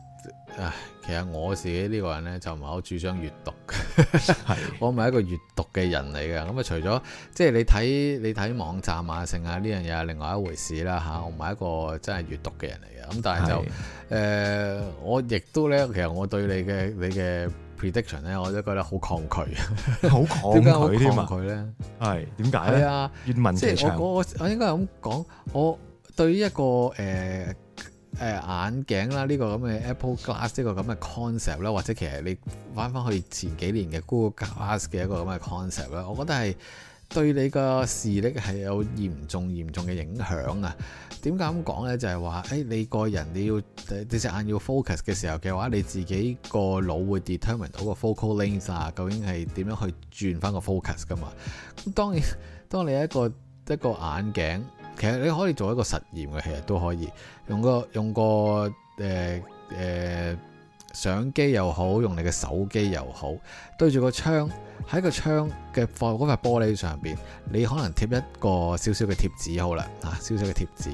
呃，其實我自己呢個人咧，就唔係好注重閱讀。係，我唔係一個閱讀嘅人嚟嘅。咁啊，除咗即係你睇你睇網站啊，剩下呢樣嘢係另外一回事啦。吓、啊，我唔係一個真係閱讀嘅人嚟嘅。咁但係就誒的、呃，我亦都咧，其實我對你嘅你嘅 prediction 咧，我都覺得好抗拒，好 *laughs* 抗拒，點解好抗拒咧？係點解咧？啊、越問越長。即係我我我應該係咁講，我對於一個誒。呃誒、呃、眼鏡啦，呢、這個咁嘅 Apple Glass，呢個咁嘅 concept 啦，或者其實你翻翻去前幾年嘅 Google Glass 嘅一個咁嘅 concept 咧，我覺得係對你個視力係有嚴重嚴重嘅影響啊！點解咁講呢？就係話誒，你個人要你要隻眼要 focus 嘅時候嘅話，你自己腦個腦會 determine 到個 focal length 啊，究竟係點樣去轉翻個 focus 噶嘛？咁當然，當你一個一個眼鏡。其實你可以做一個實驗嘅，其實都可以用個用個誒誒、呃呃、相機又好，用你嘅手機又好，對住個窗喺個窗嘅放嗰塊玻璃上邊，你可能貼一個小小嘅貼紙好啦，啊，小小嘅貼紙。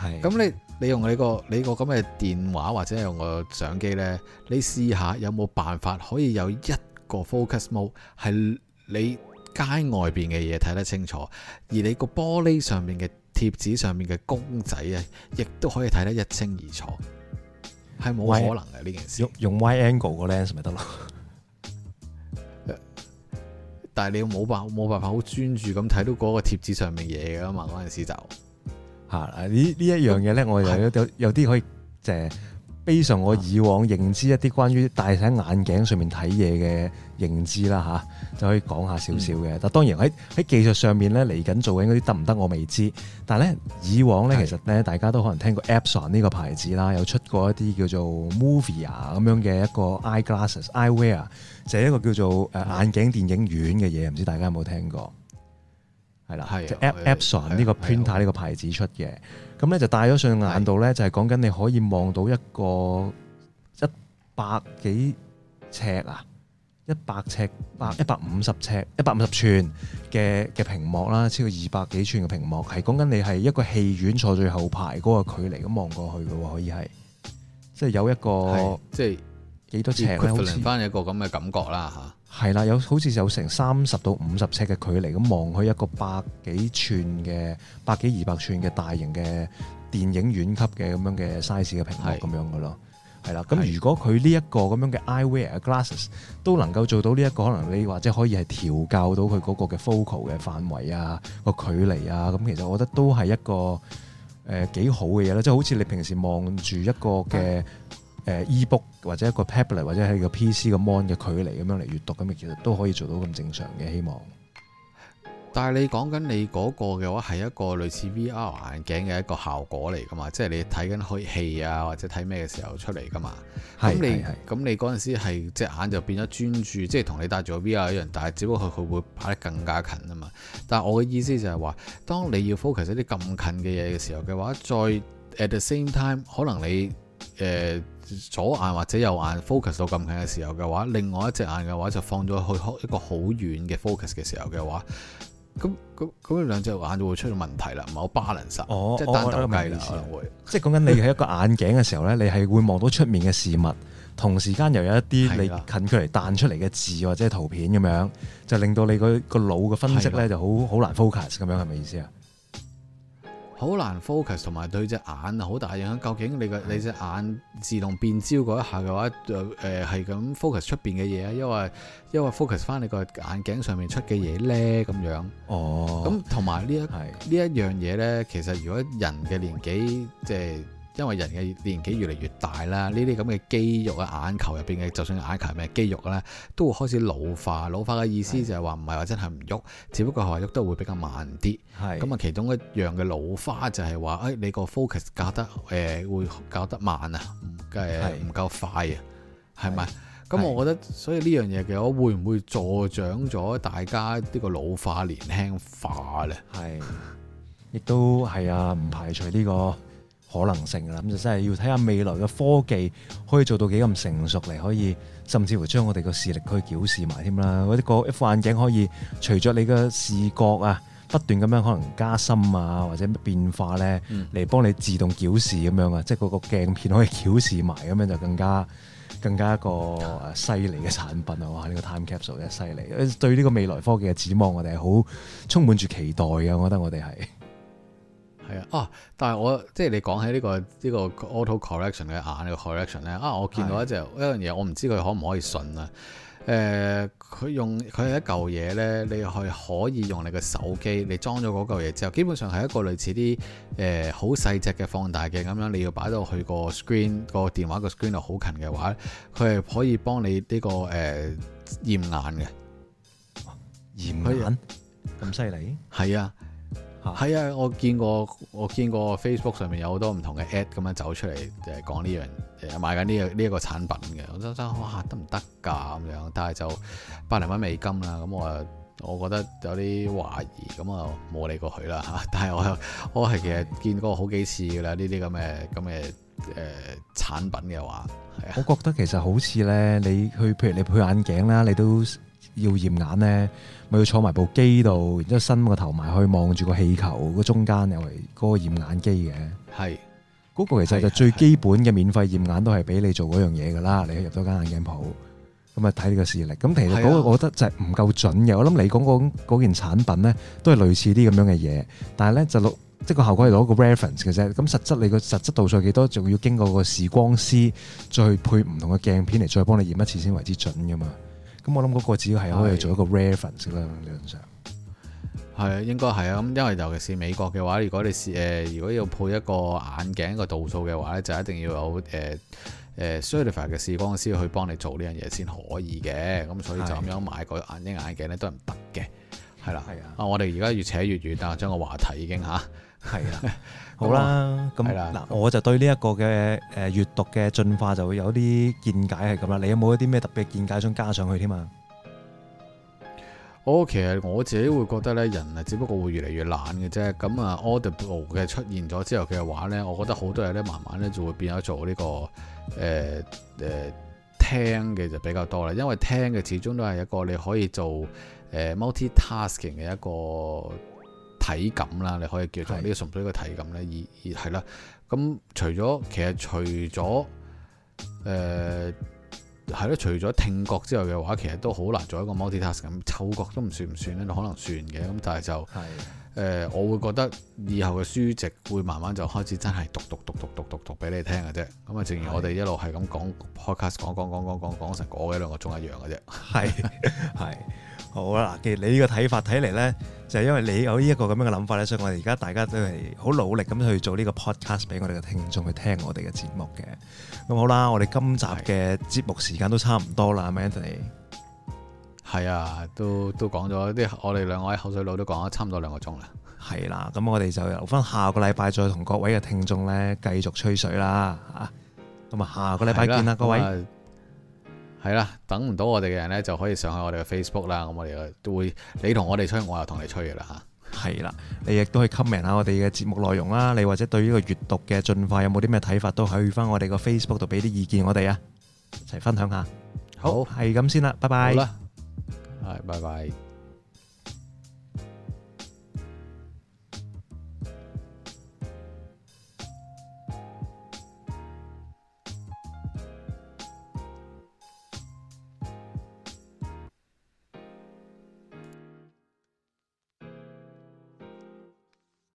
係是。咁你你用你，你個你個咁嘅電話或者用個相機呢，你試下有冇辦法可以有一個 focus mode 係你街外邊嘅嘢睇得清楚，而你個玻璃上面嘅，貼紙上面嘅公仔啊，亦都可以睇得一清二楚，係冇可能嘅呢 W 件事。用用 wide angle 個 lens 咪得咯。 *laughs* 但係你要冇辦冇辦法好專注咁睇到嗰個貼紙上面嘢噶嘛？嗰陣時就嚇、啊、呢呢一樣嘢咧，我就有有啲可以即係、呃、非常我以往認知一啲關於戴喺眼鏡上面睇嘢嘅認知啦嚇。啊就可以講下少少嘅，但當然喺喺技術上面咧，嚟緊做緊嗰啲得唔得我未知。但咧以往咧，其實咧大家都可能聽過 Epson 呢個牌子啦，有出過一啲叫做 Movie 啊咁樣嘅一個 Eye Glasses，Eye Wear 就係一個叫做誒眼鏡電影院嘅嘢，唔知大家有冇聽過？係啦，係、啊、就 Epson Epson 呢個 Printer 呢個牌子出嘅，咁咧、啊啊啊啊、就戴咗上眼度咧，就係講緊你可以望到一個一百幾尺啊！一百尺、百一百五十尺、一百五十吋嘅嘅屏幕啦，超過二百幾吋嘅屏幕，係講緊你係一個戲院坐最後排嗰、嗰個距離咁望過去嘅喎，可以係即係有一個即係幾多尺咧像？好似翻一個咁嘅感覺啦嚇。係啦，有好似有成三十到五十尺嘅距離咁望去一個百幾吋嘅百幾二百吋嘅大型嘅電影院級嘅咁樣嘅 size 嘅屏幕咁是樣嘅咯。係啦，咁、嗯、如果佢呢一個咁樣嘅 eyewear glasses 都能夠做到呢、這、一個可能你或者可以係調教到佢嗰個嘅 focal 嘅範圍啊、那個距離啊，咁其實我覺得都係一個誒幾、呃、好嘅嘢啦，即、就、係、是、好似你平時望住一個嘅誒、嗯呃、ebook 或者一個 tablet 或者係個 PC 個 mon 嘅距離咁樣嚟閲讀，咁其實都可以做到咁正常嘅希望。但係你講緊你嗰個嘅話係一個類似 VR 眼鏡嘅一個效果嚟㗎嘛？即係你睇緊開戲啊，或者睇咩嘅時候出嚟㗎嘛？咁的你咁的你嗰陣時係隻眼就變咗專注，即係同你戴住 VR 一樣，但係只不過佢會拍得更加近啊嘛。但係我嘅意思就係話，當你要 focus 一啲咁近嘅嘢嘅時候嘅話，再 at the same time 可能你誒、呃、左眼或者右眼 focus 到咁近嘅時候嘅話，另外一隻眼嘅話就放咗去一個好遠嘅 focus 嘅時候嘅話。咁咁咁，兩隻眼就會出咗問題啦，唔係好 balance，即係單鬥計啦，可能會即係講緊你喺一個眼鏡嘅時候咧， *laughs* 你係會望到出面嘅事物，同時間又有一啲你近距離彈出嚟嘅字或者圖片咁樣，就令到你個個腦嘅分析咧的就好好難 focus 咁樣係咪意思啊？好難 focus，同埋對隻眼啊好大影響。究竟你個你隻眼自動變焦嗰一下嘅話，誒係咁 focus 出邊嘅嘢啊？因為因為 focus 翻你個眼鏡上面出嘅嘢咧，咁樣。哦。咁同埋呢一呢是一樣嘢咧，其實如果人嘅年紀即係。呃因為人嘅年紀越嚟越大啦，呢啲咁嘅肌肉啊、眼球入邊嘅，就算眼球係咩肌肉咧，都會開始老化。老化嘅意思就係話唔係話真係唔喐，只不過係話喐得會比較慢啲。係咁啊，其中一樣嘅老化就係話，誒、哎、你個 focus 搞得誒、呃、會搞得慢啊，唔夠是、呃、快啊，係咪？咁是我覺得，所以呢樣嘢嘅話，會唔會助長咗大家呢個老化年輕化咧？係，亦都係啊，唔排除呢、這個。可能性啦，咁就真係要睇下未來嘅科技可以做到幾咁成熟嚟，可以甚至乎將我哋個視力可以矯視埋添啦。嗰啲個一副眼鏡可以隨着你嘅視覺啊，不斷咁樣可能加深啊，或者變化咧，嚟幫你自動矯視咁樣啊，即係嗰個鏡片可以矯視埋咁樣，就更加更加一個犀利嘅產品啊！哇，呢個 Time Capsule 真係犀利，對呢個未來科技嘅展望，我哋係好充滿住期待嘅。我覺得我哋係。係啊，哦，但係我即係你講起呢、這個呢、這個 auto correction 嘅眼嘅 correction 咧，啊，我見到一隻一樣嘢，的我唔知佢可唔可以信啊。誒、呃，佢用佢係一嚿嘢咧，你係可以用你個手機，你裝咗嗰嚿嘢之後，基本上係一個類似啲誒好細隻嘅放大鏡咁樣，你要擺到去個 screen 個電話個 screen 度好近嘅話，佢係可以幫你呢、這個誒、呃、驗眼嘅、啊、驗眼咁犀利？係它啊。係啊，我見過，我見過 Facebook 上面有好多唔同嘅 App 咁樣走出嚟、這個，誒講呢樣誒賣緊呢個呢一、這個產品嘅，我真真哇得唔得㗎咁樣？但係就百零蚊美金啦，咁我我覺得有啲懷疑，咁啊冇理過佢啦嚇。但係我又我係其實見過好幾次㗎啦，呢啲咁嘅咁嘅誒產品嘅話，啊、我覺得其實好似咧，你去譬如你配眼鏡啦，你都。要驗眼咧，咪要坐埋部機度，然之後伸個頭埋去望住個氣球嗰中間，又係嗰個驗眼機嘅。係是，嗰個其實就最基本嘅免費驗眼都係俾你做嗰樣嘢㗎啦。是是是，你入到間眼鏡鋪，咁啊睇你個視力。咁其實嗰個，我覺得就係唔夠準嘅。啊、我諗你講講嗰件產品咧，都係類似啲咁樣嘅嘢，但係咧就攞即係個效果係攞個 reference 嘅啫。咁實質你個實質度數幾多，仲要經過個視光師再配唔同嘅鏡片嚟再幫你驗一次先為之準㗎嘛。咁、嗯、我諗嗰個只要係可以做一個 reference 啦，正常。係，應該係啊。咁因為尤其是美國嘅話，如果你誒、呃，如果要配一個眼鏡個度數嘅話咧，就一定要有誒誒，Survey 嘅視光師去幫你做呢樣嘢先可以嘅。咁的所以就咁樣買個眼睛眼鏡咧都係唔得嘅。係啦，係啊的。啊，我哋而家越扯越遠，但係將個話題已經吓，係啦的。的 *laughs* 好啦，咁嗱，我就對呢一個嘅誒閱讀嘅進化就會有啲見解係咁啦。你有冇一啲咩特別嘅見解想加上去添啊？我其實我自己會覺得咧，人啊只不過會越嚟越懶嘅啫。咁啊，Audible 嘅出現咗之後嘅話咧，我覺得好多嘢都慢慢咧就會變咗做呢、這個誒誒、呃、聽嘅就比較多啦。因為聽嘅始終都係一個你可以做誒 multi-tasking 嘅一個。體感啦，你可以叫做呢個純粹嘅個體感咧的，而而係啦。咁除咗其實除咗誒係咯，除咗聽覺之外嘅話，其實都好難做一個 multitask 咁。嗅覺都唔算唔算咧，可能算嘅。咁但係就誒、是是的 欸，我會覺得以後嘅書籍會慢慢就開始真係讀讀讀讀讀讀讀俾你聽嘅啫。咁啊，正如我哋一路係咁講是的 podcast，講講講講講,講,講,講成嗰一兩個鐘一樣嘅啫，係係。對 *laughs* receive 好啦，嗱，其實你呢個睇法睇嚟呢，就係因為你有呢一個咁樣嘅諗法呢，所以我哋而家大家都係好努力咁去做呢個 podcast 俾我哋嘅聽眾去聽我哋嘅節目嘅。咁好啦，我哋今集嘅節目時間都差唔多啦，Mandy。係啊的，都都講咗啲，我哋兩位口水佬都講咗差唔多兩個鐘啦。係啦，咁我哋就留返下個禮拜再同各位嘅聽眾呢繼續吹水啦。啊，咁啊，下個禮拜見啦，的各位。嗯係啦，等唔到我哋嘅人呢，就可以上去我哋嘅 Facebook 啦。咁我哋都會，你同我哋吹，我又同你吹啦吓。係啦，你亦都可以 comment 下我哋嘅節目內容啦。你或者對於呢個閱讀嘅進化有冇啲咩睇法，都去翻我哋個 Facebook 度俾啲意見我哋啊，一齊分享下。好，係咁先啦，拜拜。拜拜。